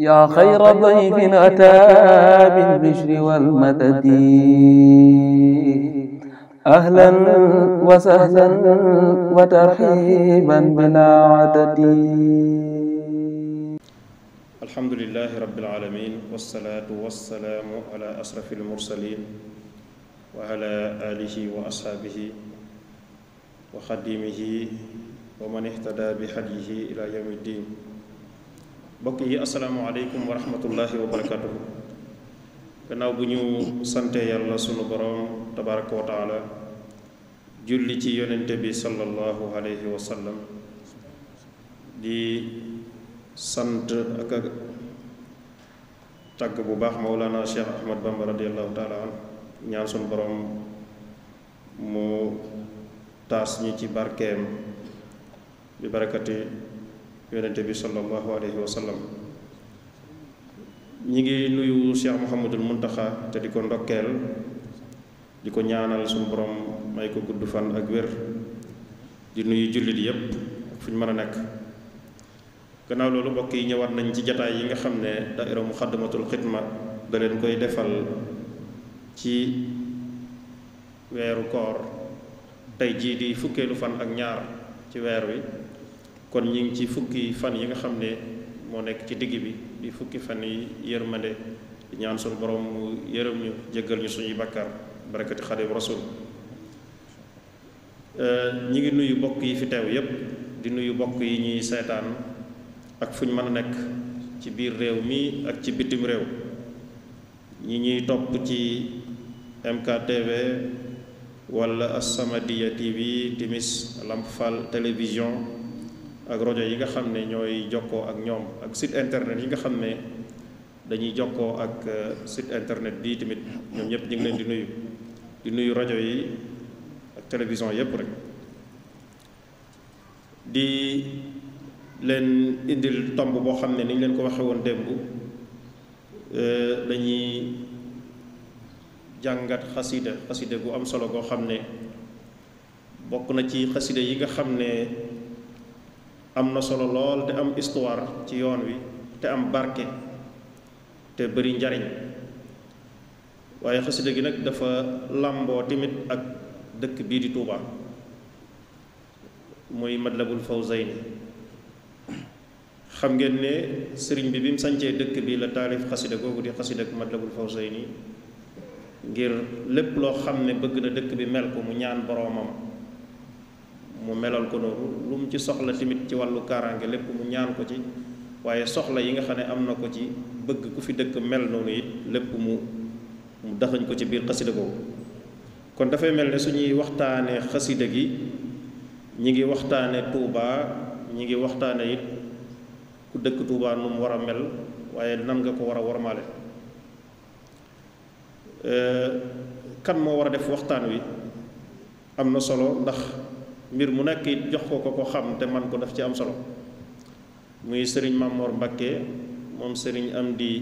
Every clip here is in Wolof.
yaa xayra dayfin ataa bil bishri wal madadi ahlan wa sahlan wa tarxiiban bilaa adadi. alhamdulilahi rabbil aalamiin wassalaatu wassalaamu alaa ashrafil mursaliin wa alaa aalihi wa ashaabihi wa xadiimihi wa man ihtadaa bi hadyihi ilaa yawmi ddiin. bokk yi asalaamaaleykum wa rahmatullahi wa barakatuhu gannaaw bu ñu sante yàlla sunu boroom tabaraka wa taala julli ci yonente bi sallallahu alayhi wa sallam di sant ak ak tagg bu baax Mawlana Cheikh Ahmad Bamba radiallahu taala an ñaan sunu boroom mu taas ñu ci barkeem bi barakati yonente bi sallallahu alayhi wa ñi ngi nuyu Cheikh Mouhamadul Muntaxa te di ko ndokkeel di ko ñaanal suñu borom may ko gudd fan ak wér di nuyu jullit yépp ak fu ñu mën a nekk gannaaw loolu mbokk yi ñëwaat nañ ci jataay yi nga xam ne daaira Muxaddamatul Xidma da leen koy defal ci weeru koor tey jii di fukkeelu fan ak ñaar ci weer wi kon ñi ngi ci fukki fan yi nga xam ne moo nekk ci digg bi di fukki fan yi yërmande di ñaan suñu borom mu yërëm ñu jéggal ñu suñuy bakkaar barakati xadim rasul euh, ñi ngi nuyu bokk yi fi teew yépp di nuyu bokk yi ñuy seetaan ak fu ñu mën a nekk ci biir réew mi ak ci bitim réew ñi ñuy topp ci MKTV wala sama samadiyya TV Timis Lamp Fall télévision ak rajo yi nga xam ne ñooy jokkoo ak ñoom ak site internet yi nga xam ne dañuy jokkoo ak euh, site internet bii tamit ñoom ñëpp ñu ngi leen di nuyu di nuyu rajo yi ak télévision yëpp rek di leen indil tomb boo xam ne ni ñu leen ko waxe woon démb euh, dañuy jàngat xasida xasida gu am solo goo xam ne bokk na ci xasida yi nga xam ne am na solo lool te am histoire ci yoon wi te am barke te bari njariñ waaye xasida gi nag dafa làmboo tamit ak dëkk bii di mooy Touba muy Matlabul Fawzayni xam ngeen ne sëriñ bi bi mu sancee dëkk bi la taalif xasida googu di xasida ak Matlabul ni ngir lépp loo xam ne bëgg na dëkk bi mel ko mu ñaan boroomam mu melal ko noonu lu ci soxla tamit ci wàllu kaaraange lépp mu ñaan ko ci waaye soxla yi nga xam ne am na ko ci bëgg ku fi dëkk mel noonu it lépp mu mu daxañ ko ci biir xasida boobu kon dafay mel ne suñuy waxtaanee xasida gi ñu ngi waxtaane Touba ñu ngi waxtaane it ku dëkk Touba nu mu war a mel waaye nan nga ko war a warmaale kan moo war a def waxtaan wi am na solo ndax mbir mu nekk it jox ko ko ko xam te man ko def ci am solo muy sëriñ Mamor Mbakke moom sëriñ am di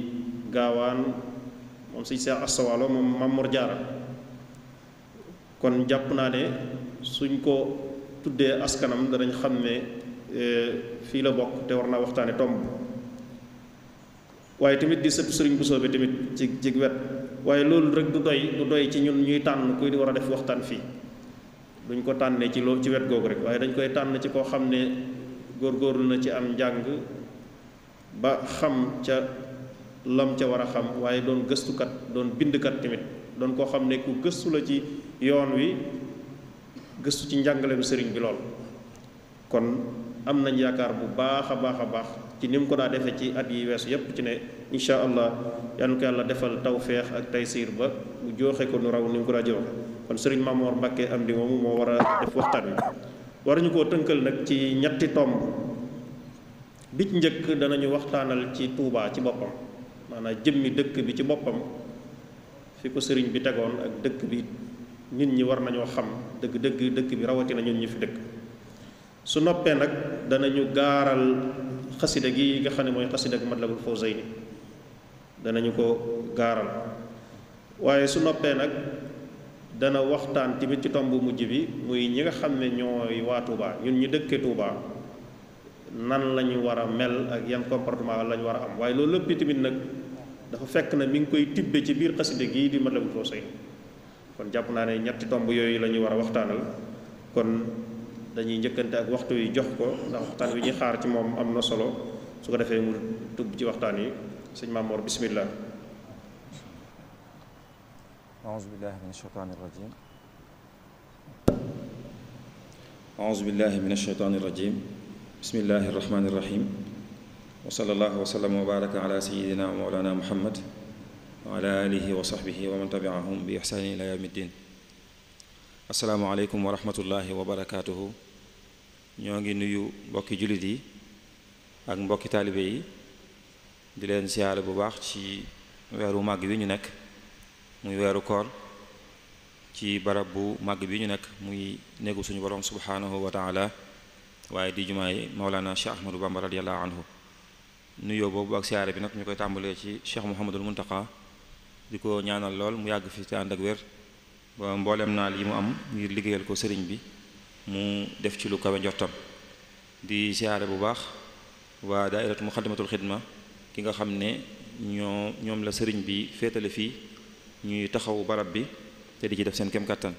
Gaawaan moom sëriñ Seex Asawaalo moom Mamor Jaara kon jàpp naa ne suñ ko tuddee askanam danañ xam ne e, fii la bokk te war naa waxtaane tomb waaye tamit di sëpp sëriñ bu soobee tamit ci jig wet waaye loolu rek du doy du doy ci ñun ñuy tànn kuy di war a def waxtaan fii duñ ko tànnee ci loo ci wet googu rek waaye dañ koy tànn ci koo xam ne góor góorgóorlu na ci am njàng ba xam ca lam ca war a xam waaye doon gëstukat doon bindkat tamit doon koo xam ne ku gëstu la ci yoon wi gëstu ci njàngaleem sëriñ bi lool kon am nañ yaakaar bu baax a baax a baax ci ni mu ko daa defee ci at yi weesu yépp ci ne incha allah yal na ko yàlla defal tawféex ak taysiir ba mu jooxe ko nu raw ni mu ko daa joxe kon sëriñ Mamoor Mbàkke am di moomu moo war a def waxtaan wi waruñu koo tënkal nag ci ñetti tomb bi njëkk danañu waxtaanal ci Tuubaa ci boppam maanaa jëmmi dëkk bi ci boppam fi ko sëriñ bi tegoon ak dëkk bi nit ñi war nañoo xam dëgg dëgg dëkk bi rawatina ñun ñu fi dëkk su noppee nag danañu gaaral xasida gi nga xam ne mooy xasida ak Matlabul Fawzayni danañu ko gaaral waaye su noppee nag dana waxtaan tamit ci tomb mujj bi muy ñi nga xam ne ñooy waa Touba ñun ñu dëkke Touba nan la ñu war a mel ak yan comportement la war a am waaye loolu lépp tamit nag dafa fekk na mi ngi koy tibbe ci biir xasida gii di Matlabul Fawzayni kon jàpp naa ne ñetti tomb yooyu la ñu war a waxtaanal kon dañuy njëkkante ak waxtu yi jox ko ndax waxtaan wi ñuy xaar ci moom am na solo su ko defee mu tubb ci waxtaan yi sëñ Maamoor bismillah أعوذ بالله من الشيطان الرجيم أعوذ بالله من الشيطان الرجيم بسم الله الرحمن الرحيم وصلى الله وسلم وبارك على سيدنا ومولانا محمد وعلى آله وصحبه ومن تبعهم بإحسان إلى يوم الدين asalaamaaleykum wa rahmatullahi wa barakaatuhu ñoo ngi nuyu mbokki jullit yi ak mbokki taalibe yi di leen siyaare bu baax ci weeru màgg bi ñu nekk muy weeru koor ci barab bu màgg bi ñu nekk muy néegu suñu borom subhaanahu wa taala waaye di jumaay Mawlana Cheikh Ahmadou Bamba radiyallahu anhu nuyoo boobu ak siyaare bi nag ñu koy tàmbalee ci Cheikh Mouhamadul Muntaqa di ko ñaanal lool mu yàgg fi te ànd ak wér ba mbooleem naal yi mu am ngir liggéeyal ko sëriñ bi mu def ci lu kawe njortam di siyaare bu baax waa daairatu muxaddamatul xidma ki nga xam ne ñoo ñoom la sëriñ bi féetale fii ñuy taxawu barab bi te di ci def seen kem kattan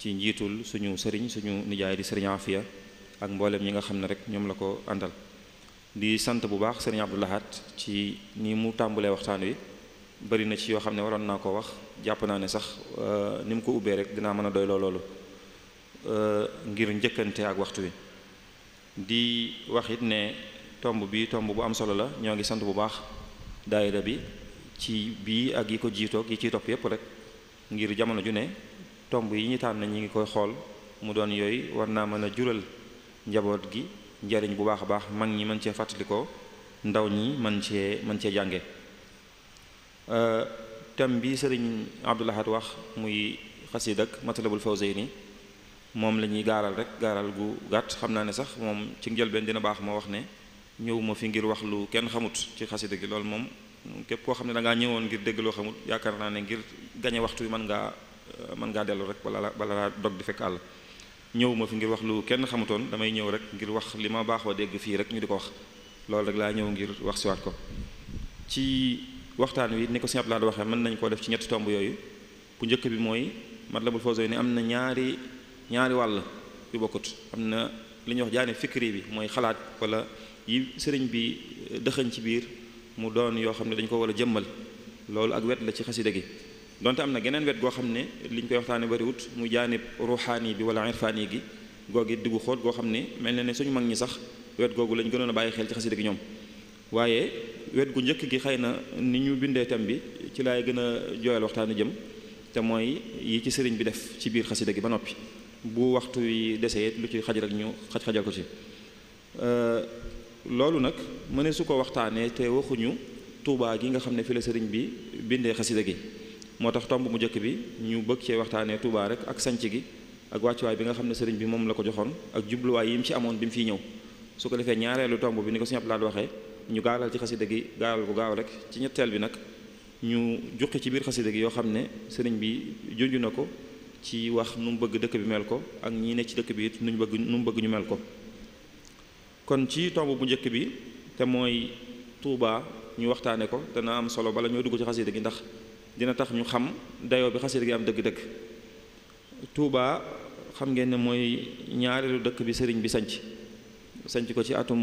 ci njiitul suñu sëriñ suñu nijaay di sëriñ Afia ak mboolem ñi nga xam ne rek ñoom la ko àndal di sant bu baax sëriñ Abdou Lahad ci ni mu tàmbulee waxtaan wi bëri na ci yoo xam ne waroon naa ko wax jàpp naa ne sax euh, ni mu ko ubbee rek dinaa mën a doy loolu euh, ngir njëkkante ak waxtu wi di waxit ne tomb bi tomb bu am solo la ñoo ngi sant bu baax daayira bi ci bii ak yi ko jiitoog yi ciy topp yépp rek ngir jamono ju ne tomb yi ñu tànn ñi ngi koy xool mu doon yooyu war naa mën a jural njaboot gi njariñ bu baax a baax mag ñi mën cee fàttalikoo ndaw ñi mën cee mën cee jànge Euh, thème bi sëriñ Abdul Ahad wax muy xasiid ak Matlabul nii moom la ñuy gaaral rek gaaral gu gàtt xam naa ne sax moom ci njëlbeen dina baax ma wax ne ñëw ma fi ngir wax lu kenn xamut ci xasida gi loolu moom képp koo xam ne da ngaa ñëwoon ngir dégg loo xamut ne ngir gañe waxtu mën ngaa euh, mën ngaa dellu rek bala bala laa dog di fekk ñëw ma fi ngir wax lu kenn xamutoon damay ñëw rek ngir wax li ma baaxoo dégg fii rek ñu di ko wax loolu rek laa ñëw ngir wax si siwaat ko ci waxtaan wi ni ko si Abdoulaye waxee mën nañ koo def ci ñetti tomb yooyu bu njëkk bi mooy Matlabul Fawzayni am na ñaari ñaari wàll yu bokkut am na li ñuy wax jaane fikri bi mooy xalaat wala sëriñ bi eh, dëxañ ci biir mu doon yoo xam ne dañ ko war a jëmmal loolu ak wet la ci xasida gi donte am na geneen wet goo xam ne liñ koy waxtaane bariwut mu jaanib ruuxaani bi wala irfaani gi googi diggu xóot goo xam ne mel na ne suñu mag ñi sax wet googu lañ gënoon a bàyyi xel ci xasida gi ñoom waaye wet gu njëkk gi xay na ni ñu bindee thème bi ci laay gën a jooyal waxtaanu jëm te mooy yi ci sëriñ bi def ci biir xasida gi ba noppi bu waxtu yi desee lu ci xaj rek ñu xaj xajal ko ci euh, loolu nag mëne su ko waxtaanee te waxuñu tuubaa gi nga xam ne fi la sëriñ bi bindee xasida gi moo tax tomb mu njëkk bi ñu bëgg cee waxtaanee tuubaa rek ak sanc gi ak wàccuwaay bi nga xam ne sëriñ bi moom la ko joxoon ak jubluwaay yi mu ci amoon bi mu fiy ñëw su ko defee ñaareelu tomb bi ni ko sëñ Abdou Lahad waxee ñu gaalal ci xasida gi gaalal bu gaaw rek ci ñetteel bi nag ñu juqi ci biir xasida gi yoo xam ne sëriñ bi junj na ko ci wax nu mu bëgg dëkk bi mel ko ak ñii ne ci dëkk bi it nuñ bëgg nu mu bëgg ñu mel ko kon ci tomb bu njëkk bi te mooy Tuubaa ñu waxtaane ko dana am solo bala ñoo dugg ci xasida gi ndax dina tax ñu xam dayoo bi xasida gi am dëgg-dëgg Tuubaa xam ngeen ne mooy ñaareelu dëkk bi sëriñ bi sanc sanc ko ci atum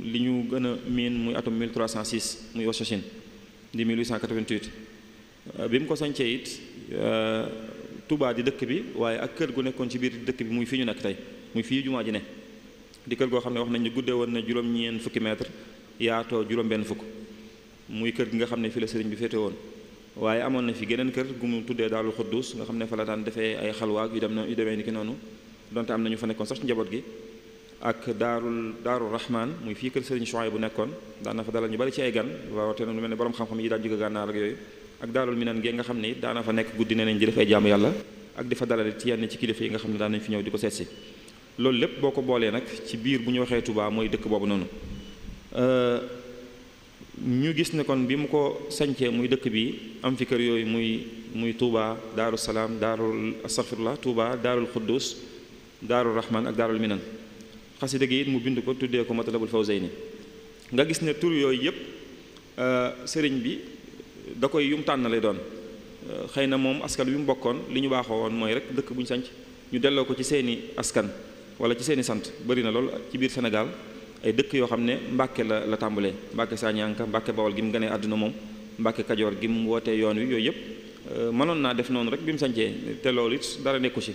li ñu gën a miin muy atum 1306 muy Wasochin di 1888 euh, bi mu ko sañcee it euh, Touba di dëkk bi waaye ak kër gu nekkoon ci biir dëkk bi muy fii ñu nekk tey muy fii jumaa ji ne di kër goo xam ne wax nañ ne guddee woon na juróom-ñeen fukki mètre yaatoo juróom-benn fukk muy kër gi nga xam ne fii la sëriñ bi féete woon waaye amoon na fi geneen kër gu mu tuddee daalul xuddus nga xam ne fa la daan defee ay xalwaag yu dem na yu demee ni ki noonu donte am na ñu nekkoon sax ci njaboot gi ak daarul daaru rahman muy fii kër Serigne Chouaïb bu nekkoon daan na fa dalal ñu bari ci ay gan waaw na lu mel ne borom xam-xam yi daan jóge gànnaar ak yooyu ak daarul minan ngeen nga xam ne it daan na fa nekk guddi ne di def ay yàlla ak di fa dalal yenn ci kilifa yi nga xam ne daan nañ fi ñëw di ko seetsi loolu lépp boo ko boolee nag ci biir bu ñu waxee Touba mooy dëkk boobu noonu euh, ñu gis ne kon bi mu ko sañcee muy dëkk bi am fi kër yooyu muy muy Touba daaru salaam daarul astaghfirullah Touba daarul Quddus daarul rahman ak daarul minan xasida gi it mu bind ko tuddee ko Matlabul Fawzayni nga gis ne tur yooyu yëpp euh, sëriñ bi da koy yum tànn lay doon euh, xëy na moom askan bi mu bokkoon li ñu baaxoo woon mooy rek dëkk bu ñu sanc ñu delloo ko ci seeni askan wala ci seeni sant bari na lool ci biir Sénégal ay dëkk yoo xam ne Mbàkke la la tàmbalee Mbàkke Sañanka Mbàkke Bawol gi mu gënee àdduna moom Mbàkke Kajoor gi mu wootee yoon wi yooyu yëpp euh, mënoon naa def noonu rek bi mu sancee te loolu it dara nekku ci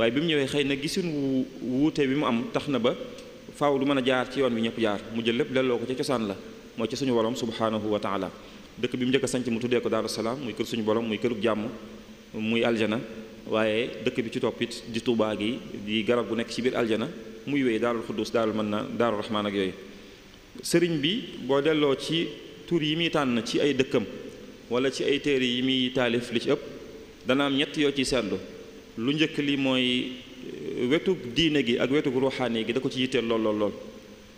waaye bi mu ñëwee xëy na gisun wu wuute bi mu am tax na ba faaw du mën a jaar ci yoon wi ñëpp jaar mu jël lépp delloo ko ca cosaan la mooy ci suñu borom subhanahu wa taala dëkk bi mu njëkk a sanc mu tuddee ko daaru salaam muy kër suñu borom muy kërug jàmm muy aljana waaye dëkk bi ci toppit di Tuubaa gi di garab gu nekk ci biir aljana muy wéy daarul xuddus daarul mën na daaru raxmaan ak yooyu sëriñ bi boo delloo ci tur yi muy tànn ci ay dëkkam wala ci ay téere yi muy taalif li ci ëpp dana am ñett yoo ciy seetlu lu njëkk li mooy euh, wetu diine gi ak wetu ruuxaani gi da ko ci yitteel lool lool lool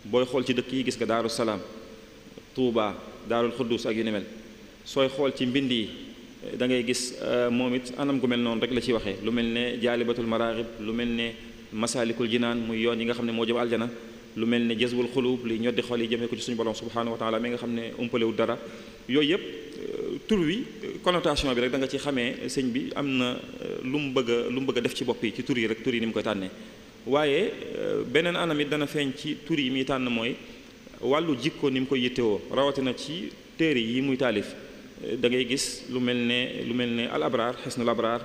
booy xool ci dëkk yi gis nga daaru salaam tuuba daarul xuddus ak yu ni mel sooy xool ci mbind yi euh, da ngay gis euh, moom it anam gu mel noonu rek la ciy waxee lu mel ne jaalibatul maraaxib lu mel ne masaalikul jinaan muy yoon yi nga xam ne moo jëm aljana lu mel ne jazbul xuluub li ñoddi xol yi jëmee ko ci suñu borom subhaanahu wa taala mi nga xam ne umpalewul dara yooyu yëpp tur wi connotation bi rek da nga ci xamee sëñ bi am na euh, lu mu bëgg lu mu bëgg def ci bopp yi ci tur yi rek tur yi ni mu koy tànnee waaye euh, beneen anam dana feeñ ci tur yi muy tànn mooy wàllu jikko ni mu koy yittewoo rawatina ci téere yi muy taalif euh, da ngay gis lu mel ne lu mel ne al abraar xisnul abraar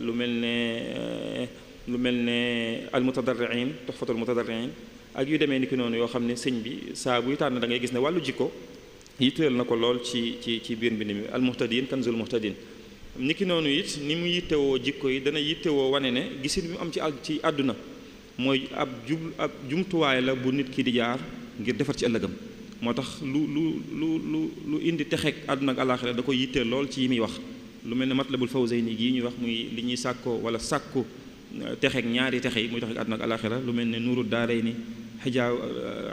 lu mel ne lu mel ne al mutadarriin toxfatul mutadarriin ak yu demee ni ki noonu yoo xam ne sëñ bi saa buy tànn da ngay gis ne wàllu jikko yitteel na ko lool ci ci ci biir mbind mi almuhtadin kanzul muhtadin ni ki noonu it ni mu yittewoo jikko yi dana yittewoo wane ne gisin bi mu am ci ci àdduna mooy ab jub ab jumtuwaay la bu nit ki di jaar ngir defar ci ëllëgam moo tax lu lu lu lu lu indi texeeg àdduna ak àllaaxira da ko yitteel lool ci yi muy wax lu mel ne matlabul fawzayni gii ñuy wax muy li ñuy sàkkoo wala sàkku euh, texeeg ñaari texe yi muy texeeg àdduna ak àllaaxira lu mel ne nuuru daarayni xijaabu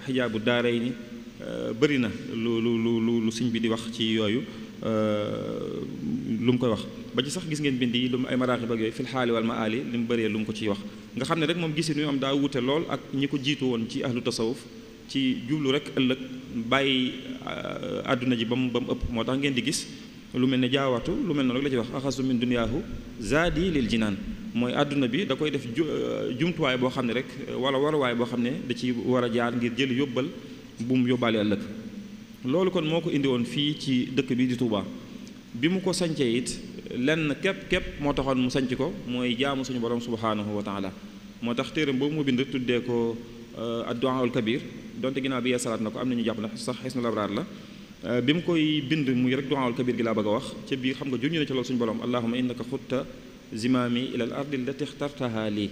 xijaabu euh, daarayni Euh, bëri na lu lu lu lu sëñ bi di wax ci yooyu euh, lu mu koy wax ba ci sax gis ngeen bind yi lu mu ay maraaxib ak yooyu fil ma wal maali mu bëree lu mu ko ciy wax nga xam ne rek moom gisin yu am daa wute lool ak ñi ko jiitu woon ci ahlu tasawuf ci jublu rek ëllëg bàyyi euh, àdduna ji ba mu ba ëpp moo tax ngeen di gis lu mel ne jaawatu lu mel ne rek la ci wax axasu min duniyaahu zaadi lil jinaan mooy àdduna bi da koy def jumtuwaay boo xam ne rek wala waruwaay boo xam ne da ci war a jaar ngir jël yóbbal bu mu yóbbaale ëllëg loolu kon moo ko indi woon fii ci dëkk bi di Touba bi mu ko sancee it lenn képp képp moo taxoon mu sanc ko mooy jaamu suñu borom subhaanahu wa taala moo tax téeram boobu mu bind tuddee ko euh, addu'aul kabir donte ginnaaw bi yeesalaat na ko am nañu jàpp na sax xis na labraar la euh, bi mu koy bind muy rek du'aul kabir gi laa bëgg a wax ca biir xam nga junñu ne ci loolu suñu borom allahuma innaka xutta zimaami ila al ardi allati ixtartaha lii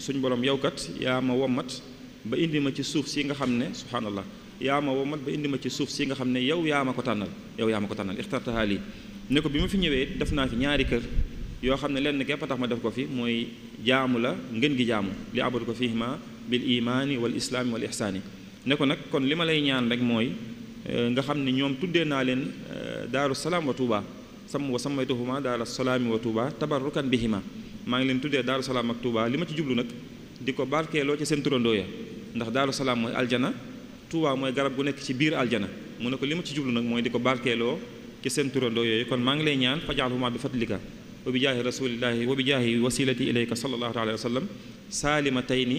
suñu borom yow kat yaa ma wommat ba indi ma ci suuf si nga xam ne subhaanallah yaa ma womat ba indi ma ci suuf si nga xam ne yow yaa ma ko tànnal yow yaa ma ko tànnal ixtartaha lii ne ko bi ma fi ñëwee def naa fi ñaari kër yoo xam ne lenn képp tax ma def ko fi mooy jaamu la ngeen gi jaamu li abadu ko fihima bil imaani wal islaami wal ihsaani ne ko nag kon li ma lay ñaan rek mooy e, nga xam ne ñoom tuddee naa leen e, daaru salaam wa tuuba sam wa samaytuhuma daaru salaami wa tuuba tabarrukan bihima maa ngi leen tuddee daaru salaam ak tuuba li ma ci jublu nag di ko barkeeloo ci seen ndax daaru salaam mooy aljana Touba mooy garab gu nekk ci biir aljana mu ne ko li ma ci jublu nag mooy di ko barkeeloo ci seen turandoo yooyu kon maa ngi lay ñaan fajaxalhuma bi fadlika wa bi jaahi rasulillahi wa bi jaahi wasilati ilayka sallallahu alayhi wa sallam saalima tay ni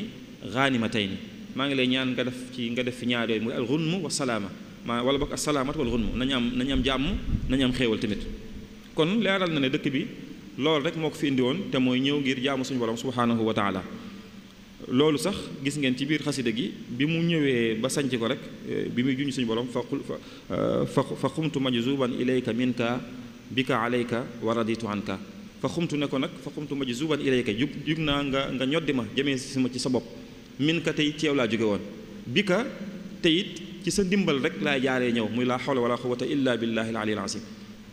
xaanima tay ni maa ngi lay ñaan nga def ci nga def fi ñaar yooyu muy alxunmu wa salaama maa wala boog asalaamat wal xunmu am nañu am jàmm nañu am xéewal tamit kon leeral na ne dëkk bi loolu rek moo ko fi woon te mooy ñëw ngir jaamu suñu borom subhanahu wa taala loolu sax gis ngeen ci biir xasida gi bi mu ñëwee ba sanc ko rek eh, bi muy junj suñu borom faqul fa xumtu eh, majzuban ilayka minka bika alayka wa raditu anka fa xumtu ne ko nag fa xumtu majzuban ilayka jug jug naa nga nga ñoddi ma jëmee si ma ci sa bopp minka tey ci yow laa jóge woon bika teyit ci sa ndimbal rek laa jaaree ñëw muy laa xawla wala quwwata illa billahi al aliyyil azim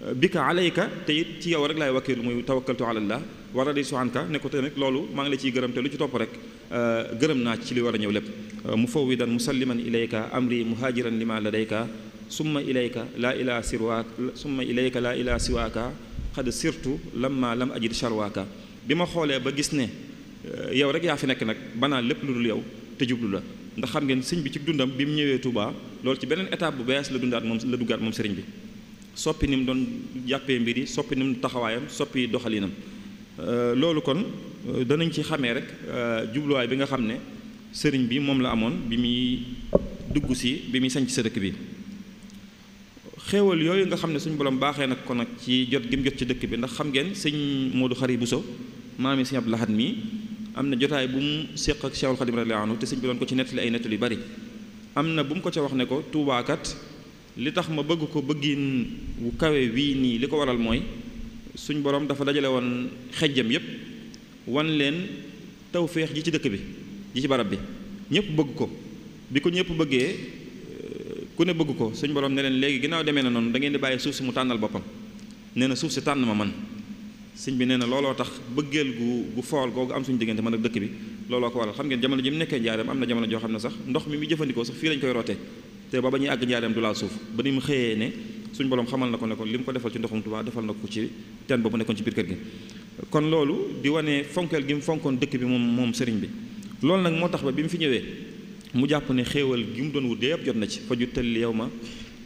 eh, bika alayka te it ci yow rek laay wakkilu muy tawakkaltu ala allah wa raditu anka ne ko te loolu maa ngi la ciy gërëm lu ci topp rek Euh, gërëm naa ci li war a ñëw lépp euh, mu fawwidan musalliman ilayka amri muhaajiran lima ladayka summa ilayka laa ilaa sirwaak summa ilayka laa ilaa siwaaka xad sirtu lamma lam ajid charwaaka bi ma xoolee ba gis ne euh, yow rek yaa fi nekk nag banaan lépp lu dul yow te jublu la ndax xam ngeen sëñ bi ci dundam bi mu ñëwee Touba loolu ci beneen étape bu bees la dundaat moom la duggaat moom sëriñ bi soppi ni mu doon jàppee mbir yi soppi ni mu taxawaayam soppi doxalinam Euh, loolu kon euh, danañ ci xamee rek euh, jubluwaay bi nga xam ne sëriñ bi moom la amoon bi muy dugg si bi muy sañc sa dëkk bi xéewal yooyu nga xam ne suñu borom baaxee nag ko nag ci jot gi mu jot ci dëkk bi ndax xam ngeen sëñ moo Modou Khari Bousso maami sëñ Abdou Lahad mi am na jotaay bu mu séq ak Cheikhul Khadim radiyallahu anhu te sëñ ko ci nettali ay nettali yu bari am na bu mu ko ca wax ne ko tuubaakat li tax ma bëgg ko bëggin wu kawe wii nii li ko waral mooy suñ boroom dafa dajale woon xejjam yépp wan leen tawféex ji ci dëkk bi ji ci barab bi ñëpp bëgg ko bi ko ñëpp bëggee euh, ku ne bëgg ko suñ borom ne leen léegi ginnaaw demee na noonu dangeen ngeen di bàyyi suuf si mu tànnal boppam nee na suuf si tànn ma man sëñ bi nee na looloo tax bëggeel gu gu fool googu am suñu diggante man ak dëkk bi looloo ko waral xam ngeen jamono ji mu nekkee njaareem am na jamono joo xam ne sax ndox mi mu jëfandikoo sax fii lañ koy rootee te ba ba àgg njaareem du laal suuf ba ni mu xëyee ne suñ borom xamal na ko ne ko li mu ko defal ci ndoxum Tuubaa defal na ko ci teen boobu nekkoon ci biir kër gi kon loolu di wane fonkeel gi mu fonkoon dëkk bi moom moom sëriñ bi loolu nag moo tax ba bi mu fi ñëwee mu jàpp ne xéewal gi mu doon wut yëpp jot na ci faju tëlli yow ma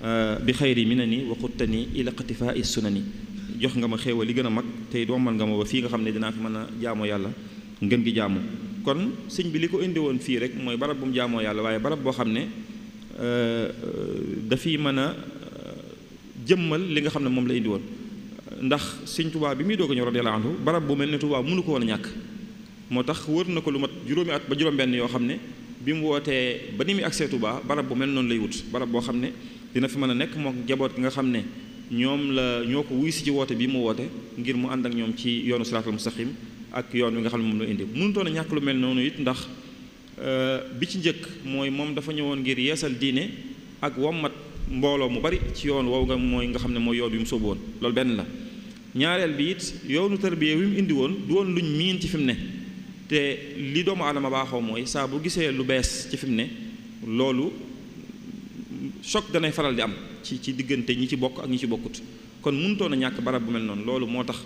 euh, bi xayri mi na ni waxutta ni ila qatifaa is jox nga ma xéewal yi gën a mag tey doomal nga ma ba nga xam ne dinaa fi mën a jaamoo yàlla ngën gi jaamu kon sëñ bi li ko indi woon fii rek mooy barab bu mu jaamoo yàlla waaye barab boo xam ne euh, euh, dafiy mën jëmmal li nga xam ne moom la indi woon ndax sëñ Tuubaa bi muy doo a ñëw radiyallaahu anhu barab bu mel ne tubaa munu ko woon a ñàkk moo tax wër na ko lu mat juróomi at ba juróom-benn yoo xam ne bi mu wootee ba ni muy agsee Tuubaa barab bu mel noonu lay wut barab boo xam ne dina fi mën a nekk moom jaboot gi nga xam ne ñoom la ñoo ko wuy si ci woote bi mu woote ngir mu ànd ak ñoom ci yoonu siraatal mustaqim ak yoon wi nga xam ne moom la indi mënutoon ñàkk lu mel noonu it ndax euh, bi ci njëkk mooy moom dafa ñëwoon ngir yeesal diine ak wammat mbooloo mu bari ci yoon wow nga mooy nga xam ne mooy yoon wi mu sóobu woon loolu benn la ñaareel bi it yoonu tarbiya bi mu indi woon du woon luñ miin ci fi ne te li doomu aadama baaxoo mooy saa bu gisee lu bees ci fi mu ne loolu choc danay faral di am ci ci diggante ñi ci bokk ak ñi ci bokkut kon mënutoon na ñàkk barab bu mel noonu loolu moo tax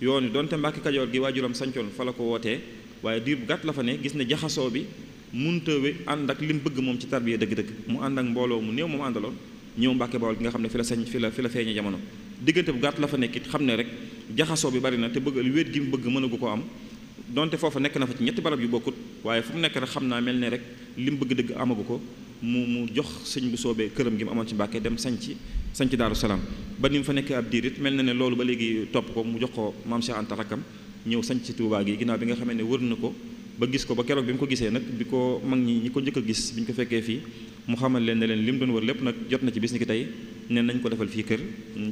yoon wi donte Mbàkke Kajoor gi waajuram sancoon fa la ko wootee waaye diir bu gàtt la fa ne gis ne jaxasoo bi mënta ànd ak li mu bëgg moom ci tarbiya dëgg-dëgg mu ànd ak mu néew moom àndaloon ñëw Mbàkke Bawol gi nga xam ne fi la sañ fi la fi la feeñe jamono diggante bu gàtt la fa nekk it xam ne rek jaxasoo bi bari na te bëgg wéet gi mu bëgg mën agu ko am donte foofa nekk na fa ci ñetti barab yu bokkut waaye fu mu nekk rek xam naa mel ne rek li mu bëgg dëgg amagu ko mu mu jox sëñ bu soobee këram gi mu amoon ci Mbàkke dem sañ ci sañci Daaru Salaam ba ni mu fa nekk ab diir it mel na ne loolu ba léegi topp ko mu jox ko Maam Cheikh Anta rakkam ñëw sañci Tuubaa gi ginnaaw bi nga xamee ne wër na ko ba gis ko ba keroog bi mu ko gisee nag bi ko mag ñi ñi ko njëkk gis bi ko fekkee fii mu xamal leen ne leen li mu doon wër lépp nag jot na ci bis ni ki tey ne nañ ko defal fii kër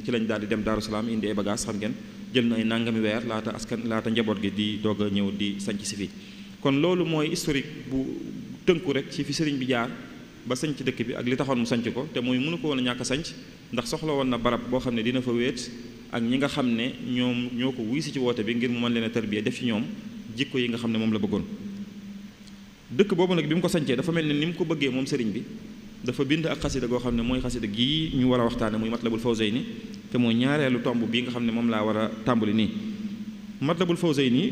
ci lañ daal di dem Daaru Salaam indi ay bagage xam ngeen jël na ay nangami weer laata askan laata njaboot gi di doog ñëw di sanc si fii kon loolu mooy historique bu tënku rek ci fi sëriñ bi jaar ba sanc dëkk bi ak li taxoon mu sanc ko te mooy mënu ko woon a ñàkk a ndax soxla woon na barab boo xam ne dina fa wéet ak ñi nga xam ne ñoom ñoo ko wuy si ci woote bi ngir mu mën leen a tarbiya def ci ñoom jikko yi nga xam ne moom la bëggoon dëkk boobu nag bi mu ko sancee dafa mel ne ni mu ko bëggee moom sëriñ bi dafa bind ak xasida goo xam ne mooy xasida gii ñu war a waxtaane muy matlabul fawzayni te mooy ñaareelu tomb bii nga xam ne moom laa war a tàmbali nii matlabul fawzayni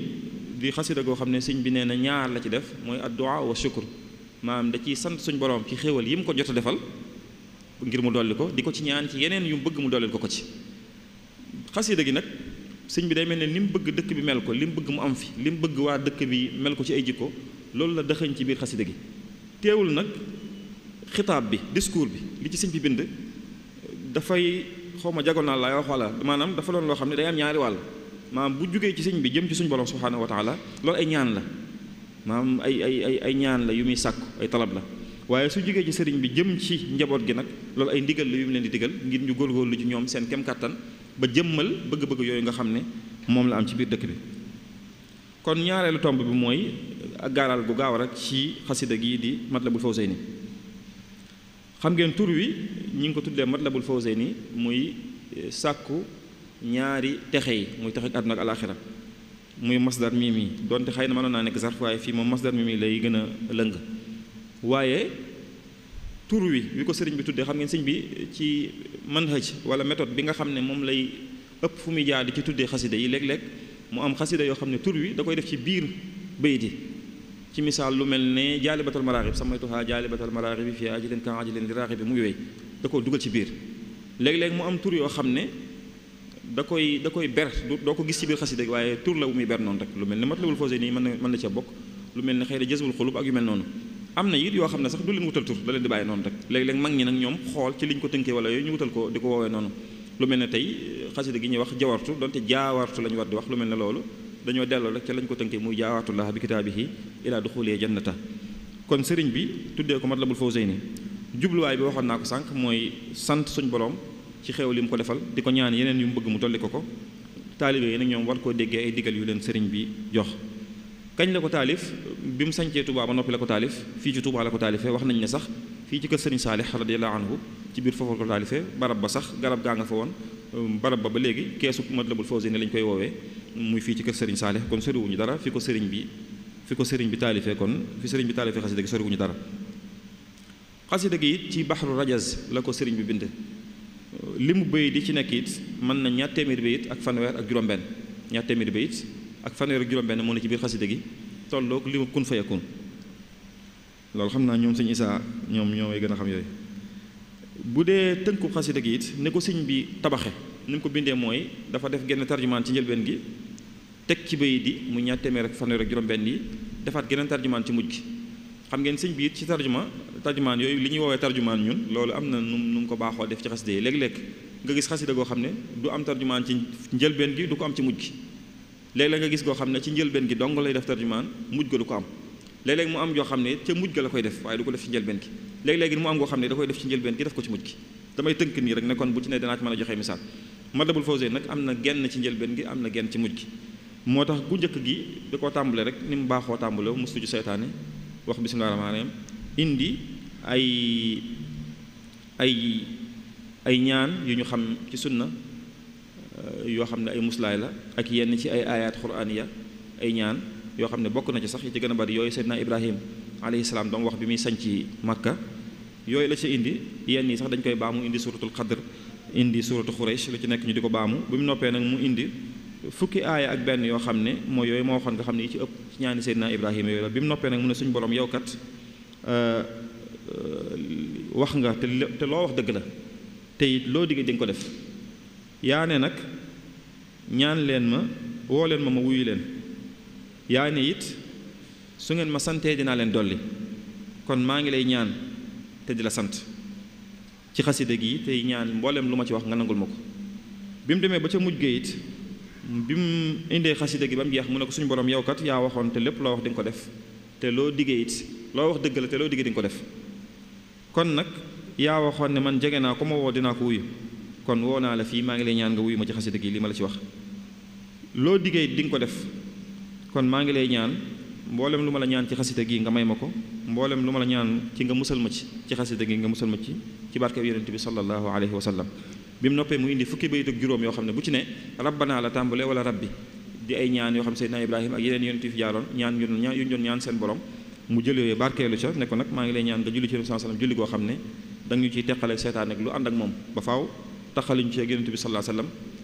di xasida goo xam ne sëñ bi nee na ñaar la ci def mooy addu'a wa shukr maanaam da ciy sant suñ borom ci xéewal yi mu ko jot a defal ngir mu dolli ko di ko ci ñaan ci yeneen yu mu bëgg mu dollil ko ko ci xasida gi nag sëñ bi day mel ne ni mu bëgg dëkk bi mel ko li mu bëgg mu am fi li mu bëgg waa dëkk bi mel ko ci ay jikko loolu la dëxëñ ci biir xasida gi teewul nag xitaab bi discours bi li ci sëñ bi bind dafay xaw ma jagoon naa laay wax wala maanaam dafa doon loo xam ne day am ñaari wàll maanaam bu jugee ci sëñ bi jëm ci suñu borom subhaanahu wa taala ay ñaan la maanaam ay ay ay ay ñaan la yu muy sàkku ay talab la waaye su jugee ci sëriñ bi jëm ci njaboot gi nag loolu ay ndigal la yu mu leen di digal ngir ñu góor góorgóorlu ci ñoom seen kem kàttan ba jëmmal bëgg-bëgg yooyu nga xam ne moom la am ci biir dëkk bi kon ñaareelu tomb bi mooy ak gaaral gu gaaw rek ci xasida gii di Matlabul Fawzayni xam ngeen tur wi ñu ngi ko tuddee Matlabul Fawzayni muy eh, sàkku ñaari texe yi muy texe ak àdduna ak alaaxira muy masdar mii mii donte xëy na mënoon naa nekk zarf waaye fii moom masdar mii mii lay gën a lëng waaye tur wi wi ko sëriñ bi tuddee xam ngeen sëñ bi eh, ci manhaj wala méthode bi nga xam ne moom lay ëpp fu muy jaar di ci tuddee xasida yi léeg-léeg mu am xasida yoo xam ne tur wi da koy def ci biir bayit yi ci misaal lu mel ne jaalibatal maraaxib samaytuha jaalibatal maraaxib bi fii ajilin kan ajilin li raaxib bi mu yooyu da koo dugal ci biir léeg-léeg mu am tur yoo xam ne da koy da koy ber doo ko gis ci biir xasida waaye tur la muy ber noonu rek lu mel ne Matlabul Fawzayni mën na na ca bokk lu xëy na Jazbul am na yoo xam ne sax du leen wutal tur da leen di bàyyi noonu rek léeg-léeg mag ñi nag ñoom xool ci liñ ko tënkee wala yooyu ñu wutal ko di ko woowee noonu lu mel ne tey xasida gi ñuy wax jawartu donte jaawartu la ñu war di wax lu mel ne loolu dañoo delloo rek ca lañ ko tënkee muy jaawaatullah bi kitaabihi ilaa duxulee jannata kon sëriñ bi tuddee ko mat matlabul nii jubluwaay bi waxoon naa ko sànq mooy sant suñ borom ci xew li mu ko defal di ko ñaan yeneen yu mu bëgg mu dolli ko ko taalibe yi nag ñoom war koo déggee ay digal yu leen sëriñ bi jox kañ la ko taalif bi mu sancee Touba ba noppi la ko taalif fii ci Touba la ko taalifee wax nañ ne sax fii ci kër sëriñ Saalix radiyallahu anhu ci biir foofu la ko barab ba sax garab gaa nga fa woon barab ba ba léegi keesu matlabul fawzayni lañ koy muy fii ci kër sëriñ Saalix kon soriwuñu dara fi ko sëriñ bi fi ko sëriñ bi taalifee kon fi sëriñ bi taalifee xasida gi soriwuñu dara xasida gi it ci baxaru rajaz la ko sëriñ bi bind li mu béy di ci nekk it mën na ñaar téeméer bayit ak fanweer ak juróom-benn ñaar téeméer bayit ak fanweer ak juróom-benn moo ne ci biir xasida gi tolloog li mu kun fayakun loolu xam naa ñoom sëñ Isaa ñoom ñoo may gën a xam yooyu bu dee tënku xasida gi it ne ko sëñ bi tabaxe ni mu ko bindee mooy dafa def genn tarjumaan ci njëlbeen gi teg ci bayit yi mu ñaar téeméer ak fanweer ak juróom-benn yi defaat geneen tarjumaan ci mujj gi xam ngeen sëñ biir ci tarjuma tarjumaan yooyu li ñuy woowee tarjumaan ñun loolu am na nu nu mu ko baaxoo def ci xasida yi léeg-léeg nga gis xasida goo xam ne du am tarjumaan ci njëlbeen gi du ko am ci mujj gi léeg-léeg nga gis goo xam ne ci njëlbeen gi dong lay def tarjumaan mujj ga du ko am léeg-léeg mu xam ne ca mujj ga def waaye du ko def ci léeg-léegi mu am xam ne da def ci njëlbeen gi def ko ci mujj gi damay tënk nii rek ne kon bu ci ne danaa mën a joxe misaal Matlabul Fawzayni nag am na genn ci njëlbeen gi am na genn ci mujj gi moo tax ku njëkk gi da koo tàmbale rek ni mu baaxoo tàmbale mu suju seytaane wax bi bismillaahi rahmaani rahiim indi ay ay ay ñaan yu ñu xam ci sunna euh, yoo xam ne ay muslaay la ak yenn ci ay ayaat ya ay ñaan yoo xam ne bokk na ci sax yi ci gën a bari yooyu seydna ibrahim alayhi salaam doon wax bi muy sañ ci Makka yooyu la ca indi yenn yi sax dañ koy mu indi suratul xadr indi suratu xuraysh la ci nekk ñu di ko baamu bi mu noppee nag mu indi fukki aaya ak benn yoo xam ne mooy yooyu moo waxoon nga xam ne yi ci ëpp ci ñaani seydina ibrahima yooyu la bi mu noppee nag mu ne suñu borom yow kat euh, euh, wax nga te loo wax dëgg la te it loo digg di ko def yaa ne nag ñaan leen ma woo leen ma ma wuyu leen yaa ne it su ngeen ma santee dinaa leen dolli kon maa ngi lay ñaan te di la sant ci xasida gii tey ñaan mbooleem lu ma ci wax nga nangul ma ko bi mu demee ba ca mujj ga bi mu indee xasida gi ba mu jeex mu ne ko suñu borom yow kat yaa waxoon te lépp loo wax di ko def te loo diggee it loo wax dëgg la te loo diggee di ko def kon nag yaa waxoon ne man jege naa ko ma woo dinaa ko wuyu kon woo naa la fii maa ngi lay ñaan nga wuyu ma ci xasida gi li ma la ci wax loo diggee di nga ko def kon maa ngi lay mboolem lu ma la ñaan ci xasida gi nga may ma ko mboolem lu ma la ñaan ci nga musal ma ci ci xasida gi nga musal ma ci ci barkeb yonent bi sallallahu alayhi wa sallam bi mu noppee mu indi ci ne rabbana la tàmbale wala rabbi di ay ñaan yoo xam ne seydina ibrahima ko nag maa ci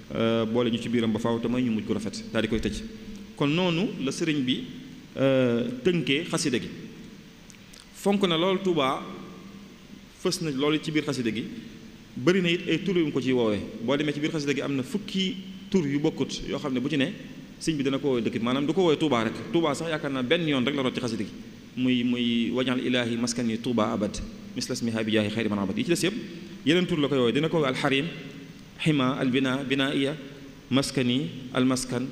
yonent euh, ñu ci biiram ba faaw te may ñu mujj gu rafet daal di koy tëj kon noonu la sëriñ bi Euh, tënkee xasida gi fonk na loolu Touba fës na loolu ci biir xasida gi bëri na it ay tur yu mu ko ci woowee boo demee ci biir xasida gi am na fukki tur yu bokkut yoo xam ne bu ci ne sëñ bi dana ko woowee dëkk maanaam du ko woowee Touba rek Touba sax yaakaar naa benn yoon rek la root ci xasida gi muy muy wajaxal ilaahi maskan yi Touba abad mislasmiha bi jaahi xayri man abad yi ci des yëpp yeneen tur la koy woowee dina ko woowee alxarim xima albina binaiya almaskan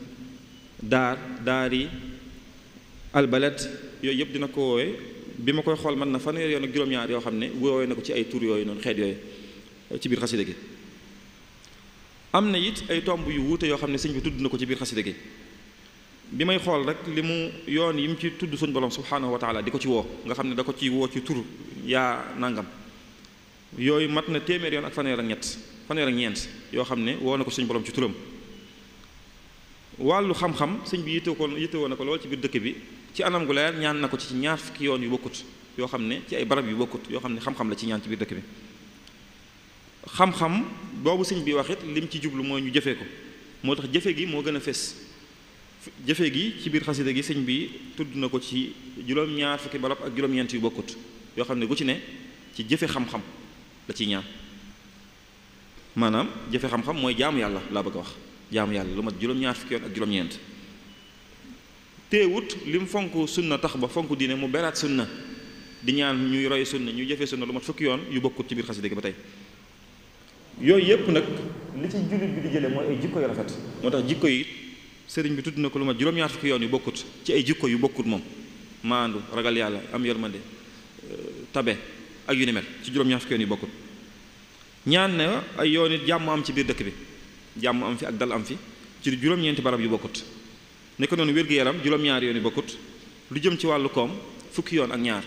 albalat yooyu yëpp dina ko woowee bi ma koy xool man na fanweer yoon ak juróom-ñaar yoo xam ne woowee na ko ci ay tur yooyu noonu xeet yooyu euh, ci biir xasida gi am na yit ay tomb yu wuute yoo xam ne sëñ bi tudd na ko ci biir xasida gi bi may xool rek li mu yoon yi mu ci tudd suñ borom subhaanahu wa di ko ci woo nga xam ne da ko ci woo ci tur yaa nangam yooyu mat na téeméer yoon ak ñeent yoo xam ne woo na ko suñ borom ci turam wàllu xam-xam sëñ bi yitte ko yitte woo na ko lool ci biir dëkk bi ci anam gu leer ñaan na ko ci ñaar fukki yoon yu bokkut yoo xam ne ci ay barab yu bokkut yoo xam ne xam-xam la ci ñaan ci biir dëkk bi xam-xam boobu sëñ bi wax it lim ci jublu mooy ñu jëfee ko moo tax jëfe gi moo gën a fés jëfe gi ci biir xasida gi sëñ bi tudd na ko ci juróom-ñaar fukki barab ak juróom-ñeent yu bokkut yoo xam ne gu ci ne ci jëfe xam-xam la ciy ñaan maanaam jëfe xam-xam mooy jaamu yàlla laa bëgg a wax jaamu yàlla lu mat juróom-ñaar fukki yoon teewut li mu fonk sunna tax ba fonk diine mu beraat sunna di ñaan ñuy roy sunna ñuy jëfee sunna lu mat fukki yoon yu bokkut ci biir xasida gi ba tey yooyu yëpp nag li ci jullit bi di ay jikko yu rafet moo tax jikko yi sëriñ bi tudd na ko lu mat juróom fukki yoon yu bokkut ci ay jikko yu bokkut moom maandu ragal yàlla am yërmande euh, tabe ak yu ni mel ci juróom-ñaar fukki yoon yu bokkut ñaan na ay yoon it jàmm am ci biir dëkk bi jàmm am fi ak dal am fi ci juróom-ñeenti barab yu bokkut nekk ko noonu wér-gu-yaram juróom-ñaar yoon bokkut lu jëm ci wàllu koom fukki yoon ak ñaar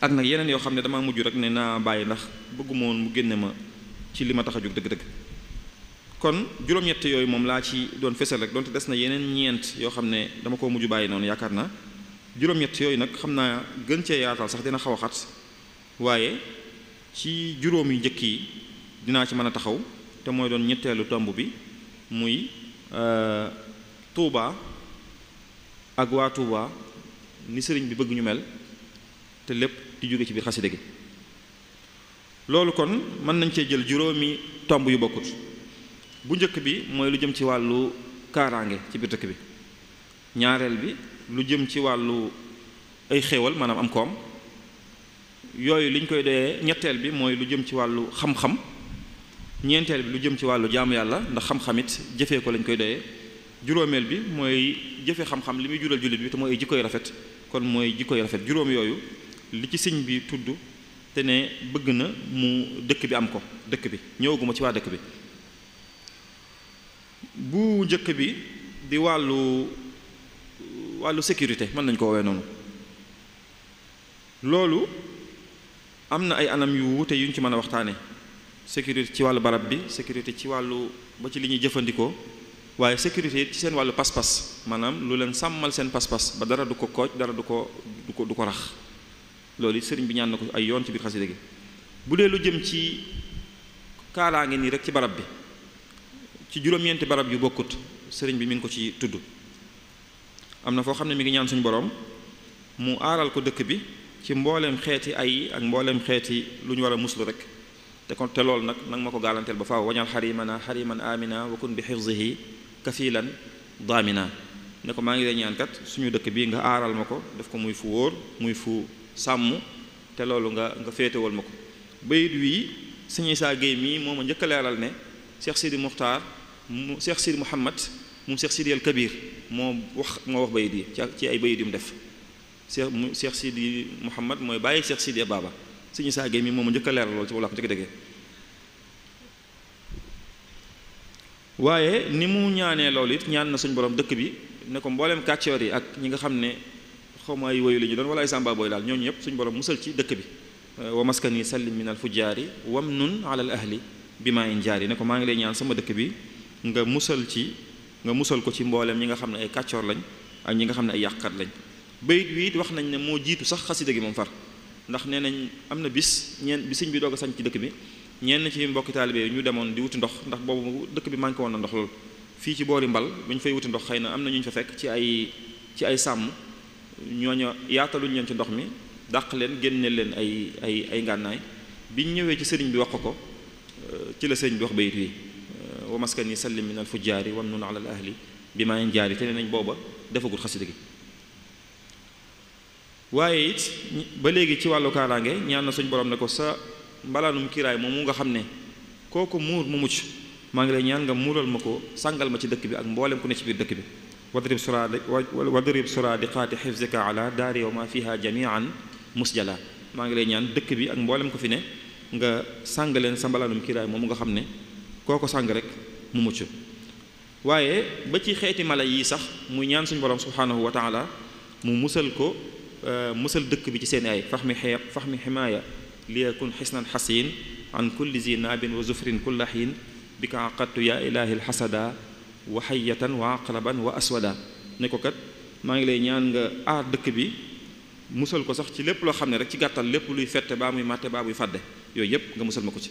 ak nag yeneen yoo xam ne dama mujj rek ne naa bàyyi ndax bëgguma woon mu génne ma ci li ma tax a jóg dëgg-dëgg kon juróom yooyu moom laa ci doon fesal rek donte des na yeneen ñeent yoo xam ne dama ko mujj bàyyi noonu yaakaar naa juróom-ñett yooyu nag xam naa gën cee yaatal sax dina xaw a xat waaye ci juróomi njëkk yi dinaa ci mën a taxaw te mooy doon ñetteelu tomb bi muy euh, Touba ak waa Touba ni sëriñ bi bëgguñu mel te lépp di jóge ci biir xasida gi loolu kon mën nañ cee jël juróomi tomb yu bokkut bu njëkk bi mooy lu jëm ci wàllu kaaraange ci biir dëkk bi ñaareel bi lu jëm ci wàllu ay xéewal maanaam am koom yooyu liñ koy doyee ñetteel bi mooy lu jëm ci wàllu xam-xam ñeenteel bi lu jëm ci wàllu jaamu yàlla ndax xam-xamit jëfee ko lañ koy doyee juróomeel bi mooy jëfe xam-xam li muy jural jullit bi te mooy ay rafet kon mooy jikkoy rafet juróom yooyu li ci sëñ bi tudd te ne bëgg na mu dëkk bi am ko dëkk bi ñëwaguma ci waa dëkk bi bu njëkk bi di wàllu wàllu sécurité mën nañ ko woowee noonu loolu am na ay anam yu wuute yuñ ci mën a waxtaane sécurité ci wàllu barab bi sécurité ci wàllu ba ci li ñuy jëfandikoo waaye sécurité ci seen wàllu pas-pas maanaam lu leen sàmmal seen pas-pas ba dara du ko kooj dara du ko du ko du ko rax loolu sëriñ bi ñaan na ko ay yoon ci biir xasida gi bu dee lu jëm ci kaalaa ngi nii rek ci barab bi ci juróom-ñeenti barab yu bokkut sëriñ bi mi ngi ko ci tudd am na foo xam ne mu ngi ñaan suñu borom mu aaral ko dëkk bi ci mbooleem xeeti ay ak mbooleem xeeti lu ñu war a muslu rek te kon te loolu nag nag ma ko gaalanteel ba faaw wañal xarimana xariman amina wa kun bi xifzihi kafilan daamina ne ko maa ngi lay ñaan kat suñu dëkk bii nga aaral ma ko def ko muy fu wóor muy fu sàmm te loolu nga nga féetewal ma ko bayit wii sëñ Issa Gueye mii moo ma njëkk a leeral ne Cheikh Sidi Muxtaar mu Cheikh Sidi Mouhamad moom Cheikh Sidi El Kabir moo wax moo wax bayit yi ci ay bayit yu def Cheikh mu Cheikh Sidi Mouhamad mooy bàyyi Cheikh Sidi Ababa sëñ Issa Gueye mii moo ma njëkk a leeral loolu ci wala ko njëkk a waaye ni mu ñaanee loolu it ñaan na suñ borom dëkk bi ne ko mbooleem kàccoor yi ak ñi nga xam ne xaw ma ay woyu la ñu doon wala ay sàmba booy daal ñooñu ñëpp suñu borom musal ci dëkk bi wa maskani sallim min al fujaari wam nun ala al ahli bi maa in jaari ne ko maa ngi ñaan sama dëkk bi nga musal ci nga musal ko ci mbooleem ñi nga xam ne ay kàccoor lañ ak ñi nga xam ne ay yàqkat lañ bayit wi it wax nañ ne moo jiitu sax xasida gi moom far ndax nee nañ am na bis ñeen bi sëñ bi doog a sañ ci dëkk bi ñenn ci mbokki taalibe ñu demoon di wuti ndox ndax boobu dëkk bi manqué woon na ndox lool fii ci boori mbal bu ñu fay wuti ndox xëy na am na ñu ñu fa fekk ci ay ci ay sàmm ñooñu yaataluñ leen ci ndox mi dàq leen génne leen ay ay ay ngànnaay biñ ñëwee ci sëriñ bi wax ko ci la sëriñ bi wax bayit wi wa maskani sallim min al fujjaari wan nun ala al ahli bi maa ngi jaari te nee nañ booba defagul xasida gi waaye it ba léegi ci wàllu kaaraange ñaan na suñ borom ne ko sa mbalaanum kiiraay moom mu nga xam ne kooku muur mu mucc maa ngi lay ñaan nga muural ma ko sàngal ma ci dëkk bi ak mboolem ku ne ci biir dëkk bi wadrib sura wadrib suradiqaati xifzika ala daari wa ma fiha jamian musjala maa ngi lay ñaan dëkk bi ak mboolem ko fi ne nga sàng leen sa mbalaanum kiiraay moom nga xam ne koo ko sàng rek mu mucc waaye ba ci xeeti mala yii sax muy ñaan suñu borom subhanahu wa taala mu musal ko eh, musal dëkk bi ci seen ay fax mi xee fax mi ximaaya liyakun xisnan xasin an kulli zi naabin wa zufrin kulla xiin bi ka àqattu yaa ilaahi lxasada wa xayatan wa aqlaban wa aswada ne ko kat maa ngi lay ñaan nga aar dëkk bi musal ko sax ci lépp loo xam ne rek ci gàttal lépp luy fette baa muy màtte baa muy fàdde yooyu yépp nga musal ma ko ci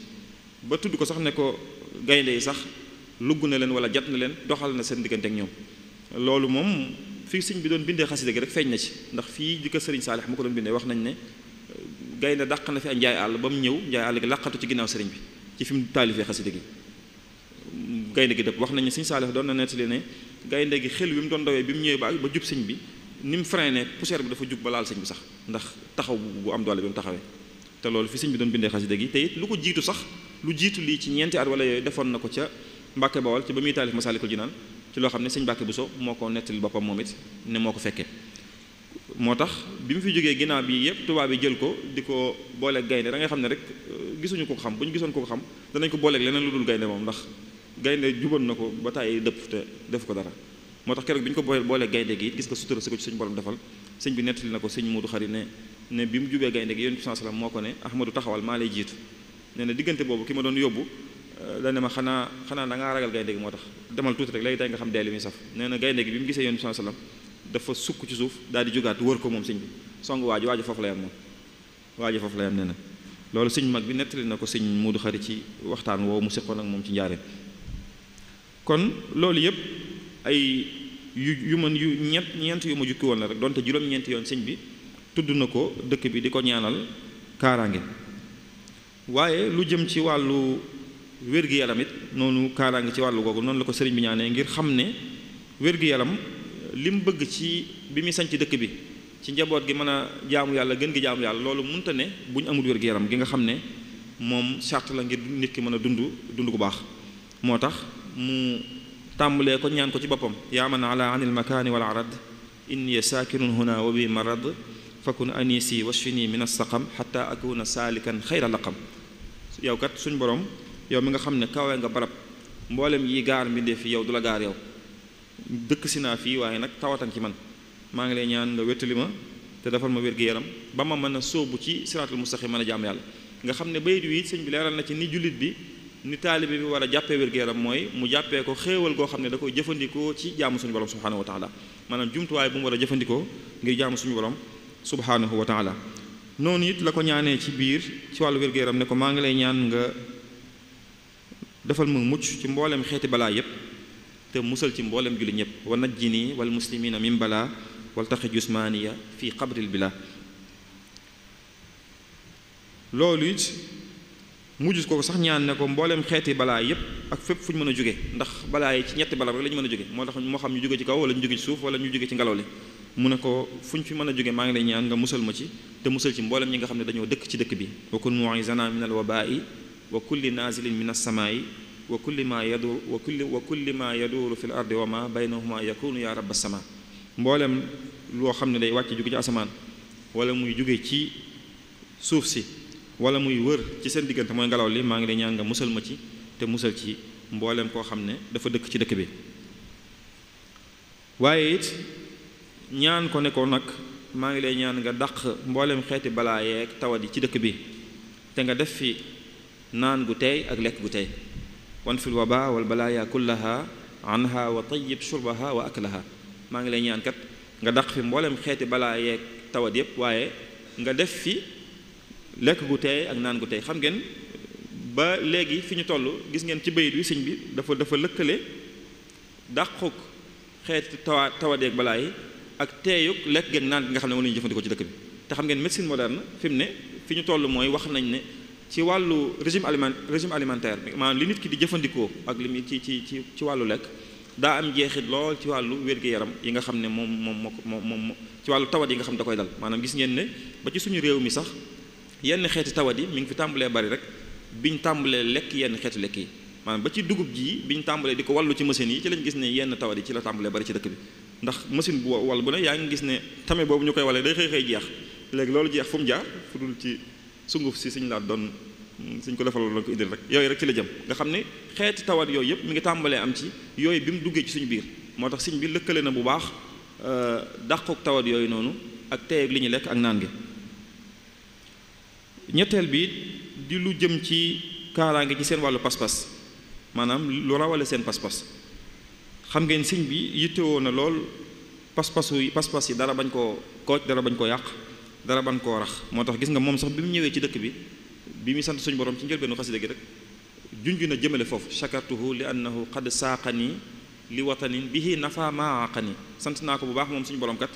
ba tudd ko sax ne ko gaynde yi sax lugg na leen wala jat na leen doxal na seen diggante ak ñoom loolu moom fii sëñ bi doon bindee xasida gi rek feeñ na ci ndax fii di ko sëriñ Saalix mu ko doon wax nañ ne gaynde dàq na fi njaay àll ba mu ñëw njaay àll gi laqatu ci ginnaaw sëriñ bi ci fi mu taalifee xasida gi gaynde gi dëpp wax nañu sëñ Saalix doon na nettali ne gaynde gi xel wi mu doon dawee bi mu ñëwee ba ba jub sëñ bi ni mu ne poussière bi dafa jub ba laal sëñ bi sax ndax taxaw bu am doole bi mu taxawee te loolu fi sëñ bi doon bindee xasida gi tey lu ko jiitu sax lu jiitu lii ci ñeenti at wala yooyu defoon na ko ca Mbàkke Bawol ci ba muy taalif Masaalikul Jinaan ci loo xam ne sëñ Mbàkke Buso moo ko nettali boppam moom it moo ko fekkee moo tax bi mu fi jógee ginnaaw bi yëpp tubaab yi jël ko di ko booleeg gaynde da ngay xam ne rek euh, gisuñu ko xam bu ñu gisoon ko xam danañ ko booleeg leneen lu dul gaynde moom ndax gaynde juban na ko ba tàyyi dëpp te def ko dara moo tax keroog bi ñu ko boolee boolee gaynde gi gis ko sutura si ko ci sëñ borom defal sëñ bi nettali na ko sëñ Moodu Xari ne ne bi mu jubee gaynde gi yonent bi moo ko ne Ahmadu taxawal maa lay jiitu nee na diggante boobu ki ma doon yóbbu euh, dane ma xanaa xanaa da ngaa ragal gaynde gi moo tax demal tuuti rek léegi tey nga xam dee li muy saf nee na gi bi mu gisee yonent bi sallallahu dafa sukk ci suuf daal di jógaat wër ko moom sëñ bi song waaju waaju foofu la yam moom waaju foofu la yam na loolu sëñ mag bi nettali na ko sëñ Moodu Xari ci waxtaan woowu mu seqoon nag moom ci njaareen kon loolu yëpp ay yu yu man yu ñett ñeent yu ma jukki woon la rek donte juróom-ñeenti yoon sëñ bi tudd na ko dëkk bi di ko ñaanal kaaraange waaye lu jëm ci wàllu wér-gi-yaram it noonu kaaraange ci wàllu googu noonu la ko sëriñ bi ñaanee ngir xam ne wér gi li bëgg ci bi muy sañc dëkk bi ci njaboot gi mën a jaamu yàlla gën gi jaamu yàlla loolu munta ne bu ñu amul wér-gu-yaram gi nga xam ne moom charte la ngir nit ki mën a dund dund gu baax moo tax mu tàmbalee ko ñaan ko ci boppam yaa man ala anil makaani wal arad inni saakinun huna wa bi marad fakun anisi washfini min assaqam xata akuna saalikan xayra laqam yow kat suñ borom yow mi nga xam ne kawe nga barab mboolem yi gaar mbindeef yow du la gaar yow dëkk si naa fii waaye nag tawatan ci man maa ngi lay ñaan nga wettali ma te defal ma wér-gu-yaram ba ma mën a soobu ci siraatul mustaqim mën a jàmm yàlla nga xam ne bayit wii sëñ bi leeral na ci ni jullit bi ni taalibe bi war a jàppee wér-gu-yaram mooy mu jàppee ko xéewal goo xam ne da koy jëfandikoo ci jaamu suñu borom subhanahu wa taala maanaam jumtuwaay bu mu war a jëfandikoo ngir jàmm suñu borom subhanahu wa taala noonu it la ko ñaanee ci biir ci wàllu wér-gu-yaram ne ko maa ngi lay ñaan nga defal ma mucc ci mbooleem xeeti balaa yépp te musal ci mbooleem julli ñëpp wa najjini wal muslimina min bala wal taqi jusmaniya fi qabril bila loolu it mujj ko sax ñaan ne ko mboolem xeeti balaa yépp ak fépp fu ñu mën a jóge ndax balaa yi ci ñetti balaa rek la ñu mën a jóge moo tax moo xam ñu jóge ci kaw wala ñu jóge ci suuf wala ñu jóge ci ngelaw li mu ne ko fu ñu fi mën a jóge maa ngi lay ñaan nga musal ma ci te musal ci mboolem ñi nga xam ne dañoo dëkk ci dëkk bi wa kun mu'izana min min as-sama'i wa kulli ma yaduur wa kulli wa kulli ma yaduuru fi l ardi wa ma baynahuma yakunu yaa rabba sama mboolem loo xam ne day wàcc jóge ci asamaan wala muy jóge ci suuf si wala muy wër ci seen diggante mooy ngelaw li maa ngi lay ñaan nga musal ma ci te musal ci mboolem koo xam ne dafa dëkk ci dëkk bi waaye it ñaan ko ne ko nag maa ngi lay ñaan nga daq mbooleem xeeti balaa yeeg tawat yi ci dëkk bi te nga def fi naan gu tey ak lekk gu tey wan fil waba wal balaaya kullaha anha wa tayyib shurbaha wa aklaha maa ngi lay ñaan kat nga daq fi mboolem xeeti balaa yeeg tawat yëpp waaye nga def fi lekk gu teey ak naan gu teey xam ngeen ba léegi fi ñu toll gis ngeen ci bayit wi sëñ bi dafa dafa lëkkale dàquk xeeti tawa tawat yeeg balaa yi ak teeyuk lekk geeg naan gi nga xam ne moom la ñuy ko ci dëkk bi te xam ngeen médecine moderne fi mu ne fi ñu toll mooy wax nañ ne ci wàllu régime aliment régime alimentaire bi maanaam li nit ki di jëfandikoo ak li mi ci ci ci ci wàllu lekk daa am jeexit lool ci wàllu wér-gu-yaram yi nga xam ne moom moom moom moom ci wàllu tawat yi nga xam ne da koy dal maanaam gis ngeen ne ba ci suñu réew mi sax yenn xeeti tawat yi mi ngi fi tàmbalee bari rek ñu tàmbalee lekk yenn xeeti lekk yi maanaam ba ci dugub ji ñu tàmbalee di ko wàllu ci machine yi ci lañ gis ne yenn tawat yi ci la tàmbalee bari ci dëkk bi ndax machine bu wal bu ne yaa ngi gis ne tame boobu ñu koy wale day xëy xëy jeex léegi loolu jeex fu jaar fu ci sunguf si suñ laa doon mm, suñ ko defaloon la ko indil rek yooyu rek ci la jëm nga xam ne xeeti tawat yooyu yëpp mu ngi tàmbalee am ci yooyu bi mu duggee ci suñ biir moo tax siñ bi lëkkale na bu baax euh, dàqook tawat yooyu noonu ak teyeeg li ñu lekk ak naan bi ñetteel bi di lu jëm ci kaaraange ci seen wàllu pas-pas maanaam lu rawale seen pas-pas xam ngeen siñ bi yittewoo na lool pas-pasu pas-pas yi dara bañ koo kooj dara bañ koo yàq dara ban koo moo tax gis nga moom sax bi mu ñëwee ci dëkk bi bi muy sant suñu borom ci njëlbeenu xasida gi rek junju na jëmale foofu shakartuhu li annahu qad saaqani li watanin bihi nafa maaqani sant naa ko bu baax moom suñu borom kat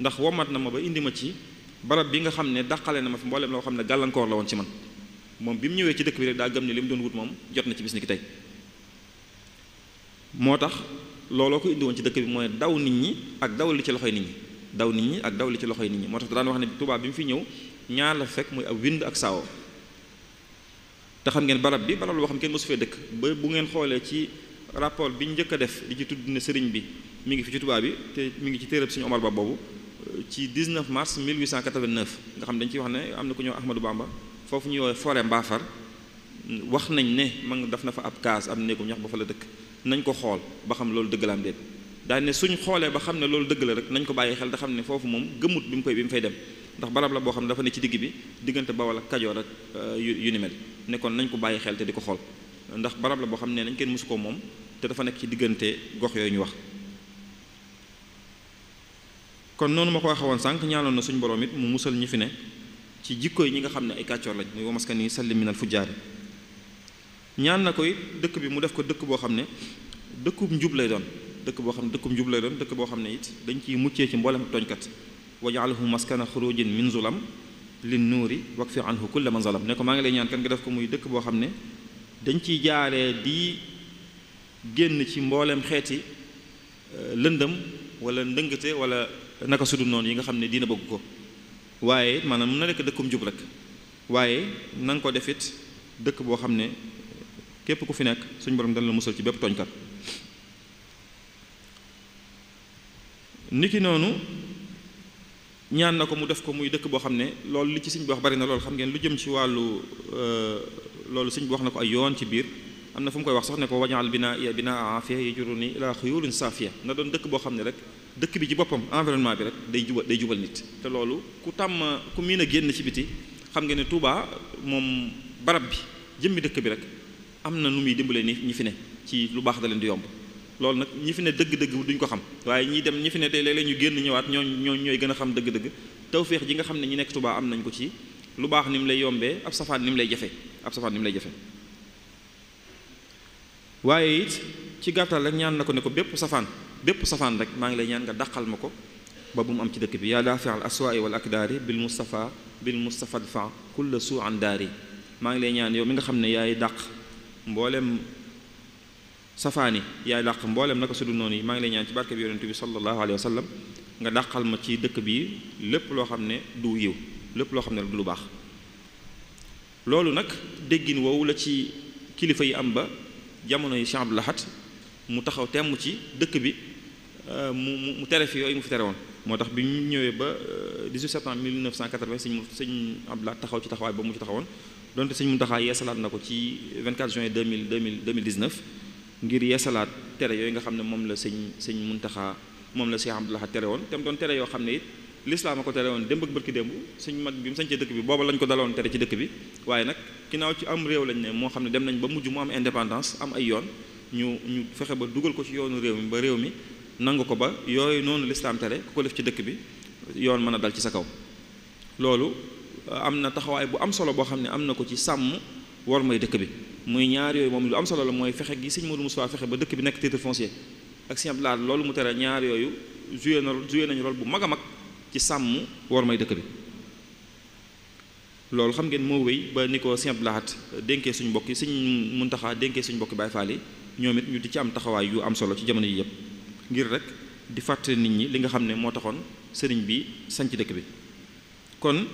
ndax womat na ma ba indi ma ci barab bi nga xam ne dàqale na ma fi mbooleem loo xam ne gàllankoor la woon ci man moom bi mu ñëwee ci dëkk bi rek daa gëm ne li mu doon wut moom jot na ci bis ni ki tax looloo indi woon ci dëkk bi mooy daw nit ñi ak daw ci loxoy nit ñi daw nit ñi ak daw li ci loxoy nit ñi moo tax daan wax ne Tuubaa bi mu fi ñëw ñaar la fekk mooy ab wind ak saawo te xam ngeen barab bi barab boo xam kenn mosu fee dëkk ba bu ngeen xoolee ci rapport bi ñu njëkk def di ci tudd ne sëriñ bi mu ngi fi ci Tuubaa bi te mi ngi ci téereb suñu Omar Ba boobu ci 19 mars 1889 nga xam dañ ciy wax ne am na ku ñëw Ahmadou Bamba foofu ñu woowee forêt Mbaafar wax nañ ne man daf na fa ab kaas am néegum ñax ba fa la dëkk nañ ko xool ba xam loolu dëgg la daane suñ xoolee ba xam ne loolu dëgg la rek nañ ko bàyyi xel da xam ne foofu moom gëmut bi mu koy bi mu fay dem ndax barab la boo xam ne dafa ne ci digg bi diggante ba ak Kajoor ak euh, yu ni mel ne nañ ko bàyyi xel te di ko xool ndax barab la boo xam ne nañ kenn mosu ko moom te dafa nekk ci diggante gox yooyu ñu wax kon noonu ma ko waxewoon sànq ñaanoon na suñ borom it mu musal ñi fi ne ci jikko yi ñi nga xam ne ay kàccoor lañ muy wamaska ni sallim minal fujjaari ñaan na ko dëkk bi mu def ko dëkk boo xam ne dëkkub njub lay doon dëkk boo xam ne dëkkum jub lay doon dëkk boo xam ne it dañ ciy muccee ci mboolem tooñkat wajaalhu maskana xurujin min zulam lin nuuri wakfi anhu kulla man zalam ne ko maa ngi lay ñaan kan nga def ko muy dëkk boo xam ne ciy jaaree di génn ci mboolem xeeti euh, lëndëm wala ndëngate wala naka sudul noonu yi xam ne dina bëgg ko waaye maanaam mën na nekk dëkkum jub rek waaye na nga ko defit dëkk boo xam ne képp ku fi nekk suñ borom dana la musal ci bépp tooñkat niki noonu ñaan na ko mu def ko muy dëkk boo xam ne loolu li ci sëñ bi wax bari na loolu xam ngeen lu jëm ci wàllu euh, loolu sëñ bi wax na ko ay yoon ci biir am na fu mu koy wax sax ne ko wañaal binaa ya binaa aafiya yajuruni ila xuyulin saafiya na doon dëkk boo xam ne rek dëkk bi ci boppam environnement bi rek day jubal day jubal nit te loolu ku tàmm ku miin a génn ci biti xam nga ne Touba moom barab bi jëmmi dëkk bi rek am na nu muy dimbalee ni ñi fi ne ci lu baax da leen di yomb loolu nag ñi fi ne dëgg-dëgg duñ ko xam waaye ñi dem ñi fi ne tey léeg ñu génn ñëwaat ñoo ñoo ñooy gën a xam dëgg-dëgg tawféex ji nga xam ne ñu nekk Tuubaa am nañ ko ci lu baax ni mu lay yombee ab safaan ni mu lay jafe ab safaan ni mu lay jafe waaye it ci gàttal rek ñaan na ko ne ko bépp safaan bépp safaan rek maa ngi lay ñaan nga dàqal ma ko ba bu mu am ci dëkk bi yaa daafi al aswaa'i wal akdaari bil mustafa bil mustafa dfa kulla suu an daari maa ngi lay ñaan yow mi nga xam ne yaay dàq mboolem safaani yaay dàq mboolem naka su dul noonu yi maa ngi lay ñaan ci barke bi yonent bi nga dàqal ma ci dëkk bi lépp loo xam ne du yiw lépp loo xam ne du baax loolu nag déggin woowu la ci kilifa yi am ba jamono yi Cheikh Abdou mu taxaw temm ci dëkk bi euh, mu mu tere fi yooyu mu fi tere woon moo tax bi ñu ñëwee ba 18 euh, septembre 1980 sëñ sëñ Abdou taxaw ci taxawaay ba mu ci taxawoon donte sëñ Mountakha yeesalaat na ko ci 24 juin 2000 2019 ngir yeesalaat tere yooyu nga xam ne moom la sëñ sëñ muntaxaa moom la Cheikh Abdoulaye tere woon te mu doon tere yoo xam ne it lislaam a ko tere woon démb ak bërki démb suñ mag bi mu sañcee dëkk bi booba lañ ko daloon tere ci dëkk bi waaye nag ginnaaw ci am réew lañ ne moo xam ne dem nañ ba mujj mu am am ay yoon ñu ñu fexe ba dugal ko ci yoonu réew mi ba réew mi nangu ko ba yooyu noonu lislaam tere ku ko def ci dëkk bi yoon mën a dal ci sa kaw loolu am na taxawaay bu am solo boo xam ne am na ko ci sàmm war mooy dëkk bi muy ñaar yooyu moom lu am solo la mooy fexe gi sëñ Modou Moustapha fexe ba dëkk bi nekk titre foncier ak sëñ Abdoulaye loolu mu tere ñaar yooyu joué na joué nañu rôle bu mag a mag ci sàmm war may dëkk bi loolu xam ngeen moo wéy ba ni ko sëñ Abdoulaye dénkee suñu mbokk yi sëñ Muntaxa dénkee suñu mbokk Baay Faal yi ñoom it ñu di ci am taxawaay yu am solo ci jamono yi yëpp ngir rek di fàttali nit ñi li nga xam ne moo taxoon sëriñ bi sanc dëkk bi kon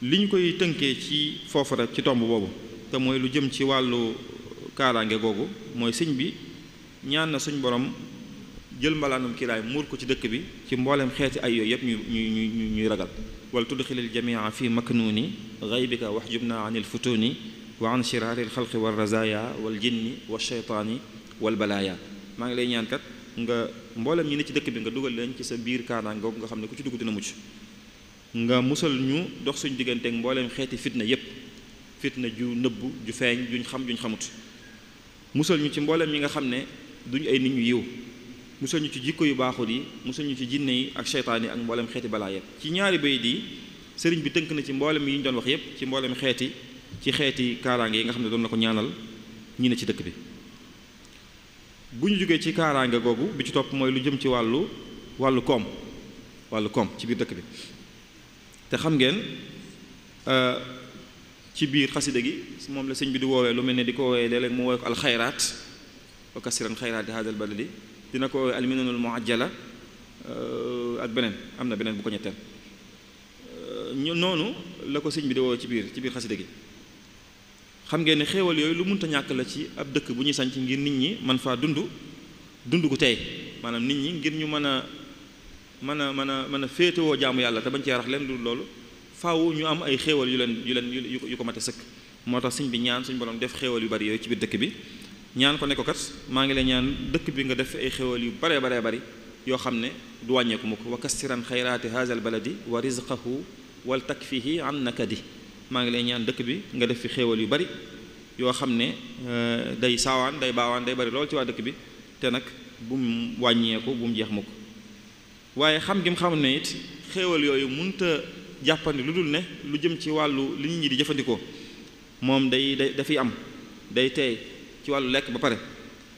li ñu koy tënkee ci foofu rek ci tomb boobu te mooy lu jëm ci wàllu kaaraange googu mooy sëñ bi ñaan na suñ borom jël mbalaanum kiraay muur ko ci dëkk bi ci mbooleem xeeti ay yooyu yëpp ñu ñu ñuy ragal wal tudxilil jamia fi maknuuni gaybika wax jub naa an il futuuni wa an shiraari alxalqi wal razaya wal jinni wa sheytaani wal balaaya maa ngi lay ñaan nga mboolem ñi ne ci dëkk bi nga dugal leen ci sa biir kaaraange googu nga xam ne ku ci dugg dina mucc nga musal ñu dox suñ digganteeg mbooleem xeeti fitna yépp fitna ju nëbbu ju feeñ juñ xam juñ xamut musal ñu ci mboolem ñi nga xam ne duñu ay nit ñu yiw musal ñu ci jikko yu baaxul yi musal ñu ci jinne yi ak seytaan yi ak mboolem xeeti balaa yépp ci ñaari bayit yi sëriñ bi tënk na ci mboolem yi ñu doon wax yépp ci mboolem xeeti ci xeeti kaaraange yi nga xam ne doon na ko ñaanal ñi ne ci dëkk bi bu ñu jógee ci kaaraange googu bi ci topp mooy lu jëm ci wàllu wàllu koom wàllu koom ci biir dëkk bi te xam ngeen euh, ci biir xasida gi moom la sëñ bi di woowee lu mel ne di ko woowee léeg-léeg mu woowee ko alxayraat wa kasiran xayraati haadal baladi dina ko woowee alminanul muajjala euh, ak beneen am na beneen bu ko ñetteel euh, ñu noonu la ko sëñ bi di woowee ci biir ci biir xasida gi xam ngeen ne xéewal yooyu lu munta ñàkk la ci ab dëkk bu ñuy sanc ngir nit ñi man faa dund dund ku tey maanaam nit ñi ngir ñu mën a mën a mën a mën a féetewoo jaamu yàlla te bañ cee rax leen lu loolu faaw ñu am ay xéewal yu leen yu leen yu ko mate sëkk moo tax sëñ bi ñaan suñu borom def xéewal yu bari yooyu ci biir dëkk bi ñaan ko ne ko kat maa ngi lay ñaan dëkk bi nga def ay xéewal yu baree baree bari yoo xam ne wa kastiran xayraati haazal baladi wa rizqahu maa ngi lay ñaan dëkk bi nga def fi xéewal yu bari yoo xam ne euh, day saawaan day baawaan day bari loolu ci waa dëkk bi te nag bu mu wàññeeku bu mu jeex mu ko waaye xam gi mu xam ne it xéewal yooyu munta jàppandi lu dul ne lu jëm ci wàllu li nit ñi di jëfandikoo moom day day dafi am day teey ci wàllu lekk ba pare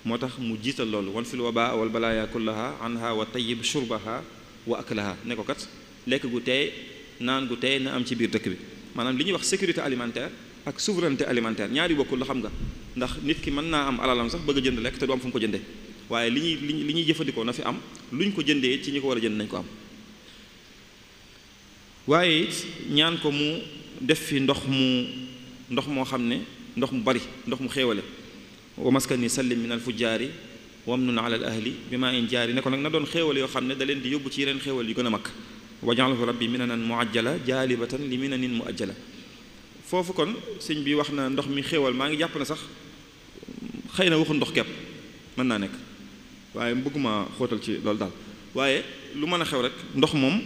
moo tax mu jiital loolu wan fil wabaa wal balaaya kullaha anha wa tayyib shurbaha wa aklaha ne ko kat lekk gu teey naan gu teey na am ci biir dëkk bi maanaam li ñuy wax sécurité alimentaire ak souveraineté alimentaire ñaari bokkul la xam nga ndax nit ki mën naa am alalam sax bëgg a jënd lekk te du am fu mu ko jëndee waaye li ñuy li ñuy jëfandikoo na fi am lu ñu ko jëndee ci ñi ko war a nañ ko am waaye ñaan ko mu def fi ndox mu ndox moo xam ne ndox mu bari ndox mu xéewale wa maskani sallim min al fujjaari wamnun ala al ahli bi maa in jaari ne ko nag na doon xéewal yoo xam ne da leen di yóbbu ci yeneen xéewal yu gën a mag wajalahu rabbi minanan muajjala jaalibatan li minanin muajjala foofu kon sëñ bi wax na ndox mi xéewal maa ngi jàpp na sax xëy na waxu ndox kepp mën naa nekk waaye bëgguma xootal ci loolu daal waaye lu mën a xew rek ndox moom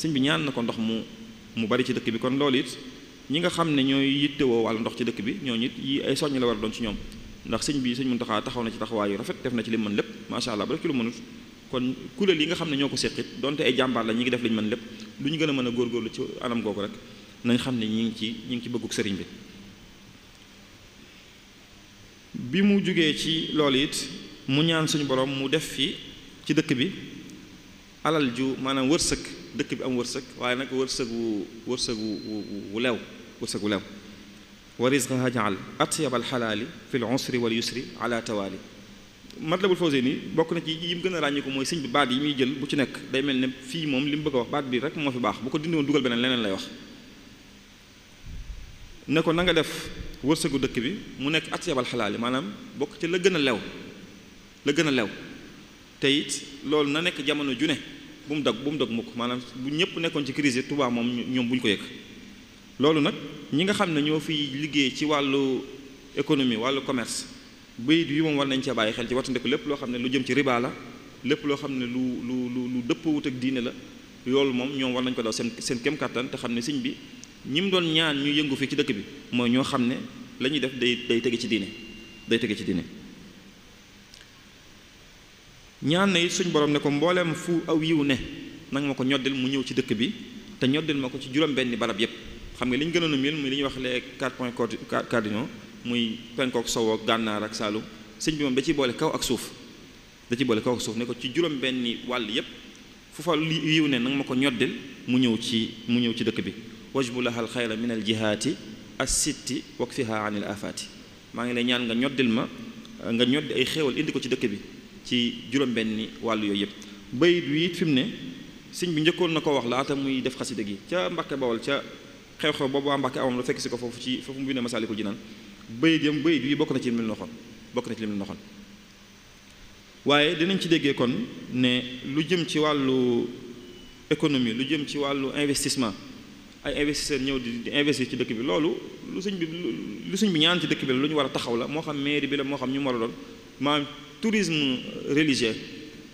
sëñ bi ñaan na ko ndox mu mu bari ci dëkk bi kon loolu it ñi nga xam ne ñooy yittewoo wàllu ndox ci dëkk bi ñoo it yi ay soññ la war a doon ci ñoom ndax sëñ bi sëñ Muntaxa taxaw na ci taxawaayu rafet def na ci li mën lépp macha allah ba rek ci lu mënut kon kuréel yi nga xam ne ñoo ko séqit donte ay jàmbaar la ñi ngi def liñ mën lépp lu ñu gën a mën a góorgóorlu ci anam googu rek nañ xam ne ñu ngi ci ñi ci bëggug sëriñ bi bi mu jógee ci loolu it mu ñaan suñu borom mu def fi ci dëkk bi alal ju maanaam wërsëg dëkk bi am wërsëg waaye nag wërsëg wu wërsëg wu wu lew wërsëg wu lew wa risqaha jaal atyab alxalaali fi l usri wal yusri ala tawaali matlabul fawsé nii bokk na ci yi mu gën a ràññi ko mooy sëñ bi baat yi muy jël bu ci nekk day mel ne fii moom li mu bëgg a wax baat bi rek moo fi baax bu ko dindi woon dugal beneen leneen lay wax ne ko na nga def wërsëgu dëkk bi mu nekk atyab alxalaali maanaam bokk ci la gën a lew la gën a lew te it loolu na nekk jamono ju ne bu mu dog bu mu dog mukk maanaam bu ñëpp nekkoon ci crise Touba moom ñoom bu ñu ko yëg loolu nag ñi nga xam ne ñoo fiy liggéey ci wàllu économie wàllu commerce bay yi moom war nañ cee bàyyi xel ci watu wattandiku lépp loo xam ne lu jëm ci riba la lépp loo xam ne lu lu lu lu dëppawut ak diine la yoolu moom ñoom war nañ ko daw seen seen kem kàttan te xam ne sëñ bi ñi mu doon ñaan ñu yëngu fii ci dëkk bi mooy ñoo xam ne la ñuy def day day tege ci diine day tege ci diine ñaan na it suñ borom ne ko mbooleem fu aw yiw ne nanga ma ko ñoddil mu ñëw ci dëkk bi te ñoddil ma ko ci juróom-benni barab yépp xam nga li ñu gënoon a miin muy li ñuy wax les quatre points cardinaux muy penkook sow gànnaar ak saalum sëñ bi da ciy boole kaw ak suuf da ciy boole kaw ak ne ko ci juróom-benni wàll yépp fu fa yiw ne nanga ma ko ñoddil mu ñëw ci mu ñëw ci dëkk bi wajbu lahal xayra min al jihaati as sitti wakfiha anil afaati maa ngi lay ñaan nga ñoddil ma nga ñoddi ay xéewal indi ko ci dëkk bi ci juróom-benni wàll yooyu yëpp bayit wi it fi mu ne sëñ bi njëkkoon na ko wax laata muy def xasida gi ca Mbàkke Bawol ca xew-xew boobu waa Mbàkke amoon la fekk si ko foofu ci foofu mu bindee Masaalikul Jinaan bayit yam bayit wi bokk na ci lim la waxoon bokk na ci lim la waxoon waaye dinañ ci déggee kon ne lu jëm ci wàllu économie lu jëm ci wàllu investissement ay investisseurs ñëw di di ci dëkk bi loolu lu sëñ bi lu sëñ bi ñaan ci dëkk bi lu ñu war a taxaw la moo xam mairie bi moo xam ñu war a tourisme religieux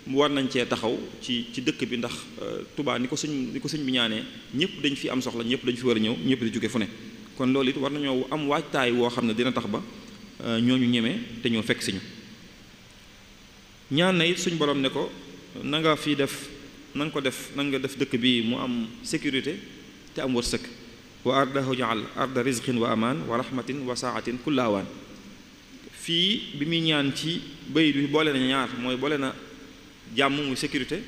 mu war nañ cee taxaw ci ci dëkk bi ndax euh, Touba ni ko sëñ ko sëñ bi ñaanee ñëpp dañ fi am soxla ñëpp dañ fi war a ñëw ñëpp di jóge fu ne kon loolu it war nañoo am waajtaay woo xam ne dina tax ba euh, ñooñu ñemee te ñoo fekk si ñu ñaan na it suñ borom ne ko na nga fii def na nga ko def na nga def dëkk bi mu am sécurité te am wërsëg wa ardahu jaal arda rizqin wa aman wa rahmatin wa saatin kullawaan fii bi muy ñaan ci bay bi boole na ñaar mooy boole na jàmm muy sécurité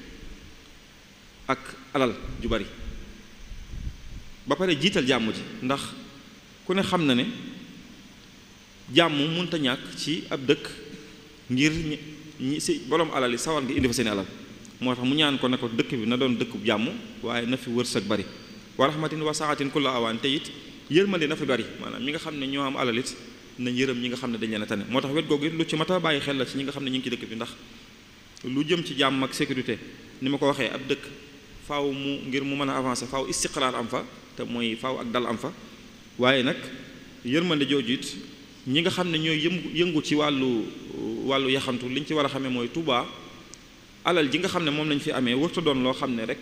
ak alal ju bari ba pare jiital jàmm ji ndax ku ne xam na ne jàmm mun ta ñàkk ci ab dëkk ngir ñi si borom alal yi sawar nga indi fa seeni alal moo tax mu ñaan ko ne ko dëkk bi na doon dëkk jàmm waaye na fi wërsëg bari wa rahmatin wa saatin kulla awaan te it yërmande na fi bari maanaam ñi nga xam ne ñoo am alalit nañ yërëm ñi nga xam ne dañ leen a tane moo tax wet googu it lu ci mat a bàyyi xel la ci ñi nga xam ne lu jëm ci jàmm ak sécurité ni ma ko waxee ab dëkk faaw mu ngir mu mën a avancer faaw istiqlaal am fa te mooy faaw ak dal am fa waaye nag yërmande jooju it ñi nga xam ne ñooy yëngu yëngu ci wàllu wàllu yaxantu liñ ci war a xamee mooy Touba alal ji nga xam ne moom lañ fi amee warta doon loo xam ne rek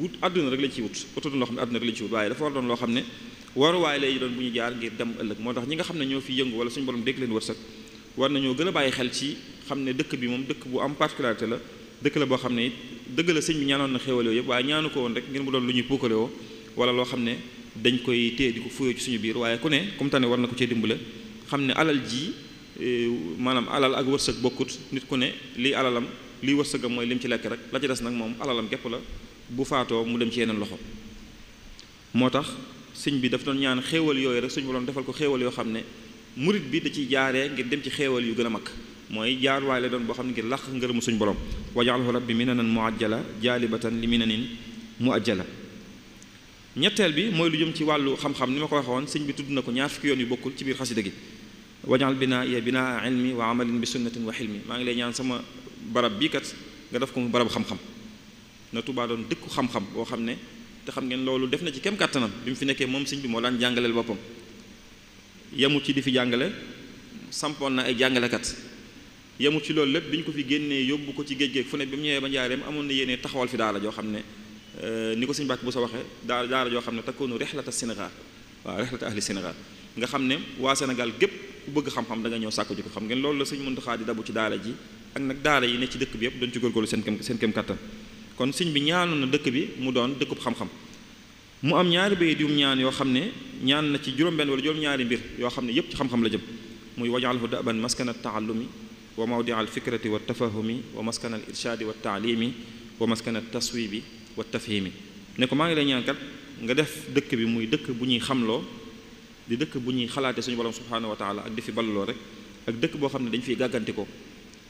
wut àdduna rek lañ ci wut warta doon loo xam ne àdduna rek lañ ci wut waaye dafa war doon loo xam ne waruwaay lay doon bu ñu jaar ngir dem ëllëg moo tax ñi nga xam ne ñoo fi yëngu wala suñu borom dégg leen wërsëg war nañoo gën a bàyyi xel ci xam ne dëkk bi moom dëkk bu am particularité la dëkk la boo xam ne dëgg la sëñ bi ñaanoon na yëpp waaye ñaanu ko woon rek ngir mu doon lu ñuy puukale woo wala ne dañ koy téye di ko fuyoo ci suñu biir waaye ku ne comme tane war na ko cee dimbale xam ne alal ji e, maanaam alal ak wërsëg bokkut nit ku ne lii alalam lii wërsëgam mooy lim ci lekk rek la ci des nag moom alalam gépp la bu faatoo mu dem ci yeneen loxo moo sëñ bi daf doon ñaan xéewal yooyu rek suñu borom defal ko xéewal yoo xam ne murit bi da ciy jaaree ngir dem ci xéewal yu gën a mag mooy jaar waay la doon boo xam ne ngir làq ngërëmu suñu borom wajaalhu rabbi minanan muajjala jaalibatan li minanin muajjala ñetteel bi mooy lu jëm ci wàllu xam-xam ni ma ko waxoon sëñ bi tudd na ko ñaar fukki yoon yu bokkul ci biir xasida gi wajal binaa ya binaa ilmi wa amalin bi sunnatin wa xilmi maa ngi lay ñaan sama barab bii kat nga def ko mu barab na Tuubaa dëkku xam boo xam ne te xam ngeen loolu def na ci kem kàttanam bi mu fi nekkee moom sëñ bi moo daan jàngaleel boppam yemut ci di fi jàngale sampoon na ay jàngalekat yemut ci loolu lépp bi ñu ko fi génnee yóbbu ko ci géej géej fu ne bi mu ñëwee ba njaareem amoon na yeneen taxawal fi daala joo xam ne euh, ni ko sëñ bàkk bu sa waxee daara daara joo xam ne takkoonu a Sénégal waaw rexlata ahli Sénégal nga xam ne waa Sénégal gépp ku bëgg xam-xam da ñëw sàkku ji ko xam ngeen loolu la sëñ Muntaxa di ci daara ji ak nag daara yi ne ci dëkk bi yëpp doon seen kem seen kem kàttan kon sëñ bi ñaanoon na dëkk bi mu doon dëkkub xam-xam mu am ñaari bayit yum ñaan yoo xam ne ñaan na ci juróom-benn wala juróom-ñaari mbir yoo xam ne yépp ci xam-xam la jëm muy wajalhu daban maskana taallumi wa mawdia al fikrati wa tafahumi wa maskana al irshaadi wa taalimi wa maskana taswibi wa tafhimi ne ko maa ngi lay ñaan nga def dëkk bi muy dëkk bu ñuy xamloo di dëkk bu ñuy xalaatee suñu borom subhaanahu wa ak di fi balloo rek ak dëkk boo xam ne dañ dañu fiy ko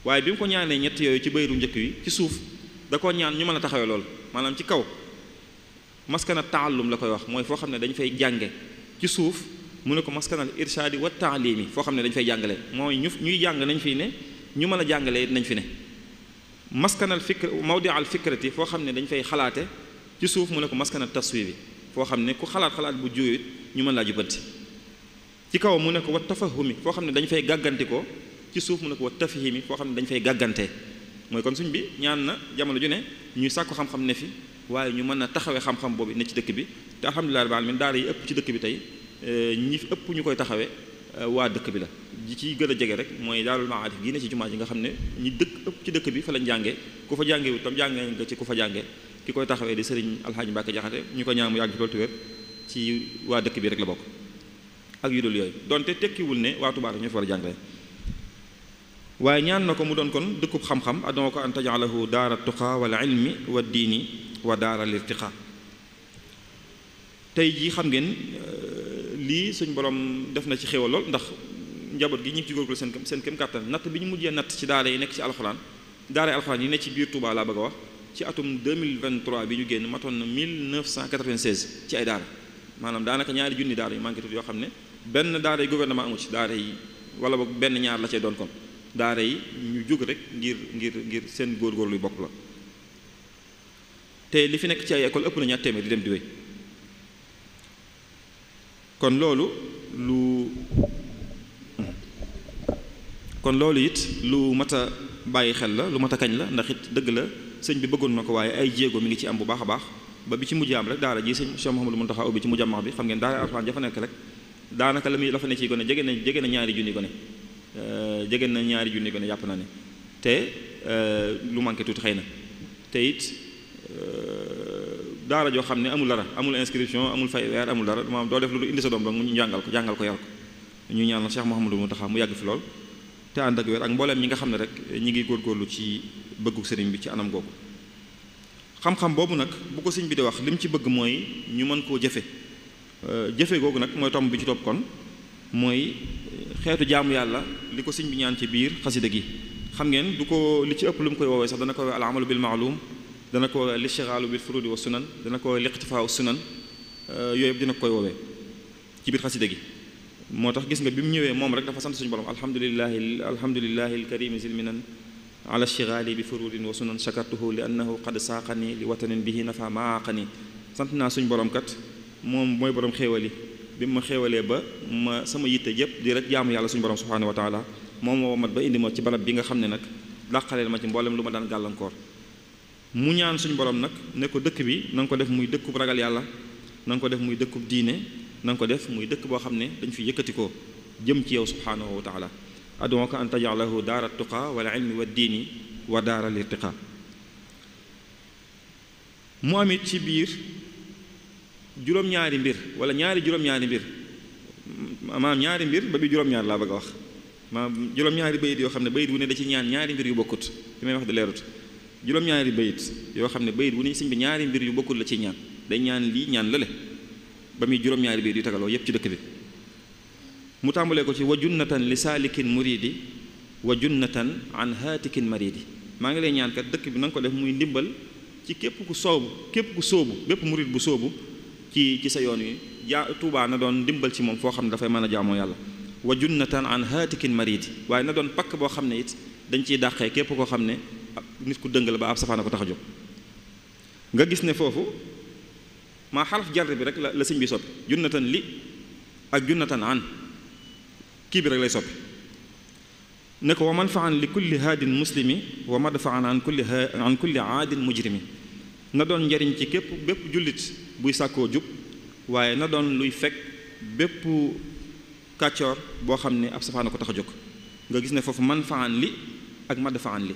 waaye bi mu ko ñaanee ñett yooyu ci bayru njëkk wi ci suuf da koo ñaan ñu mën a taxawee loolu maanaam ci kaw maskana taallum la koy wax mooy foo xam ne dañ fay jànge ci suuf mu ne ko maskanal irshaadi wa taalimi foo xam ne dañ fay jàngale mooy ñu jàng nañ fi ne ñu mën a jàngale nañ fi ne maskanal fikr mawdi al foo xam ne dañ fay xalaate ci suuf mu ne ko maskanal taswibi foo xam ne ku xalaat xalaat bu juyit ñu mën laa jubanti ci kaw mu ne ko wa tafahumi foo xam ne dañ fay gàggantikoo ci suuf mu ne ko wa tafhimi foo xam ne dañ fay gàggantee mooy kon suñ bi ñaan na jamono ju ne ñuy sàkk xam-xam ne fi waaye ñu mën a taxawee xam-xam boobu ne ci dëkk bi te alhamdulilah rabbil alamin daara yi ëpp ci dëkk bi tey eh, ñi fi ëpp ñu koy taxawee eh, waa dëkk bi la ji ci gën a jege rek mooy daarul maarif gi ne ci jumaa ji nga xam ne ñi dëkk ëpp ci dëkk bi fa lañ jàngee ku fa jàngee wu tam jàngee nga ci ku fa jàngee ki koy taxawee di sëriñ alxaaji Mbàkke jaxate ñu ko ñaan mu yàgg fi loolu tuwér ci waa dëkk bi rek la bokk ak yu dul yooyu donte tekkiwul ne waa Tuubaa ñoo fi war a jàngale waaye ñaan na ko mu doon kon dëkkub xam-xam adon ko an tajalahu daara tuqa wal ilmi wa diini wa daara lirtiqa tey jii xam ngeen euh, lii suñ borom def na ci xéwal lool ndax njaboot gi ñu ngi ci góorgóorlu seen seen kem kàttan natt yi nekk ci alxuraan daara yi alxuraan ci biir Touba laa bëgg a wax ci atum bi ñu génn matoon na 1996 ci ay daara maanaam daanaka ñaari junni daara yu manqué tuuti yoo xam ne benn daara yi gouvernement amu ci daara yi wala boog benn ñaar la cee doon kon daara yi ñu jóg rek ngir ngir ngir seen góorgóorlu yu bokk la te li fi nekk ci ay école ëpp na ñaar di dem di wéy kon loolu lu kon loolu it lu mat a bàyyi xel la lu mat a kañ la ndax it dëgg la sëñ bi bëggoon na ko waaye ay jéego mi ngi ci am bu baax a baax ba bi ci mujj am rek daara ji sëñ Cheikh Mouhamadou Mountakha ubbi ci mujj am bi xam ngeen daara alxuraan jafa nekk rek daanaka la muy la fa ne ciy gone jege na jege na ñaari junni gone Euh, jege na ñaari junni gone yàpp naa ne te euh, lu manqué tuuti xëy na te it euh, daara joo xam ne amul dara amul inscription amul fay weer amul dara maanaam doo def lu indi sa doom mu ñu jàngal ko jàngal ko yar ko ñu ñaanal Cheikh Mouhamadou Mountakha mu yàgg fi lool te ànd ak weer ak mbooleem ñi nga xam ne rek ñi ngi góorgóorlu ci bëggu sëriñ bi ci anam googu xam-xam boobu nag bu ko sëñ bi di wax li ci bëgg mooy ñu mën koo jëfe jëfe googu nag mooy tomb bi ci topp kon mooy xeetu jaamu yàlla li ko sëñ bi ñaan ci biir xasida gi xam ngeen du ko li ci ëpp lu mu koy woowee sax dana ko woowee al amalu bil ko woowee lishigaalu bil furudi wa sunan dana ko woowee liqtifaa sunan euh, yooyu dina koy woowee ci biir xasida gi moo tax gis nga bi mu ñëwee moom rek dafa sant suñu borom alhamdulilahi alhamdulilahi alkarimi zilminan ala shigaali bi furudin wa sunan shakartuhu li annahu qad saaqani li watanin bihi nafa maaqani sant naa suñu borom kat moom mooy borom xéewal yi bi ma xéewalee ba ma sama yitte yépp di rek jaamu yàlla suñu borom subhanahu wa taala moom moo mat ba indi ma ci barab bi nga xam ne nag dàqaleel ma ci mboolem lu ma daan gàllankoor mu ñaan suñu borom nag ne ko dëkk bi na nga ko def muy dëkkub ragal yàlla na ko def muy dëkkub diine nanga ko def muy dëkk boo xam ne dañ fi yëkkatikoo jëm ci yow subhanahu wa taala aduka an tajalahu daara tuqa wala ilmi wa diini wa daara lirtiqa mu amit juróom-ñaari mbir wala ñaari juróom-ñaari mbir maam ñaari mbir ba bi juróom-ñaar laa bëgg a wax maam juróom-ñaari bayit yoo xam ne bayit wu ne da ci ñaan ñaari mbir yu bokkut li may wax di leerut juróom-ñaari bayit yoo xam ne bayit wu ne sëñ bi ñaari mbir yu bokkut la ci ñaan day ñaan lii ñaan lële ba muy juróom-ñaari bayit yu tagaloo yépp ci dëkk bi mu tàmbalee ko ci wa junnatan li saalikin muridi wa junnatan an haatikin maridi maa ngi lay ñaan dëkk bi na ko def muy ndimbal ci képp ku soobu képp ku soobu bépp murid bu soobu ci ci sa yoon wi ja Tuubaa na doon dimbal ci moom foo xam ne dafay mën a jaamoo yàlla wa junnatan an haatikin maridi waaye na doon pakk boo xam ne it dañ ciy dàqee képp koo xam ne nit ku dëng ba ab safaana ko tax a nga gis ne foofu maa xaraf jar bi rek la la sëñ bi soppi junnatan li ak junnatan an kii bi rek lay soppi ne ko wa manfaan li kulli haadin muslimi wa madfaan an kulli an mujrimi na doon njariñ ci képp bépp jullit buy sàkkoo jub waaye na doon luy fekk bépp kàccoor boo xam ne ab a ko tax a jóg nga gis ne foofu man faan li ak madd faan li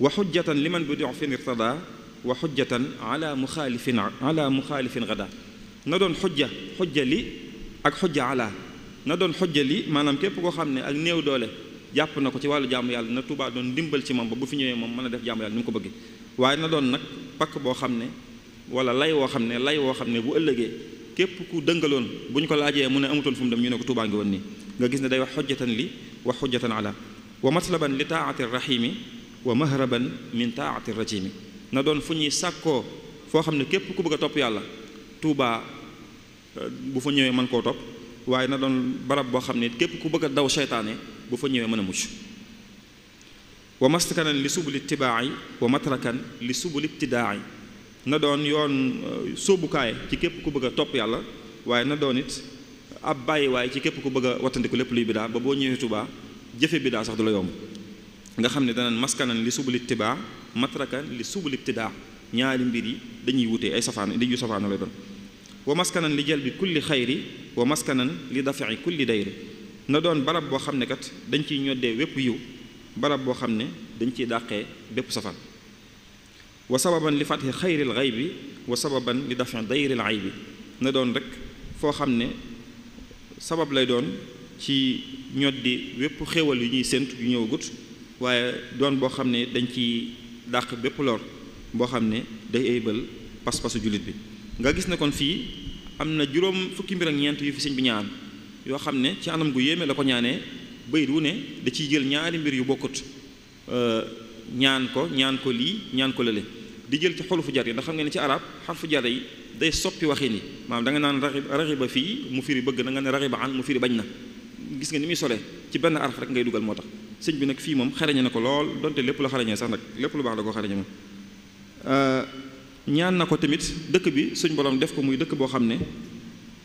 wa xujjatan liman bi dox fin irtada wa xujjatan ala muxaalifin ala muxaalifin gada na doon xujja xujja li ak xujja ala na doon xujja li maanaam képp koo xam ne ak néew doole jàpp na ko ci wàllu jaamu yàlla na Tuubaa doon dimbal ci moom ba bu fi ñëwee moom mën a def jaamu yàlla ni mu ko bëggee waaye na doon nag pakk boo xam ne wala lay woo xam ne lay woo xam ne bu ëllëgee képp ku dëngaloon bu ñu ko laajee mu ne amutoon fu mu dem ñu ne ko Tuubaa ngi woon nii nga gis ne day wax xujjatan li wa xujjatan ala wa matlaban li taati rahimi wa mahraban min taati rajimi na doon fu ñuy sàkkoo foo xam ne képp ku bëgg a topp yàlla Tuubaa euh, bu fa ñëwee mën koo topp waaye na doon barab boo xam ne képp ku bëgg a daw seytaane bu fa ñëwee mën a mucc wa maskanan li subuli itibaayi wa matrakan li subuli ibtidaai na doon yoon euh, sóobukaay ci képp ku bëgg a topp yàlla waaye na doon it ab bàyyiwaay ci képp ku bëgg a wattandiku lépp luy bidaa ba boo ñëwee Tuubaa jëfe bidaa sax du la yomb nga xam ne danañ maskanan li subul ittibaa matrakan li subul ibtidaa ñaari mbir yi dañuy wutee ay safaan di yu safaano lay doon wa maskanan li jalbi kulli xayri wa maskanan li dafai kulli dayri na doon barab boo xam ne kat dañ ciy ñoddee wépp yiw barab boo xam ne dañ ci dàqee bépp safaan wa sababan li fatxi xayril bi wa sababan li dafi dayril bi na doon rek foo xam ne sabab lay doon ci ñoddi wépp xéewal yu ñuy sént yu ñëw gut waaye doon boo xam ne dañ ci dàq bépp lor boo xam ne day aybal pas-pasu jullit bi nga gis ne kon fii am na juróom fukki mbir ak ñeent yu fi sëñ bi ñaan yoo xam ne ci anam gu yéeme la ko ñaanee bayit wu ne da ciy jël ñaari mbir yu bokkut euh, ñaan ko ñaan ko lii ñaan ko lële di jël ci xulufu jar yi ndax xam nga ne ci arab xarfu jar yi day soppi waxin yi maanaam da nga naan raxiba fii mu firi bëgg na nga ne raxiba an mu firi bañ na gis nga ni muy solee ci benn araf ngay dugal moo tax sëñ bi nag fii moom xarañe na ko lool donte lépp la xarañee sax nag lépp lu baax da ko xarañe moom ñaan na ko tamit dëkk bi suñ borom def ko muy dëkk boo xam ne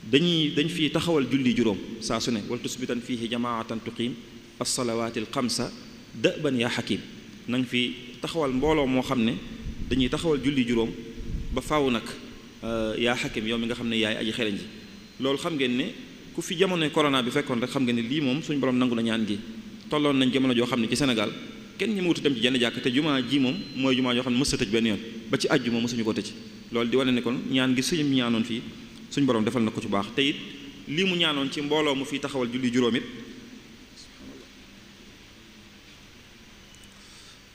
dañuy dañ fii taxawal julli juróom saa su ne wal tusbitan fiihi jamaatan tuqiim as salawaati al xamsa dëban yaa xakim na nga fi taxawal mbooloo moo xam ne dañuy taxawal julli juróom ba faw nag euh, yaa xakim yow mi nga xam ne yaay aji xereñ ji loolu xam ngeen ne ku fi jamono corona bi fekkoon rek xam ngeen ne lii moom suñ borom nangu na ñaan gi tolloon nañ jamono joo xam ne ci Sénégal kenn ñi mawutu dem ci jenn jàkk te jumaa ji moom mooy jumaa joo xam ne mës a tëj benn yoon ba ci àjjuma mësuñu ko tëj loolu di wane ne kon ñaan gi suñu ñaanoon fii suñu borom defal na ko ci baax te lii mu ñaanoon ci mbooloo mu fi taxawal julli juróom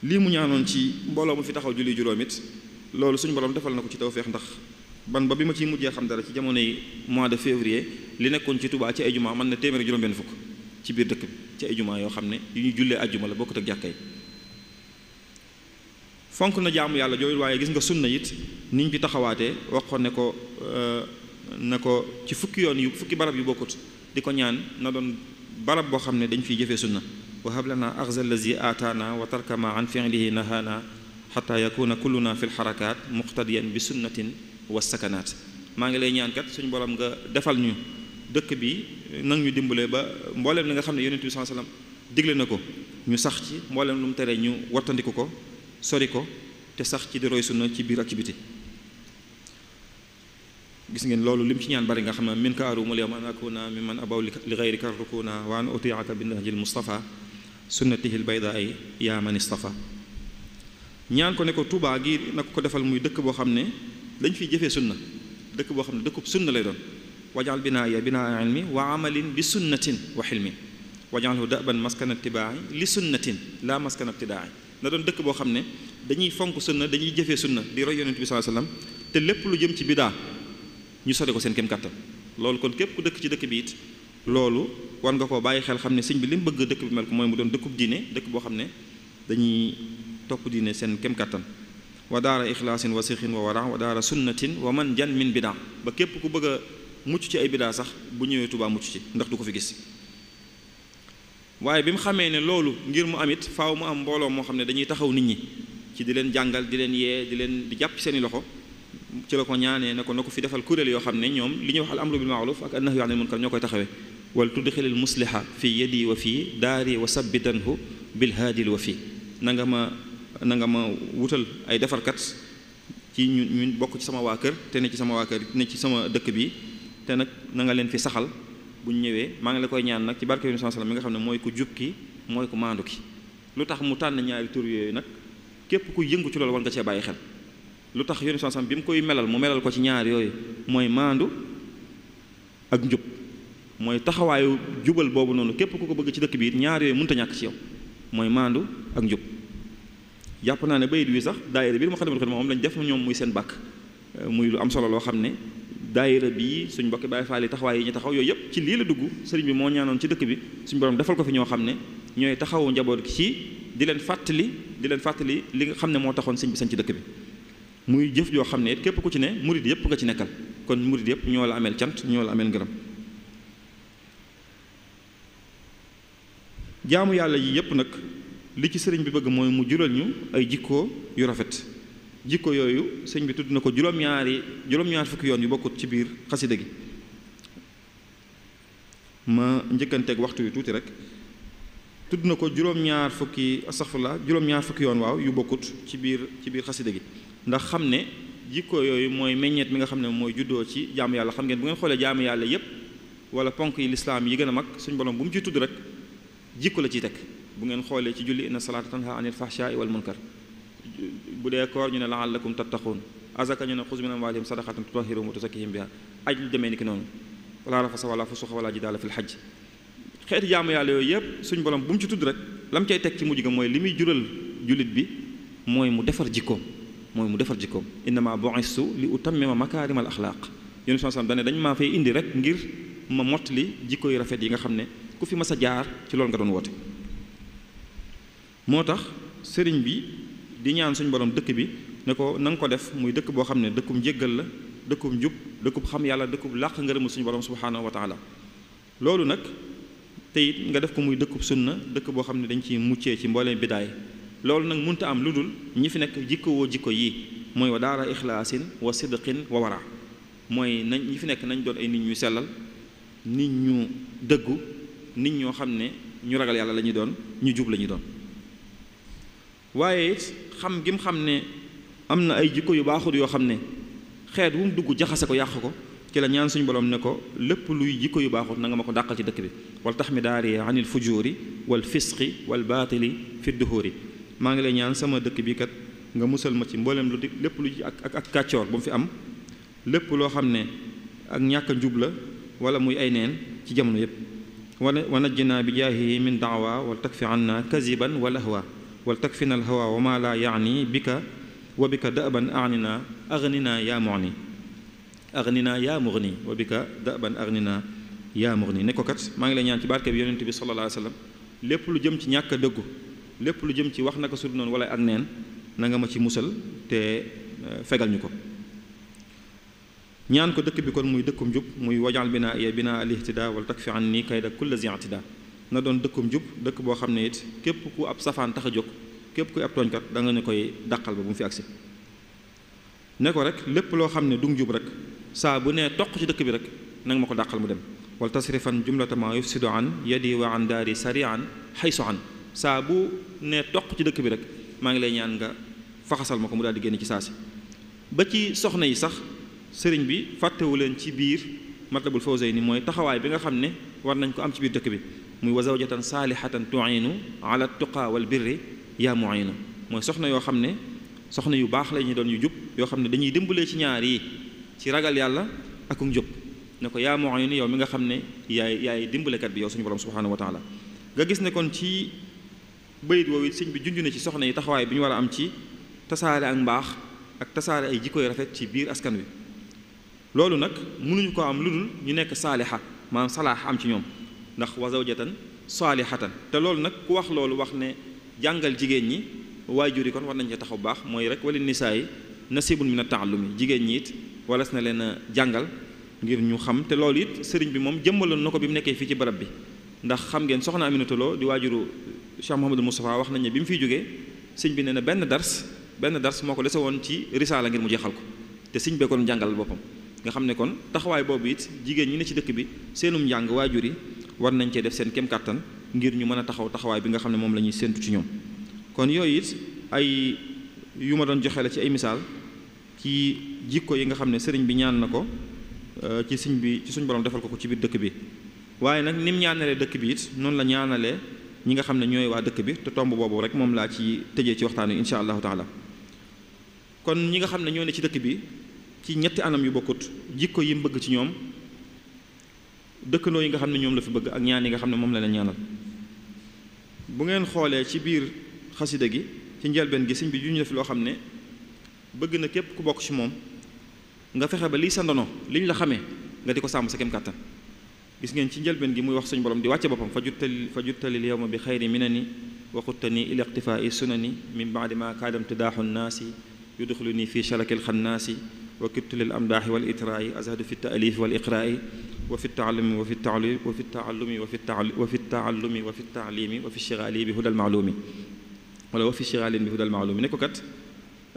lii mu ñaanoon ci mbooloo mu fi taxaw julli juróom it loolu suñu borom defal na ko ci feex ndax ban ba bi ma ciy mujjee xam dara ci jamono yi mois de février li nekkoon ci Touba ci ay jumaa mën na téeméer fukk ci biir dëkk bi ci ay yoo xam ne yu ñu jullee ajjuma la bokkut ak jàkka fonk na jaamu yàlla jooyu waaye gis nga na it niñ ci taxawaatee waxoon ne ko euh, na ko ci fukki yoon yu fukki barab yi bokkut di ko ñaan na doon barab boo xam ne dañ fiy jëfee na wa hablana axza allazi aataana wa tarkama an fiilihi nahaana xata yakuna kulluna fi lxarakaat muqtadiyan bi sunnatin wa sakanaat maa ngi lay ñaankat suñu borom nga defal ñu dëkk bi nang ñu dimbale ba mbooleem li nga xam ne yonent bi na ko ñu sax ci mbooleem lu mu tere ñu wattandiku ko sori ko te sax ci di roy sunna ci biir ak ci biti gis ngeen loolu lim ci ñaan bari nga xam ne min ka mul yawma an akuna mimman abaw li gayrika rukuna wa an utiaka bi nahjil mustafa sunnatihi lbayda ay yaa man istafa ñaan ko ne ko tubaa gi na ko defal muy dëkk boo xam ne dañ fiy jëfee sunna dëkk boo xam ne dëkkub sunna lay doon wajaal binaaya binaa ilmi wa amalin bi sunnatin wa xilmin wajaalhu daban maskana tibaai li sunnatin la maskana ibtidaai na doon dëkk boo xam ne dañuy fonk sunna dañuy jëfee sunna di roy yonent bi sallallahu alayhi te lépp lu jëm ci bidaa ñu sori ko seen kem kàttan loolu kon képp ku dëkk ci dëkk bi it loolu war nga koo bàyyi xel xam ne sëñ bi li mu bëgg dëkk bi mel ko mooy mu doon dëkkub diine dëkk boo xam ne dañuy topp diine seen kem kattan wa daara ixlaasin wa sixin wa wara wa daara sunnatin wa man jan min bidaa ba képp ku bëgg mucc ci ay bidaa sax bu ñëwee Tuubaa mucc ci ndax du ko fi gis waaye bi mu xamee ne loolu ngir mu amit faaw mu am mbooloo moo xam ne dañuy taxaw nit ñi ci di leen jàngal di leen yee di leen di jàpp seeni loxo ci la ko ñaanee na ko ko fi defal kuréel yoo xam ne ñoom li ñuy wax al amru bil maaruf ak an ñoo koy taxawee wal tudxilil musliha fi yadi wa fi daari wa sabbitanhu bil haadil wa fi na nga ma na nga ma wutal ay defarkat ci ñu ñu bokk ci sama waa kër te ne ci sama waa kër ne ci sama dëkk bi te nag na nga leen fi saxal bu ñëwee maa ngi la koy ñaan nag ci barke Yonent sallallahu mi nga xam ne mooy ku jub mooy ku maandu ki lu tax mu tànn ñaari tur yooyu nag képp ku yëngu ci loolu war nga cee bàyyi xel lu tax Yonent sallallahu alayhi bi mu koy melal mu melal ko ci ñaar yooyu mooy maandu ak njub mooy taxawaayu jubal boobu noonu képp ku ko bëgg ci dëkk bi ñaar yooyu mënta ñàkk ci yow mooy maandu ak njub jàpp naa ne bayit wi sax daayira bi Moukhaddamatoul Khidma moom lañu def ñoom muy seen bàkk euh, muy lu am solo loo xam ne daayira bii suñ mbokki Baay Faal taxawaay yi ñu taxaw yooyu yëpp ci lii la dugg sëriñ bi moo ñaanoon ci dëkk bi suñ borom defal ko fi ñoo xam ne ñooy taxawu njaboot ci di leen fàttali di leen fàttali li nga xam ne moo taxoon sëñ bi sañ ci dëkk bi muy jëf joo xam ne képp ku ci ne murid yëpp nga ci nekkal kon murid yëpp ñoo la ameel cant ñoo la ameel ngërëm jaamu yàlla yi yépp nag li ci sëriñ bi bëgg mooy mu jural ñu ay jikko yu rafet jikko yooyu sëñ bi tudd na ko juróom juróom-ñaar fukki yoon yu bokkut ci biir xasida gi ma njëkkanteeg waxtu yu tuuti rek tudd na ko juróom-ñaar fukki astaghfirullah juróom-ñaar fukki yoon waaw yu bokkut ci biir ci biir xasida gi ndax xam ne jikko yooyu mooy meññeet mi nga xam ne mooy juddoo ci jaamu yàlla xam ngeen bu ngeen xoolee jaamu yàlla yépp wala ponk yi lislaam yi gën a mag suñ borom bu mu ci tudd rek jikko la ciy teg bu ngeen xoolee ci julli inna salaata tanha anil fahshaai wal munkar bu dee koor ñu ne la laallakum tattaquun azaka ñu ne xuz min amwaalihim sadaqatan tutahhiruhum wa tuzakkihim biha aj lu demee ni ki noonu wala rafasa wala fusuqa wala jidaala fil xaj xeeti jaamu yàlla yooyu yëpp suñ borom bu mu ci tudd rek lam cay teg ci mujj ga mooy li muy jural jullit bi mooy mu defar jikkoom mooy mu defar jikkoom innama bu'istu li utammima makaarimal axlaaq yéen sallallahu alayhi wasallam dañ maa fay indi rek ngir ma mott li jikko yu rafet yi nga xam ne ku fi mas a jaar ci loolu nga doon woote moo tax sëriñ bi di ñaan suñu borom dëkk bi ne ko na nga ko def muy dëkk boo xam ne dëkkum jéggal la dëkkum njub dëkkub xam yàlla dëkkub làq ngërëmu suñu borom subhaanahu wa taala loolu nag te it nga def ko muy dëkkub sunna dëkk boo xam ne dañ ci muccee ci mbooleem bidaay loolu nag munta am lu dul ñi fi nekk jikko woo jikko yi mooy wa daara ixlaasin wa sidqin wa wara mooy nañ ñi fi nekk nañ doon ay nit ñu sellal nit ñu dëggu nit ñoo xam ne ñu ragal yàlla la ñuy doon ñu jub la ñuy doon waaye xam gi mu xam ne am na ay jikko yu baaxut yoo xam ne xeet wu mu dugg jaxase ko yàq ko ci la ñaan suñu borom ne ko lépp luy jikko yu baaxut nanga ma ko dàqal ci dëkk bi wal tax mi daari anil fujuuri wal fisqi wal baatili fi duhuri maa ngi lay ñaan sama dëkk bi kat nga musal ma ci mbooleem lu di lépp lu ak ak kàccoor bu mu fi am lépp loo xam ne ak ñàkk njub la wala muy ay neen ci jamono yépp wa najjinaa bi jaahihi min daawa wal takfi anna kaziban wal ahwa wal fi na hawa wa ma laa yaani bika wa bika daban agninaa agninaa yaa mugni agninaa yaa mugni wa bika daban agninaa yaa mugni ne ko kat maa ngi lay ñaan ci barke bi yonent bi sallallahu alayhi lépp lu jëm ci ñàkk a dëggu lépp lu jëm ci wax na su dul noonu wala ak neen na nga ma ci musal te euh, fegal ñu ko ñaan ko dëkk bi kon muy dëkkum jub muy wajal binaa iya binaa al ihtida wala takfi an ni kayda kulla zi i'tida na doon dëkkum jub dëkk boo xam ne it képp ku ab safaan tax a jóg képp ku ab tooñkat da danga ne koy dàqal ba bu mu fi agsi ne ko rek lépp loo xam ne du jub rek saa bu nee toq ci dëkk bi rek nanga ma ko dàqal mu dem wala tasrifan jumlata ma yufsidu an yadi wa an daari sarian xaysu an saa bu nee ci dëkk bi rek maa ngi lay ñaan nga faxasal ma ko mu daal di génn ci saa si ba ci soxna yi sax sëriñ bi fàttewu leen ci biir matlabul fawzayni mooy taxawaay bi nga xam ne war nañ ko am ci biir dëkk bi muy wa zawjatan saalihatan tuinu ala tuqa wal birri yaa muinu mooy soxna yoo xam ne soxna yu baax la ñu doon yu jub yoo xam ne dañuy dimbalee ci ñaar yi ci ragal yàlla ak njub ne ko yaa muinu yow mi nga xam ne yaay yaay dimbalekat bi yow suñu borom subhanahu wa taala nga gis ne kon ci bayit sëñ bi junj na ci soxna yi taxawaay bi ñu war a am ci tasaare ak mbaax ak tasaare ay jikko rafet ci biir askan wi loolu nag mënuñu ko am lu dul ñu nekk saaliha maanaam salaax am ci ñoom ndax wa zawjatan saalihatan te loolu nag ku wax loolu wax ne jàngal jigéen ñi waajur yi kon war nañ ca taxaw baax mooy rek wala nisaa yi nasibun min at-ta'allumi jigéen ñi it walas na leen jàngal ngir ñu xam te loolu it sëriñ bi moom jëmbaloon na ko bi mu nekkee fii ci barab bi ndax xam ngeen soxna Aminata Lo di waajuru Cheikh Mouhamadul Moustapha wax nañ bi mu fiy jógee sëñ bi nee na benn dars benn dars ko dese woon ci risaala ngir mu jeexal ko te sëñ bee jàngal boppam nga xam ne kon taxawaay boobu it jigéen ñi ne ci dëkk bi seenum njàng waajur war nañ cee def seen kem kàttan ngir ñu mën a taxaw taxawaay bi nga xam ne moom la ñuy séentu ci ñoom kon yooyu it ay yu ma doon joxe la ci ay misaal ci jikko yi nga xam ne sëriñ bi ñaan na ko euh, ci sëñ bi ci suñ borom defal ko ko ci biir dëkk bi waaye nag ni mu ñaanalee dëkk bi it noonu la ñaanalee ñi nga xam ne ñooy waa dëkk bi te tomb boobu rek moom laa ci tëjee ci waxtaan wi incha allahu taala kon bi ci ñetti anam yu bokkut jikko yi mu bëgg ci ñoom dëkkandoo yi nga xam ne ñoom la fi bëgg ak ñaan yi nga xam ne moom la leen ñaanal bu ngeen xoolee ci biir xasida gi ci njëlbeen gi sëñ bi juñ la fi loo xam ne bëgg na képp ku bokk ci moom nga fexe ba liy sa ndono liñ la xamee nga di ko sàmm sa kem kàttan gis ngeen ci njëlbeen gi muy wax suñu borom di wàcce boppam fa juttali fa juttali yowma bi xayri minani na ni iqtifaa'i sunani min baadi ma kaadamtu daaxu naasi yudxulu nii fii shalakil xannaasi wa kibtu lil amdaaxi wal itraayi azhadu fi taalifi wal iqraayi wa fi taalumi wa fi taalumi wa fi taalumi wa fi wa fi taalumi wa fi taalimi wa fi shiraali bi hudal maalumi wala wa fi shiraalin bi hudal maalumi ne ko kat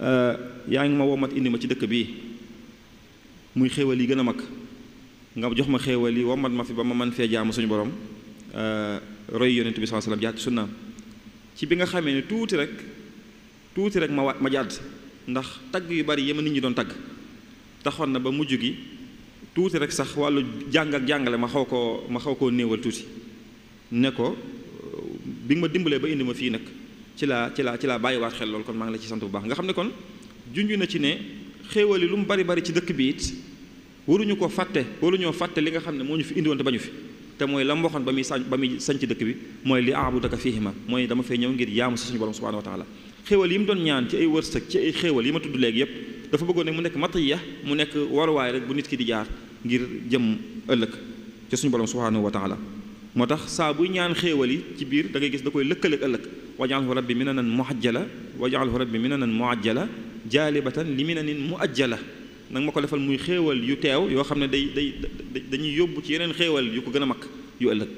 euh, yaa ngi ma womat indi ma ci dëkk bii muy xéewal yi gën a mag nga jox ma xéewal yi womat ma fi ba ma mën fee jaamu suñu borom euh, roy yonent bi saa sallam jaar ci sunnaam ci bi nga xamee ne tuuti rek tuuti rek ma wa ma jàdd ndax tagg yu bari yi ma nit ñi doon tagg taxoon na ba mujj gi tuuti rek sax wàllu jàng ak jàngale ma xaw koo ma xaw koo néewal tuuti ne ko euh, bi nga ma dimbalee ba indi ma fii nag ci laa ci laa ci laa bàyyiwaat xel lool kon maa ngi la ci sant bu baax nga xam ne kon junj na ci ne xéewali lu mu bari bari ci dëkk bi it waruñu ko fàtte waruñoo fàtte li nga xam ne moo ñu fi indi bañu fi te mooy la mu ba muy sañ ba muy sañ ci dëkk bi mooy li aabudaka fiihima mooy dama fee ñëw ngir yaamu si suñu borom subhanahu wa xéewal yi mu doon ñaan ci ay wërsëg ci ay xéewal yi ma tudd léegi yépp dafa bëggoon ne mu nekk matiya mu nekk waruwaay rek bu nit ki di jaar ngir jëm ëllëg ci suñu borom subhanahu wa taala moo tax saa buy ñaan xéewal yi ci biir da ngay gis da koy lëkkaleeg ëllëg bi wajalhu rabbi minanan muajjala wajalhu rabbi minanan muajjala jaalibatan li minanin muajjala nag ma ko defal muy xéewal yu teew yoo xam ne day day dañuy yóbbu ci yeneen xéewal yu ko gën a mag yu ëllëg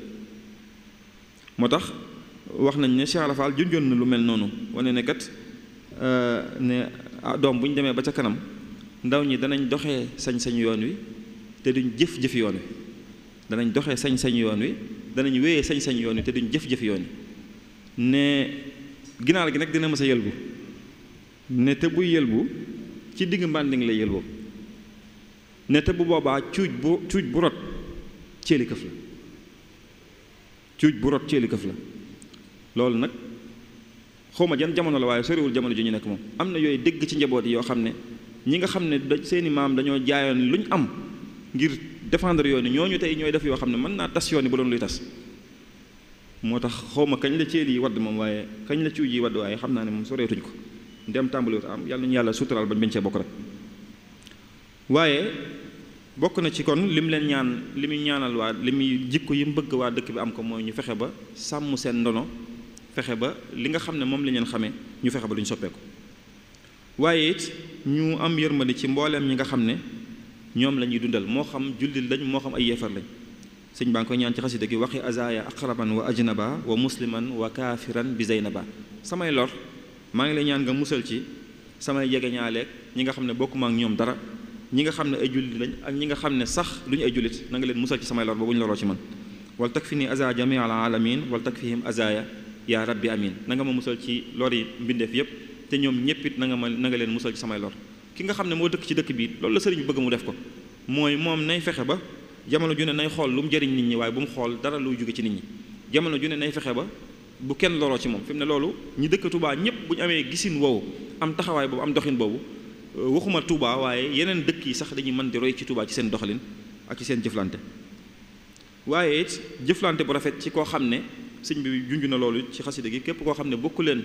wax nañ ne Cheikh Ibra Fall junjoon na lu mel noonu wane ne kat euh, ne ah, doom bu ñu demee ba ca kanam ndaw ñi danañ doxee sañ-sañ yoon wi te duñ jëf-jëf yoon wi danañ doxee sañ-sañ yoon wi danañ wéye sañ-sañ yoon wi te duñ jëf-jëf yoon wi ne ginaar gi nag dina mës a yëlbu ne te yëlbu ci digg mbànding la yëlboo ne te bu boobaa cuuj bu cuuj bu rot ceeli këf la cuuj bu rot ceeli këf la loolu nag xawma jan jamono la waaye sorewul jamono ju ñu nekk moom am na yooyu dégg ci njaboot yi yoo xam ne ñi nga xam ne da seeni maam dañoo jaayoon luñ am ngir défendre yoon yi ñooñu tey ñooy def yoo xam ne mën naa tas yoon yi bu doon luy tas moo tax xawma kañ la ceel yi wadd moom waaye kañ la cuuj yi wadd waaye xam naa ne moom soreetuñ ko ndem tàmbaliwut am yàlla ñu yàlla suturaal bañ bañ see bokk rek waaye bokk na ci kon lim leen ñaan li muy ñaanal waa li muy jikko yi mu bëgg waa dëkk bi am ko mooy ñu fexe ba sàmm seen ndono fexe ba li nga xam ne moom la leen xamee ñu fexe ba duñ soppeeku waaye it ñu am yërmande ci mbooleem ñi nga xam ne ñoom la ñuy dundal moo xam jullit lañ moo xam ay yeefar lañ sëñ baa ngi koy ñaan ci xasida gi waxi azaya aqraban wa ajnaba wa musliman wa kaafiran bi zaynaba samay lor maa ngi lay ñaan nga musal ci samay jege ñaaleeg ñi nga xam ne bokkuma ak ñoom dara ñi nga xam ne ay jullit lañ ak ñi nga xam ne sax lu duñu ay jullit na nga leen musal ci samay lor ba bu ñu loroo ci man wal takfi ni aza jamia al alamin wal takfihim azaya yaa rabbi amin na nga ma musal ci lori mbindeef yépp te ñoom ñépp it na nga ma nanga nga leen musal ci samay lor ki nga xam ne moo dëkk ci dëkk bi loolu la sëriñ bëgg mu def ko mooy moom nay fexe ba jamono ju ne nay xool lum mu nit ñi waaye bu mu xool dara luy jóge nit ñi jamono ju ne nay fexe ba bu kenn loroo ci moom fi ne loolu ñi dëkk Touba ñépp bu ñu amee gisin woowu am taxawaay boobu am doxin boobu euh, waxuma Touba waaye yeneen dëkk yi sax dañuy mën di roy ci Touba ci seen doxalin ak ci seen jëflante waaye bu rafet ci koo xam ne sëñ bi junj na loolu ci xasida gi képp koo xam ne bokk leen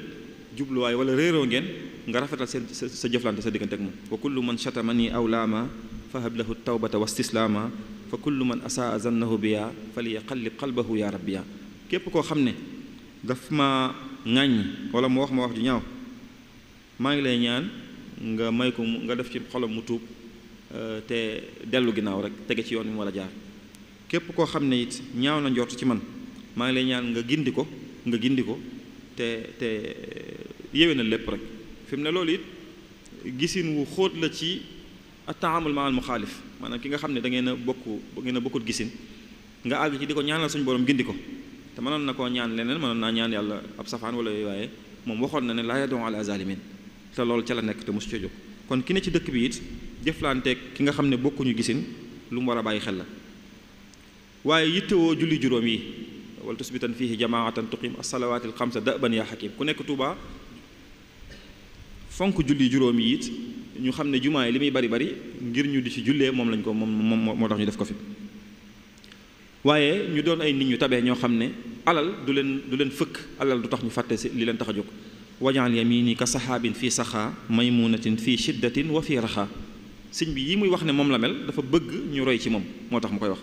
jubluwaay wala réeroo ngeen nga rafetal seen sa jëflante sa diggante ak moom wa kullu man chatamani aw laama fa hab lahu tawbata wa stislaama fa kullu man asaa zannahu biya falyaqallib qalbahu ya rabbiya képp koo xam ne daf ma ŋàññ wala mu wax ma wax ju ñaaw maa ngi lay ñaan nga may ko nga def ci xolam mu tuub euh, te dellu ginnaaw rek tege ci yoon mi a jaar képp koo xam ne it ñaaw na njort ci man maa ngi lay ñaan nga gindi ko nga gindi ko te te yéwe na lépp rek fi mu ne loolu it gisin wu xóot la ci at ataamul ma al muxaalif maanaam ki nga xam ne da ngeen bokk da ngeen a bokkut gisin nga àgg ci di ko ñaanal suñu borom gindi ko te mënoon na koo ñaan leneen mënoon naa ñaan yàlla ab safaan wala yooyu waaye moom waxoon na ne laa yadon ala zalimin te loolu ca la nekk te mosu ca jóg kon ki ne ci dëkk bi it jëflanteeg ki nga xam ne bokkuñu gisin lu mu war a bàyyi xel la wala tusbitan fiihi jamaatan tuqim asalawaati alxamsa daban yaa xakim ku nekk Touba fonk julli juróomi it ñu xam ne jumaa yi li muy bari bari ngir ñu di ci jullee moom lañ ko moom moom moo tax ñu def ko fi ñu doon ay nit ñu tabee ñoo xam ne alal du leen du leen fëkk alal du tax ñu fàtte si li leen tax a jóg wajaal yamini ka saxaabin fii saxaa maymunatin fii shiddatin wa fii raxaa sëñ bi yi muy wax ne moom la mel dafa bëgg ñu roy ci moom moo tax mu koy wax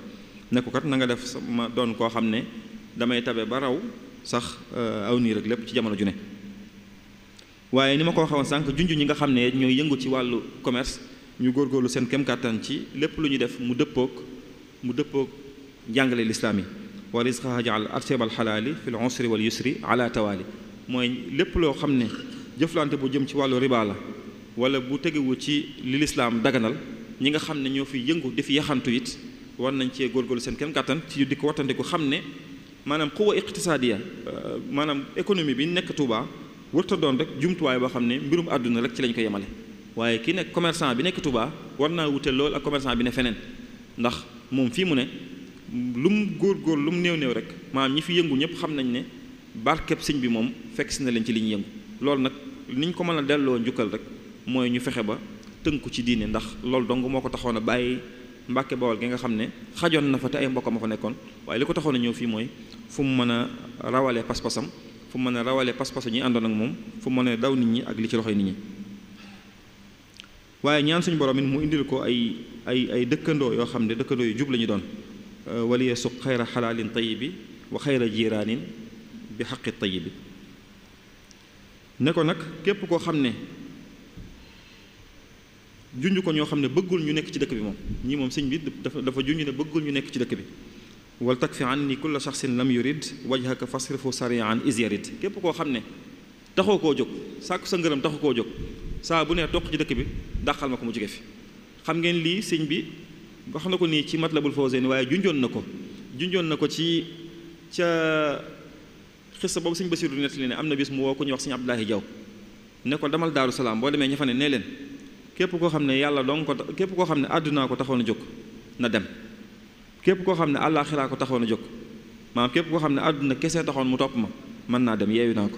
nekkukat kat na nga def ma doon koo xam ne damay tabe ba raw sax euh, aw niir rek lépp ci jamono ju ne waaye ni ma ko waxoon sànq junj ñi nga xam ne ñooy yëngu ci wàllu commerce ñu góorgóorlu seen kem kàttan ci lépp lu ñu def mu dëppoog mu dëppoog jàngale lislaam yi wa risqaha jaal arsebal xalaali fil usri wal yusri mooy lépp loo xam ne jëflante bu jëm ci wàllu riba wala bu tegewu ci li lislaam daganal ñi nga xam ne ñoo fi yëngu di fi yaxantu it war nañ cee góorgóorlu seen kem kattan ci di ko wattandiku xam ne maanaam quwa iqtisaadiya euh, maanaam économie bi nekk Touba warta doon rek jumtuwaay boo xam ne mbirum àdduna rek ci lañ ko yemale waaye ki nekk commerçant bi nekk Touba war naa wute lool ak commerçant bi ne feneen ndax moom fii mu ne lu góor góor lu mu néew néew rek maanaam ñi fi yëngu ñëpp xam nañ ne barkeb sëñ bi moom fekk si na leen ci li ñu yëngu loolu nag ni ko mën a delloo njukkal rek mooy ñu fexe ba tënku ci diine ndax loolu dong moo ko taxoon a bàyyi mbàkke bawol gi nga xam ne xajoon na fa te ay mbokkam ma fa nekkoon waaye li ko taxoon a ñëw fii mooy fu mu mën a rawalee pas-pasam fu mu mën a rawale pas-pas ñi àndoon ak moom fu mu mën a daw nit ñi ak li ci loxoy nit ñi waaye ñaan suñ boromit mu indil ko ay ay ay dëkkandoo yoo xam ne dëkkandoo yu jub la ñu doon euh, waliye suq xayra xalaalin tayibi wa xayra jiiraanin bi xaqi tayibi ne ko nag képp koo xam ne junj ko ñoo xam ne bëggul ñu nekk ci dëkk bi moom ñii moom sëñ bi dafa dafa junj ne bëggul ñu nekk ci dëkk bi wal takfi anni kulla shaxsin lam yurid wajhaka fasrifu sarian is yarid képp koo xam ne taxoo koo jóg sàkku sa ngërëm taxu koo jóg saa bu ne toq ci dëkk bi dàqal ma ko mu jóge fi xam ngeen lii sëñ bi wax na ko nii ci matlabul fawzayni waaye junjoon na ko junjoon na ko ci ca xissa boobu sëñ Basiru nettali ne am na bis mu woo ko ñu wax sëñ Abdoulahi Jaw ne ko damal daaru salaam boo demee ña fa ne nee leen képp koo xam ne yàlla dong ko képp koo xam ne àddunaa ko taxoon a jóg na dem képp koo xam ne àllaaxiraa ko taxoon a jóg maanaam képp koo xam ne àdduna kese taxoon mu topp ma mën naa dem yeewi naa ko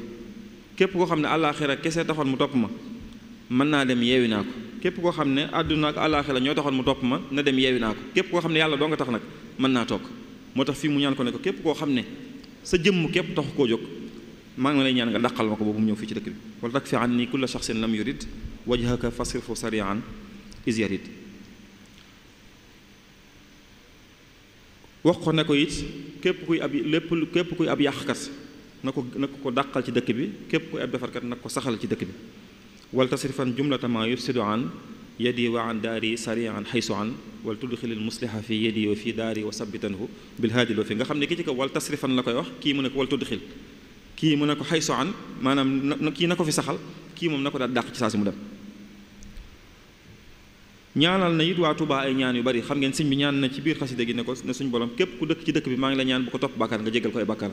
képp koo xam ne àllaaxira kese taxoon mu topp ma mën naa dem yeewi naa ko koo xam ne àdduna ak àllaaxira ñoo taxoon mu topp ma na dem yeewi naa ko képp koo xam ne yàlla dong nga tax nag mën naa toog moo tax fii mu ñaan ko ne ko képp koo xam ne sa jëmm képp taxu koo jóg maa ngi lay ñaan nga dàqal ma ko boobu mu ñëw fii ci dëkk bi wala takfi anni kulla shaxsin lam yurid wajhaka fasrifu sarian is yarid wax ko ne ko it képp kuy ab lépp képp kuy ab yàqkat na ko ko dàqal ci dëkk bi képp kuy ab defarkat na ko saxal ci dëkk bi wal tasrifan jumlata ma yufsidu an yadi wa an daari sarian xaysu an wal tudxilil musliha fi yadi wa fi daari wa sabitanhu bil haadil wa fi nga xam ne ki ci ko wal tasrifan la koy wax kii mu ne ko wal tudxil kii mu ne ko xaysu an maanaam kii na ko fi saxal kii moom na ko daal dàq ci saa si mu dem ñaanal na it waa tubaa ay ñaan yu bari xam ngeen sëñ bi ñaan na ci biir xasida gi ne ko ne suñ borom képp ku dëkk ci dëkk bi maa ngi la ñaan bu ko topp bàkkaar nga jégal ko ay bàkkaar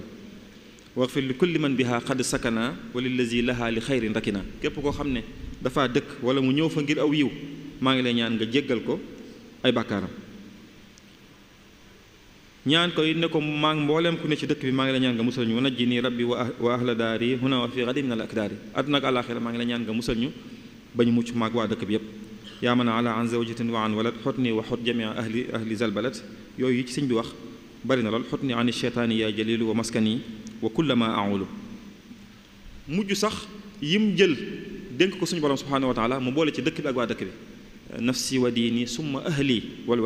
waxfir li kulli man biha xad sakana walilazi laha li képp koo xam ne dafa dëkk wala mu ñëw fa ngir aw yiw maa ngi lay ñaan nga jéggal ko ay bàkkaaram ñaan ko it ne ko maa ngi ku ne ci dëkk bi maa ngi la ñaan nga musal ñu wa najji nii rabbi ah, wa ahla daari huna wa fi gadi min al akdaari àdduna ak àlaxira maa ngi la ñaan nga musal ñu ba ñu mucc maag waa dëkk bi yépp yaa man ala an zawjatin wa an walad xot ni wa xot jamia ahli ahli zalbalat yooyu yi ci sëñ bi wax bari na lool xot ni an cheytaani yaa jalilu wa maskani wa kullama aulu mujj sax yim jël dénk ko suñu borom subhanahu wa taala mu boole ci dëkk bi ak waa dëkk bi nafsi wa diini summa ahli wal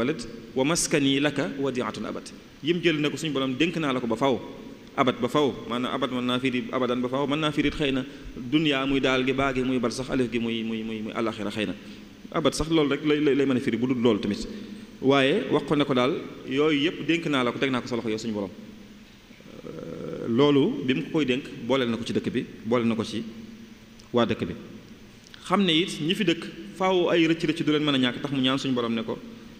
wa maskani laka wadiatun abad yim jël na ko suñu borom dénk naa la ko ba faw abat ba faw maanaam abat mën naa firi abadan ba faw man naa firit xëy na duniyaa muy daal gi baa gi muy bar sax alif gi muy muy muy xëy na abat sax loolu rek lay lay mën a firi bu dul loolu tamit waaye wax ko ne ko daal yooyu yëpp dénk naa la ko teg naa ko sa loxo yow suñu borom euh, loolu bi mu ko koy dénk booleel na ko ci dëkk bi booleel na ko ci waa dëkk bi xam ne it ñi fi dëkk faaw ay rëcc rëcc du leen mën a ñàkk tax mu ñaan suñu borom ne ko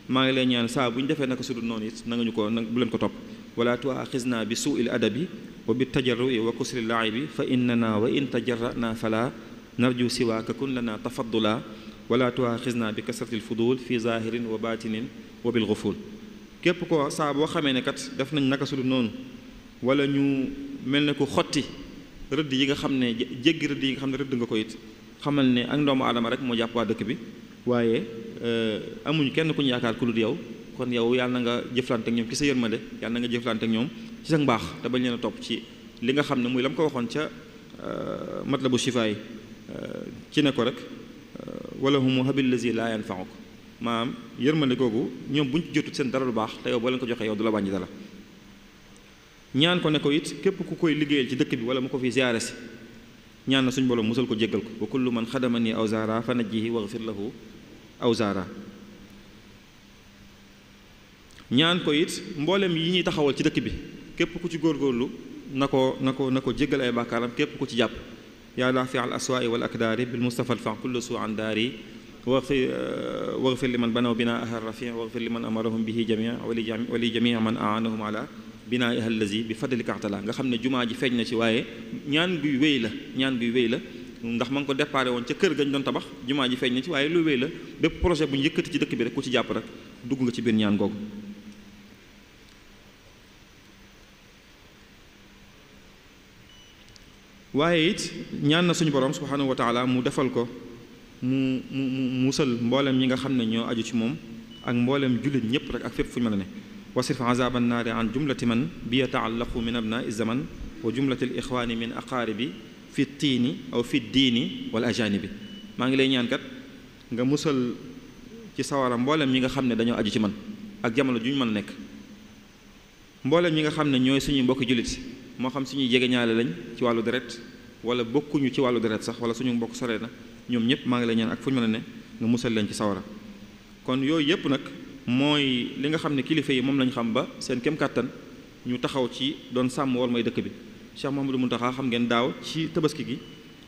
maa ngi lay ñaan saa bu ñu defee naka sudul noonu it nanga ñu ko bu leen ko topp wala tuaxisna bi suuil adabi wa bi tajarrui wa kusri laayi bi fa innana wa in tajarrana fala narju siwaaka kun lana tafaddula xis naa bi kasratil fudul fi zahirin wa batinin wa bil ghuful képp ko saa boo xamee ne kat def nañ naka sulu noonu wala ñu mel ne ku xotti rëdd yi nga xam ne jéggi rëdd yi nga xam ne rëdd nga ko yit xamal ne ak ndoomu aadama rek moo jàpp waa dëkk bi waaye euh, amuñ kenn ku ñu yaakaar ku dul yow kon yow yàlla na nga jëflante ñoom ci sa ma de yàlla na nga jëflante ñoom ci sa mbaax te ba leen a topp ci li nga xam ne muy la ko waxoon ca euh, matlabu shifaay euh, ci ne ko rek wala humu habil lazi laa yanfa'uk maanaam yërmande googu ñoom bu ñu ci jotut seen dara lu baax te yow boo leen ko joxee yow du la wàññi dara ñaan ko ne ko it képp ku koy liggéeyal ci dëkk bi wala mu ko fi ziyaare si ñaan na suñu borom musal ko jéggal ko wa kullu man xadama ni aw zaara fa najjihi waghfir lahu aw zaara ñaan ko it mboolem yi ñuy taxawal ci dëkk bi képp ku ci góor góorlu na ko na ko na ko jéggal ay bàkkaaram képp ku ci jàpp yaa laafi al aswaai wal akdaari bil mustafa alfan kullu suu an daari waxfir li man banaw binaa ahal rafi waxfir li man amarahum bihi jamia wali jamia man aanahum ala binaa ahal lazi bi fadlika nga xam ne jumaa ji feeñ na ci waaye ñaan guy wéy la ñaan guy wéy la ndax ma ngi ko déparé woon ca kër gañ doon tabax jumaa ji feeñ na ci waaye lu wéy la bépp projet bu ñu yëkkati ci dëkk bi rek ku ci jàpp rek dugg nga ci biir ñaan googu waaye it ñaan na suñu borom subhanahu wa mu defal ko mu mu musal mboolem ñi nga xam ne ñoo aju ci moom ak mboolem jullit ñëpp rek ak fépp fu ñu mën a ne wasrif azaban naari an jumlati man bi yataallaqu min abnai zaman wa jumlati l ixwaani min aqaaribi fi tiini aw fi diini wala bi maa ngi lay ñaan nga musal ci sawara mboolem ñi nga xam ne dañoo aju ci man ak jamono ju ñu mën a nekk mboolem ñi nga xam ne ñooy suñu mbokki jullit moo xam suñuy jegeñaale lañ ci wàllu deret wala bokkuñu ci wàllu deret sax wala suñu mbokk soree na ñoom ñëpp maa ngi lay ñaan ak fu ñu mën ne nga musal leen ci sawara kon yooyu yëpp nag mooy li nga xam ne kilifa yi moom lañ xam ba seen kem kàttan ñu taxaw ci doon sàmm war mooy dëkk bi Cheikh Mouhamadou Mountakha xam ngeen daaw ci tabaski gi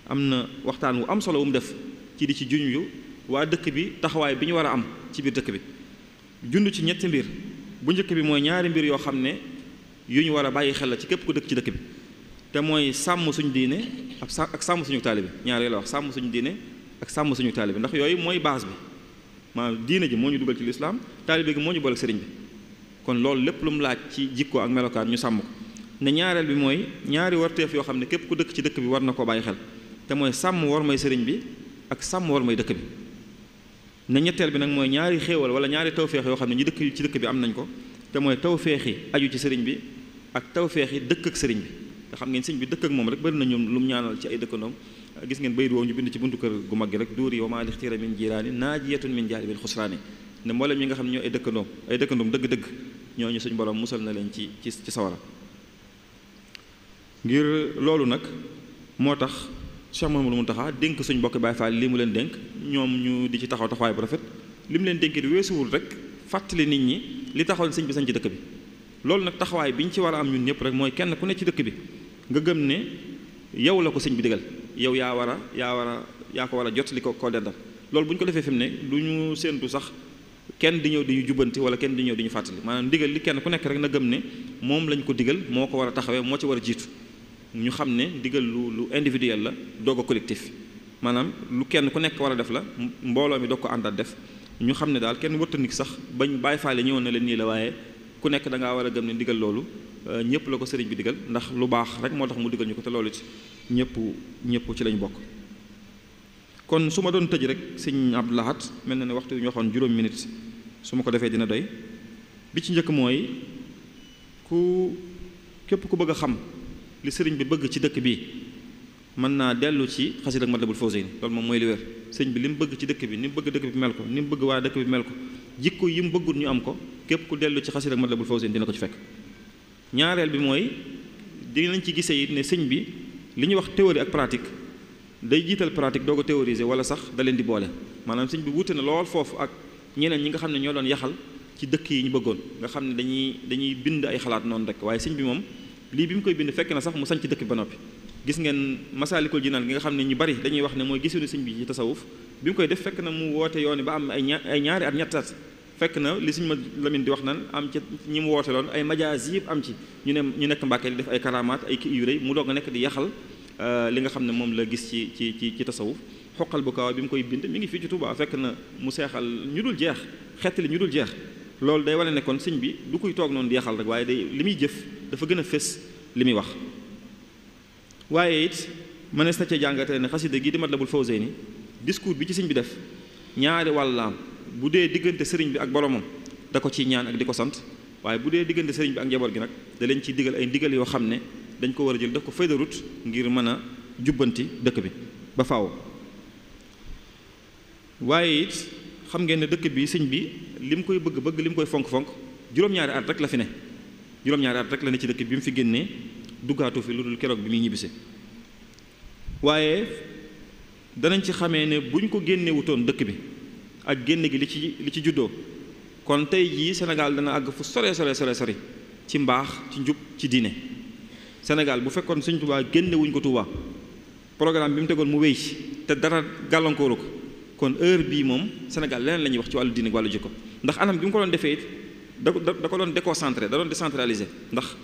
am na waxtaan wu am solo mu def ci di ci juñ yu waa dëkk bi taxawaay bi ñu war a am ci biir dëkk bi jund ci ñetti mbir bu njëkk bi mooy ñaari mbir yoo xam ne yu ñu war a bàyyi xel la ci képp ku dëkk ci dëkk bi te mooy sàmm suñu diine ak sà ak sàmm suñu taalibe ñaareel la wax sàmm suñu diine ak sàmm suñu taalibe ndax yooyu mooy base bi maa diine ji moo ñu dugal ci lislaam taalibe gi moo ñu boole sëriñ bi kon loolu lépp lu mu laaj ci jikko ak melokaan ñu sàmm ko ne ñaareel bi mooy ñaari warteef yoo xam ne képp ku dëkk ci dëkk bi war na ko bàyyi xel te mooy sàmm war may sëriñ bi ak sàmm war may dëkk bi ne ñetteel bi nag mooy ñaari xéewal wala ñaari tawféex yoo xam ne ñu dëkk ci dëkk bi am nañ ko te mooy tawféexi aju ci sëriñ bi ak tawféex yi dëkk ak sëriñ bi te xam ngeen sëriñ bi dëkk ak moom rek bari na lu mu ñaanal ci ay dëkkandoom ah, gis ngeen bayit woowu ñu bind ci buntu kër gu mag gi rek duur yi wa maa lixtira min jiraani naajiyatun min jaari bil xusraani ne mboolem ñi nga xam ne ñoo ay dëkkandoom ay dëkkandoom dëgg-dëgg ñooñu suñ borom musal na leen ci ci ci sawara ngir loolu nag moo tax Cheikh Mouhamadou Mountakha dénk suñ bokki Baay Faal li mu leen dénk ñoom ñu di ci taxaw taxawaay bu rafet li mu leen dénkit weesuwul rek fàttali nit ñi li taxoon sëñ bi sañ ci dëkk bi loolu nag taxawaay bi ñu ci war a am ñun ñëpp rek mooy kenn ku ne ci dëkk bi nga gëm ne yow la ko sëñ bi digal yow yaa war a yaa war a yaa ko war a jot li ko ko loolu bu ñu ko defee fi ne du ñu séentu sax kenn di ñëw di ñu jubbanti wala kenn di ñëw di fàttali maanaam ndigal li kenn ku nekk rek na gëm ne moom lañ ko digal moo ko war a taxawee moo ci war a jiitu ñu xam ne digal lu lu individuel la doog a collectif maanaam lu kenn ku nekk war a def la mbooloo mi doog ko àndaat def ñu xam ne daal kenn wërtanik sax bañ bàyyi faale ñëwoon na leen nii la waaye ku nekk da war a gëm ne digal loolu euh, ñëpp la ko sëriñ bi digal ndax lu baax rek moo tax mu digal ñu ko te loolu ci ñëpp ñëpp ci lañ bokk kon su ma doon tëj rek sëñ Abdou Lahad mel na ne waxtu wi ñu waxoon juróom minute su ma ko defee dina doy bi ci njëkk mooy ku képp ku bëgg xam li sëriñ bi bëgg ci dëkk bi mën naa dellu ci xasida ak Matlabul Fawzayni loolu moom mooy li wér sëriñ bi li mu bëgg ci dëkk bi ni mu bëgg dëkk bi mel ko ni mu bëgg waa dëkk bi mel ko jikko yi mu bëggul ñu am ko képp ku dellu ci xasida Matlabul Fawzayni dina ko ci fekk ñaareel bi mooy dinañ ci gise it ne sëñ bi li ñuy wax théorie ak pratique day jiital pratique doo ko théoriser wala sax da leen di boole maanaam sëñ bi wute na lool foofu ak ñeneen ñi nga xam ne ñoo doon yaxal ci dëkk yi ñu bëggoon nga xam ne dañuy dañuy bind ay xalaat noonu rek waaye sëñ bi moom lii bi mu koy bind fekk na sax mu sañ ci dëkk ba noppi gis ngeen masaalikul jinaan gi nga xam ne ñu bari dañuy wax ne mooy gisunu sëñ bi ci tasawuf bi mu koy def na mu woote yoon ba am ay ñaari at ñettaat fekk na li suñu ma Lamine di wax nan am ci ñi mu woote loon ay majaas yëpp am ci ñu ne ñu nekk Mbàkke di def ay karamaat ay kii yu mu doog nga nekk di yaxal euh, li nga xam ne moom la gis ci ci ci ci tasawuf xoqal bu kaaw bi mu koy bind mi ngi fii ci Tuubaa fekk na mu seexal ñu dul jeex li ñu dul jeex loolu day wane nekkoon kon sëñ bi du koy toog noonu di yaxal rek waaye day li muy jëf dafa gën a fés li muy wax waaye it mënees na ca jàngate ne xasida gi di Matlabul Fawzayni discours bi ci sëñ bi def ñaari wàllaam bu dee diggante sëriñ bi ak boromam da ko ciy ñaan ak di ko sant waaye bu dee diggante sëriñ bi ak njaboot gi nag da leen ciy digal ay ndigal yoo xam ne dañ ko war a jël daf ko fay ngir mën a jubbanti dëkk bi ba faaw waaye it xam ngeen ne dëkk bi sëñ bi li mu koy bëgg bëgg li mu koy fonk-fonk juróom-ñaari at rek la fi ne juróom-ñaari at rek la ne ci dëkk bi mu fi génnee duggaatu fi lu dul keroog bi muy ñibbise waaye danañ ci xamee ne bu ñu ko génnewutoon dëkk bi ak génn gi li ci li ci juddoo kon tey jii Sénégal dana àgg fu sore sore sore sori ci mbaax ci njub ci diine Sénégal bu fekkoon Sëñ Tuubaa génne wuñ ko Tuubaa programme bi mu tegoon mu wéy ci te dara gàllankooru ko kon heure bii moom Sénégal leneen la ñuy wax ci wàllu diine wàllu ko ndax anam bi mu ko doon defee it da ko doon déconcentré da doon décentralisé ndax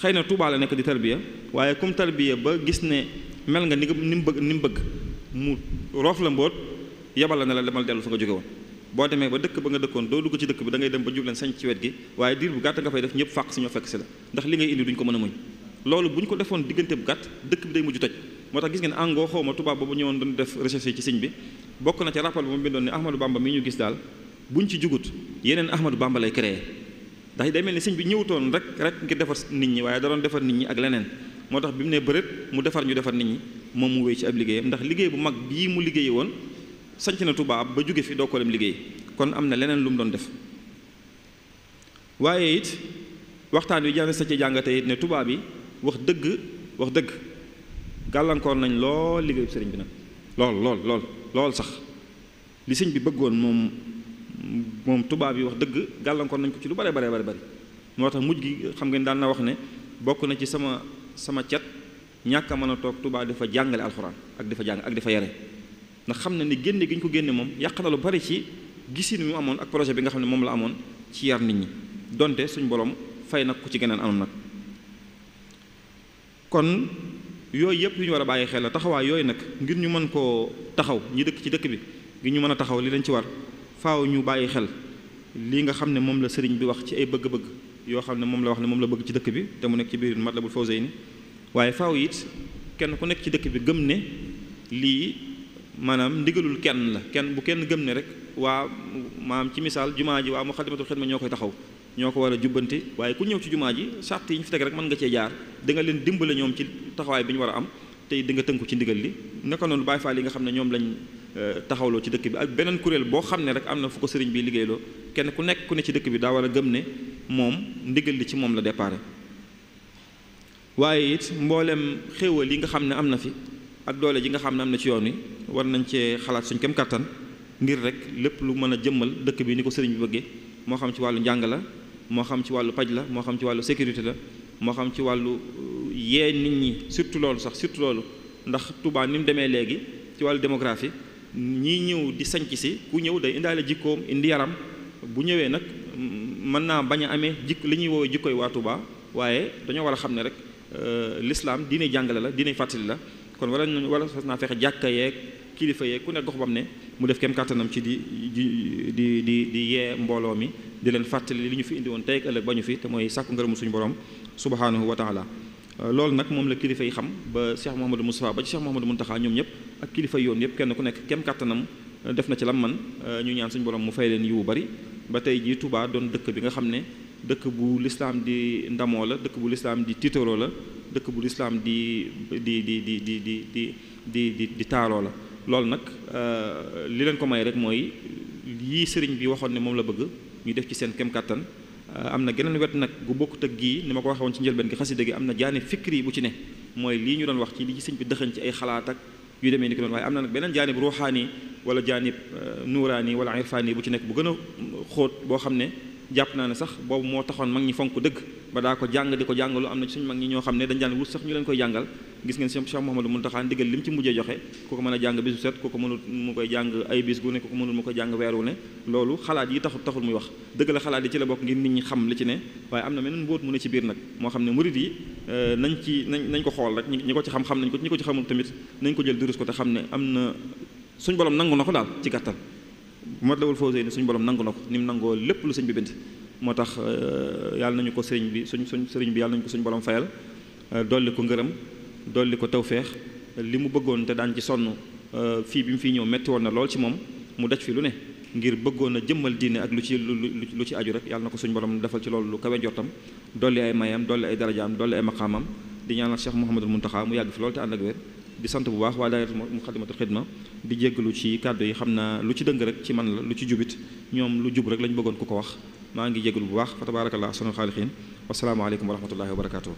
xëy na Tuubaa la nekk di tarbiya waaye comme tarbiya ba gis ne mel nga ni nga ni mu bëgg ni mu bëgg mu la mboot yebal la ne la demal dellu fa nga jóge woon boo demee ba dëkk ba nga dëkkoon doo dugg ci dëkk bi da dem ba jub leen ci wet gi waaye diir bu gàtt nga fay def ñëpp fàq si ñoo fekk si la ndax li ngay duñ ko mën a muñ loolu bu ñu ko defoon diggante bu gàtt dëkk bi day mujj toj moo tax gis ngeen angoo xaw ma tubaab boobu ñëwoon doon def recherche ci siñ bi bokk na ca rapport bi mu bindoon ne Ahmadou Bamba mi ñu gis daal buñ ci jugut yeneen Bamba lay créé ndax day mel ni siñ bi ñëwutoon rek rek ngir defar nit ñi waaye da defar nit ñi ak leneen moo tax bi mu ne mu defar ñu defar nit ñi moom mu wéy ci ab liggéeyam ndax liggéey bu mag bii mu liggéey sanc na tubaab ba jóge fi doo ko dem liggéey kon am na leneen lu mu doon def waaye it waxtaan wi jàng sa ci jàngate yi ne tubaab yi wax dëgg wax dëgg gàllankoor nañ lool liggéeyu sëriñ bi nag lool lool lool lool sax li sëñ bi bëggoon moom moom tubaab yi wax dëgg gàllankoor nañ ko ci lu bare bare bare bari moo tax mujj gi xam ngeen daan na wax ne bokk na ci sama sama cet ñàkk a mën a toog tubaab dafa jàngale alxuraan ak dafa jàng ak dafa yare ndax xam na ni génne gi ñu ko génne moom yàq na lu bari ci gisin mu amoon ak projet bi nga xam ne moom la amoon ci yar nit ñi donte suñ borom fay nag ku ci geneen anam nag kon yooyu yëpp yu ñu war a bàyyi xel la taxawaay yooyu nag ngir ñu mën koo taxaw ñu dëkk ci dëkk bi gi ñu mën a taxaw li leen ci war faaw ñu bàyyi xel lii nga xam ne moom la sëriñ bi wax ci ay bëgg-bëgg yoo xam ne moom la wax ne moom la bëgg ci dëkk bi te mu nekk ci biir Matlabul Fawzayni waaye faaw kenn ku nekk ci dëkk bi gëm ne lii maanaam ndigalul kenn la kenn bu kenn gëm ne rek waa maam ci misaal jumaa ji waa Moukhaddamatoul Khidma ñoo koy taxaw ñoo ko war a jubbanti waaye ku ñëw ci jumaa ji sart yi ñu fi teg rek mën nga cee jaar da nga leen dimbale ñoom ci taxawaay bi ñu war a am tey di nga tënku ci ndigal li naka noonu Baay faa li nga xam ne ñoom lañ euh, taxawloo ci dëkk bi ak beneen kuréel boo xam ne rek am na fu ko sëriñ bi liggéeyloo kenn ku nekk ku ne ci dëkk bi daa war a gëm ne moom ndigal li ci moom la déparé waaye it mboolem nga xam ne am na fi ak doole ji nga xam ne am na ci yoon wi war nañ cee xalaat suñ kem kàttan ngir rek lépp lu mën a jëmmal dëkk bi ni ko sëriñ bi bëggee moo xam ci wàllu njàng la moo xam ci wàllu paj la moo xam ci wàllu sécurité la moo xam ci wàllu euh, yee nit ñi surtout loolu sax surtout loolu ndax tubaa ni mu demee léegi ci wàllu démographie ñi ñëw di sanc si ku ñëw day indaale jikkoom indi yaram bu ñëwee nag mm, mën naa bañ a amee jikk li ñuy woowee jikkoy waa Touba waaye dañoo war a xam ne rek euh, l'islam diine jàngale la diine fàttali la kon wala ñu wala sas naa fexe jàkka yee kilifa yee ku nekk gox bam ne mu def kem kàttanam ci di di di di yee mbooloo mi di leen fàttali li ñu fi indi woon tey ak ëllëg ba ñu fi te mooy sàkku ngërëmu suñu borom subhanahu wa taala euh, loolu nag moom la kilifa yi xam ba Cheikh Mouhamadou Moustapha ba ci Cheikh Mouhamadou taxaa ñoom ñëpp ak kilifa yoon yëpp kenn ku nekk kem kàttanam euh, def na ci lam man euh, ñu ñaan suñu borom mu fay leen yiwu bari ba tey jii doon dëkk bi nga xam ne dëkk bu lislaam di ndamoo la dëkk bu lislaam di tiitaroo la dëkk bu lislaam di di di di di di di di di taaloo la loolu nag euh, li leen ko may rek mooy yii sëriñ bi waxoon ne moom la bëgg ñu def ci seen kem kàttan euh, am na geneen wet nag gu bokkut ak gii ni ma ko waxee woon ci njëlbeen gi xasida gi am na jaane fikri bu ci ne mooy lii ñu doon wax ci li ci sëñ bi dëxañ ci ay xalaat ak yu demee ni ko doon waaye am na nag beneen jaanib ruuxaani wala jaanib euh, nuuraani wala irfaani bu ci nekk bu gën a xóot boo xam ne jàpp naa ne sax boobu moo taxoon mag ñi fonk dëgg ba daa ko jàng di ko jàngalu am na ñoo xam ne dañ daan wut sax ñu leen koy jàngal gis ngeen Cheikh Mouhamadou Mountakha ndigal li mu ci mujjee joxe ku ko a jàng bisu mu wax dëgg la xalaat yi ci la bokk ngir nit ñi xam li ci ne am na meneen mbóot mu ne ci biir nag moo xam ne euh, nañ ko xool rek ñi ko ci xam-xam nañ ko ñi ko ci tamit nañ ko jël durus ko te xam ne am na suñ borom nangu na ko daal ci gàttal Matlabul Fawzayni suñu borom nangu na ko ni mu nangoo lépp lu sëñ bi moo tax euh, yàlla nañu ko sëriñ bi suñ suñ sëriñ bi yàlla nañu ko suñ borom fayal euh, dolli ko ngërëm dolli ko feex li mu bëggoon te daan ci sonn euh, fii bi mu fi ñëw métti woon na lool ci moom mu daj fi lu ne ngir bëggoon a jëmmal diine ak lu ci lu ci aju rek yàlla na ko suñu borom defal ci loolu lu kawe njortam dolli ay mayam dolli ay darajaam dolli ay maqaamam di ñaanal Cheikh Mouhamadul Muntaxa mu yàgg fi lool te ànd ak wér di sant bu baax waa daayira Muxaddamatul Xidma di jéggalu ci kàddu yi xam naa lu ci dëng rek ci man la lu ci jubit ñoom lu jub rek lañ bëggoon ku ko wax maa ngi jéggalu bu baax fa tabaarakallah ahsanul xaaliqiin wasalaamaaleykum wa rahmatullahi wa barakaatu.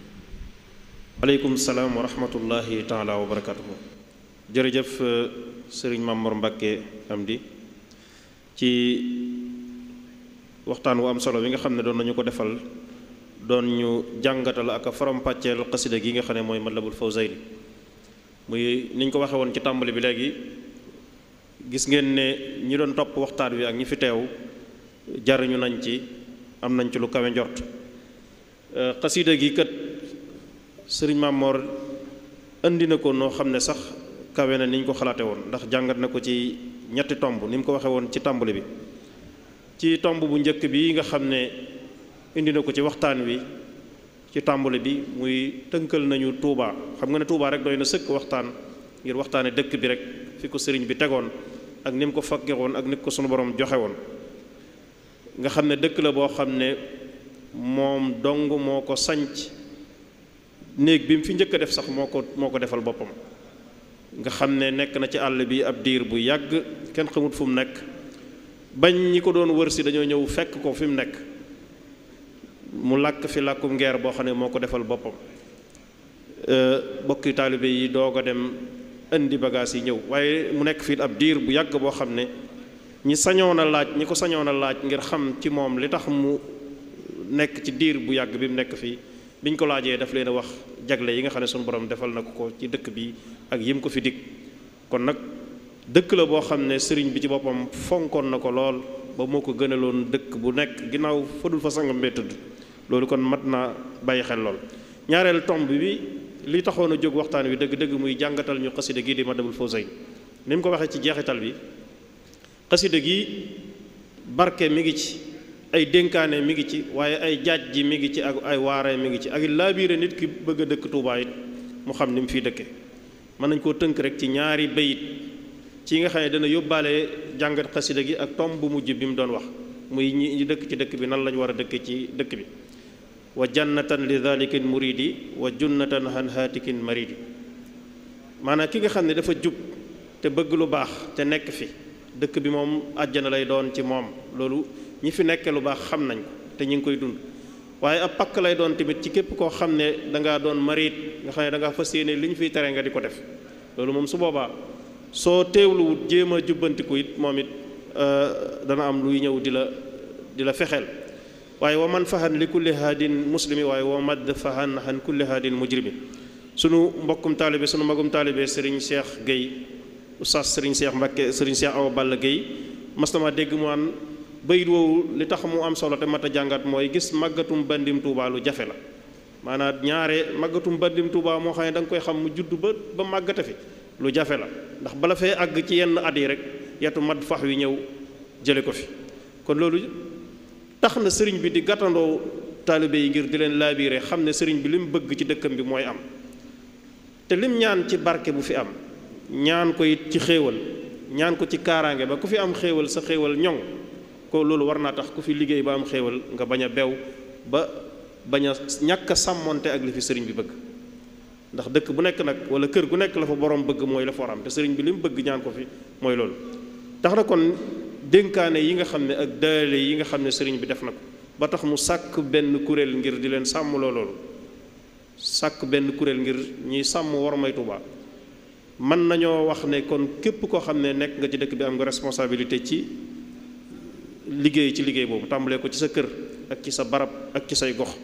aleykum salaam wa rahmatullahi taala wa barakaatu. jërëjëf euh, sëriñ Mamour Mbacke Amdi ci waxtaan wu am solo bi nga xam ne doon nañu ko defal doon ñu jàngatal ak a faram pàcceel xasida gi nga xam ne mooy la Matlabul Fawzayni muy niñ ko waxe woon ci tàmbali bi léegi gis ngeen ne ñi doon topp waxtaan wi ak ñi fi teew jariñu nañ ci am nañ ci lu kawe njort euh, xasida gi kat sëriñ Mamor indi na ko noo xam ne sax kawe na ni ñu ko xalaate woon ndax jàngat na ko ci ñetti tomb ni mu ko waxe woon ci tàmbali bi ci tomb bu njëkk bii nga xam ne indi na ko ci waxtaan wi ci tàmbali bi muy tënkal nañu tuuba xam nga ne Touba rek doy na sëkk waxtaan ngir waxtaane dëkk bi rek fi ko sëriñ bi tegoon ak ni mu ko faggee woon ak ni ko sunu borom joxe woon nga xam ne dëkk la boo xam ne moom dong moo ko sanc néeg bi mu fi njëkk a def sax moo ko moo ko defal boppam nga xam ne nekk na ci àll bi ab diir bu yàgg kenn xamut fu mu nekk bañ ñi ko doon wër si dañoo ñëw fekk ko fi mu nekk mu làkk fi làkkum ngeer boo xam ne moo ko defal boppam euh, bokki taalibe yi doog a dem indi bagage yi ñëw waaye mu nekk fii ab diir bu yàgg boo xam ne ñi sañoon a laaj ñi ko sañoon laaj ngir xam ci moom li tax mu nekk ci diir bu yàgg bi mu nekk fii biñ ko laajee daf leen a wax jagle yi nga xam ne suñu borom defal na ko ci dëkk bi ak yim ko fi dikk kon nag dëkk la boo xam ne sëriñ bi ci boppam fonkoon na ko lool ba moo ko gënaloon dëkk bu nekk ginnaaw dul fa sangam bee tudd loolu kon mat naa bàyyi xel lool ñaareel tomb bi li taxoon a jóg waxtaan wi dëgg-dëgg muy jàngatal ñu xasida gi di Madabul Fawzayni ni mu ko waxee ci jeexital bi xasida gi barke mi ngi ci ay dénkaane mi ngi ci waaye ay jaaj ji mi ngi ci ak ay waaree mi ngi ci ak laabiire nit ki bëgg a dëkk Tuubaa it mu xam ni mu fiy dëkke mën nañ koo tënk rek ci ñaari bayit ci nga xam ne dana yóbbaale jàngat xasida gi ak tom bu mujj bi mu doon wax muy ñi dëkk ci dëkk bi nan lañu war a dëkk ci dëkk bi wa jannatan li dhalikin muridi wa junnatan han haatikin maridi maanaam ki nga xam ne dafa jub te bëgg lu baax te nekk fi dëkk bi moom àjjana lay doon ci moom loolu ñi fi nekkee lu baax xam nañ te ñu ngi koy dund waaye ab pakk lay doon tamit ci képp koo xam ne da doon marit nga xam ne danga ngaa fas yéene li ñu fiy tere nga di ko def loolu moom su boobaa soo teewluwut jéem a jubbantiku it moom it euh, dana am luy ñëw di la di la fexeel waaye wa man fahan li kulli haadin muslimi waaye wa mad fahan han kulli haadin mujrimi sunu mbokkum taalibe sunu magum taalibe Serigne Cheikh Gueye oustaz sëriñ Cheikh Mbacke sëriñ Cheikh Awa Balla Gueye mas na dégg mu an bayit woowu li tax mu am solo te mat a jàngat mooy gis màggatum bandim Touba lu jafe la maanaat ñaare màggatum bandim Touba moo xam ne da nga koy xam mu judd ba ba màggate fi lu jafe la ndax bala fee àgg ci yenn at yi rek yetu mat fax wi ñëw jële ko fi kon loolu tax na sëriñ bi di gàttandoo taalibe yi ngir di leen laabiire xam ne sëriñ bi li bëgg ci dëkkam bi mooy am te lim ñaan ci barke bu fi am ñaan ko it ci xéewal ñaan ko ci kaaraange ba ku fi am xéewal sa xéewal ñoŋ ko loolu war naa tax ku fi liggéey ba am xéewal nga bañ a bew ba bañ a ñàkk a ak li fi sëriñ bi bëgg ndax dëkk bu nekk nag wala kër gu nekk la fa borom bëgg mooy la fa war am te sëriñ bi li mu bëgg ñaan ko fi mooy loolu tax na kon dénkaane yi nga xam ne ak daale yi nga xam ne sëriñ bi def na ko ba tax mu sàkk benn kuréel ngir di leen sàmmloo loolu sàkk benn kuréel ngir ñuy sàmm war may Tuubaa mën nañoo wax ne kon képp koo xam ne nekk nga ci dëkk bi am nga responsabilité ci liggéey ci liggéey boobu tàmbalee ko ci sa kër ak ci sa barab ak ci say gox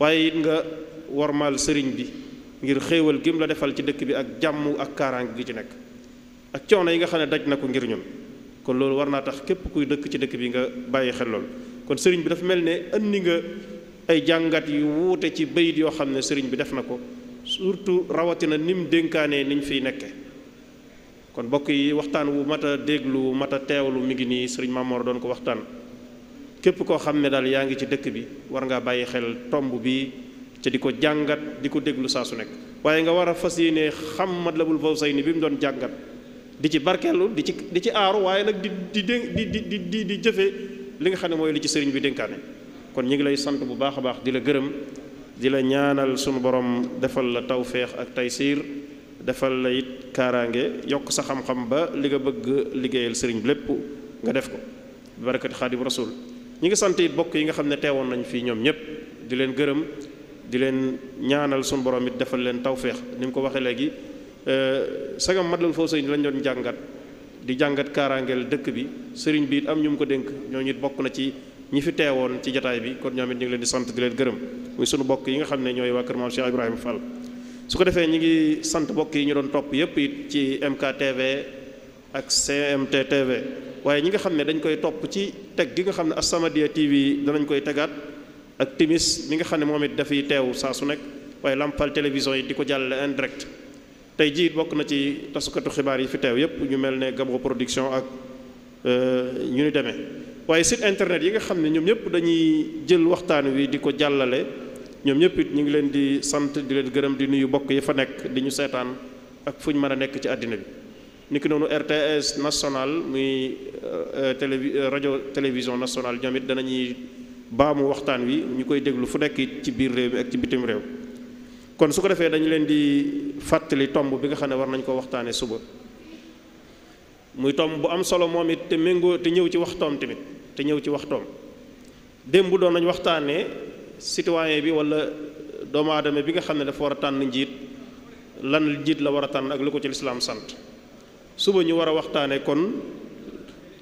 waaye it sëriñ bi ngir xéewal gim la defal ci dëkk bi ak jàmm ak kaaraange gi ci nekk ak coono yi nga xam ne daj na ko ngir ñun kon loolu war naa tax képp kuy dëkk ci dëkk bi nga bàyyi xel loolu kon sëriñ bi dafa mel ne indi nga ay jàngat yu wuute ci bayit yoo xam ne sëriñ bi def na ko surtout rawatina ni mu dénkaanee niñ fiy nekke kon mbokk yi waxtaan wu mat a mat a teewlu mi ngi nii sëriñ Mamor doon ko waxtaan képp koo xam ne daal yaa ngi ci dëkk bi war ngaa bàyyi xel tomb bi ca di ko jàngat di ko déglu saa su nekk waaye nga war a fas ne xam Matlabul Fawzayni bi mu doon jàngat di ci barkeelu di ci di ci aaru waaye nag di di di di di di jëfee li nga xam ne mooy li ci sëriñ bi dénkaane kon ñu ngi lay sant bu baax a baax di la gërëm di la ñaanal sunu borom defal la tawféex ak taysiir defal la it kaaraange yokk sa xam-xam ba li nga bëgg liggéeyal sëriñ bi lépp nga def ko bi barakati xaadim rasul ñi ngi sant it bokk yi nga xam ne teewoon nañ fii ñoom ñëpp di leen gërëm di leen ñaanal suñu borom it defal leen tawféex ni mu ko waxee léegi euh, sagam matlal foo sëñ lañu doon jàngat di jàngat kaaraangeel dëkk bi sëriñ bi it am ñu mu ko dénk ñoo it bokk na ci ñi fi teewoon ci jataay bi kon ñoom it ñu ngi leen di sant di leen gërëm muy sunu bokk yi nga xam ne ñooy waa kër maam Cheikh Ibrahima Fall su ko defee ñi ngi sant bokk yi ñu doon topp yépp it ci MKTV ak CMT waaye ñi nga xam ne dañ koy topp ci teg gi nga xam ne As-Samadiyya TV danañ koy tegaat ak timis mi nga xam ne moom it dafay teew saa su nekk waaye làmpal télévision yi di ko jàllale en tey jii bokk na ci tasukatu xibaar yi fi teew yépp ñu mel ne Gamou production ak euh, ñu ni demee waaye site internet yi nga xam ne ñoom ñëpp dañuy jël waxtaan wi di ko jàllale ñoom ñëpp it ñu ngi leen di sant di leen gërëm di nuyu bokk yi fa nekk di ñu seetaan ak fu ñu mën a nekk ci àddina bi niki noonu RTS nationale muy euh, euh, télé rajo télévision nationale ñoom danañuy baamu waxtaan wi ñu koy déglu fu nekk ci biir réew mi ak ci bitim réew kon su ko defee dañu leen di fàttali tomb bi nga xam ne war nañ ko waxtaanee suba muy tomb bu am solo moom it te méngoo te ñëw ci waxtoom tamit te ñëw ci waxtoom démb doon nañ waxtaanee citoyen bi wala doomu aadama bi nga xam ne dafa war a tànn njiit lan njiit la war a tànn ak lu ko ci lislaam sant suba ñu war a waxtaanee kon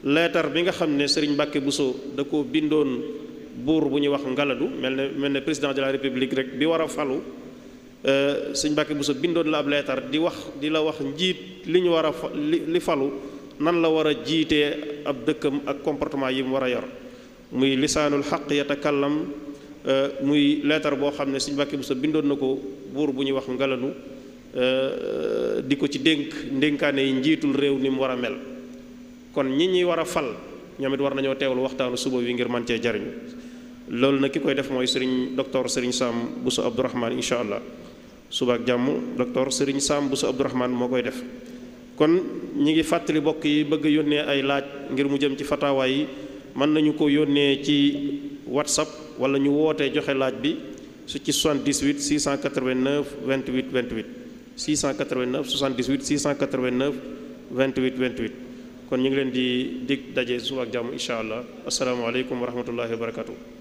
leetar bi nga xam ne sëriñ Serigne bu soo da ko bindoon. buur bu ñuy wax ngaladu mel ne mel ne président de la république rek bi war a falu euh, sëñ bu Buso bindoon la ab leetar di wax di la wax njiit li ñu war a li falu nan la war a jiitee ab dëkkam ak comportement yi mu war a yor muy lisaanul xaq yatakallam euh, muy leetar boo xam ne sëñ bu so bindoon na ko buur bu ñuy wax ngaladu euh, di ko ci dénk ndénkaane yi njiitul réew ni mu war a mel kon ñi ñi war a fal ñoom it war nañoo teewlu waxtaanu suba wi ngir man cee jariñu loolu nag ki koy def mooy sëriñ docteur sëriñ Sam Bousso Abdourahmane incha allah suba ak jàmm docteur sëriñ Sam Bousso Abdourahmane moo koy def. kon ñi ngi fàttali bokk yi bëgg yónnee ay laaj ngir mu jëm ci fatawaa mën nañu ko yónnee ci whatsapp wala ñu wootee joxe laaj bi su ci 78 689 28 28 689 78 689 28 28. kon ñu ngi leen di dig daje suba ak jàmm incha allah asalaamaaleykum wa rahmatullahi wa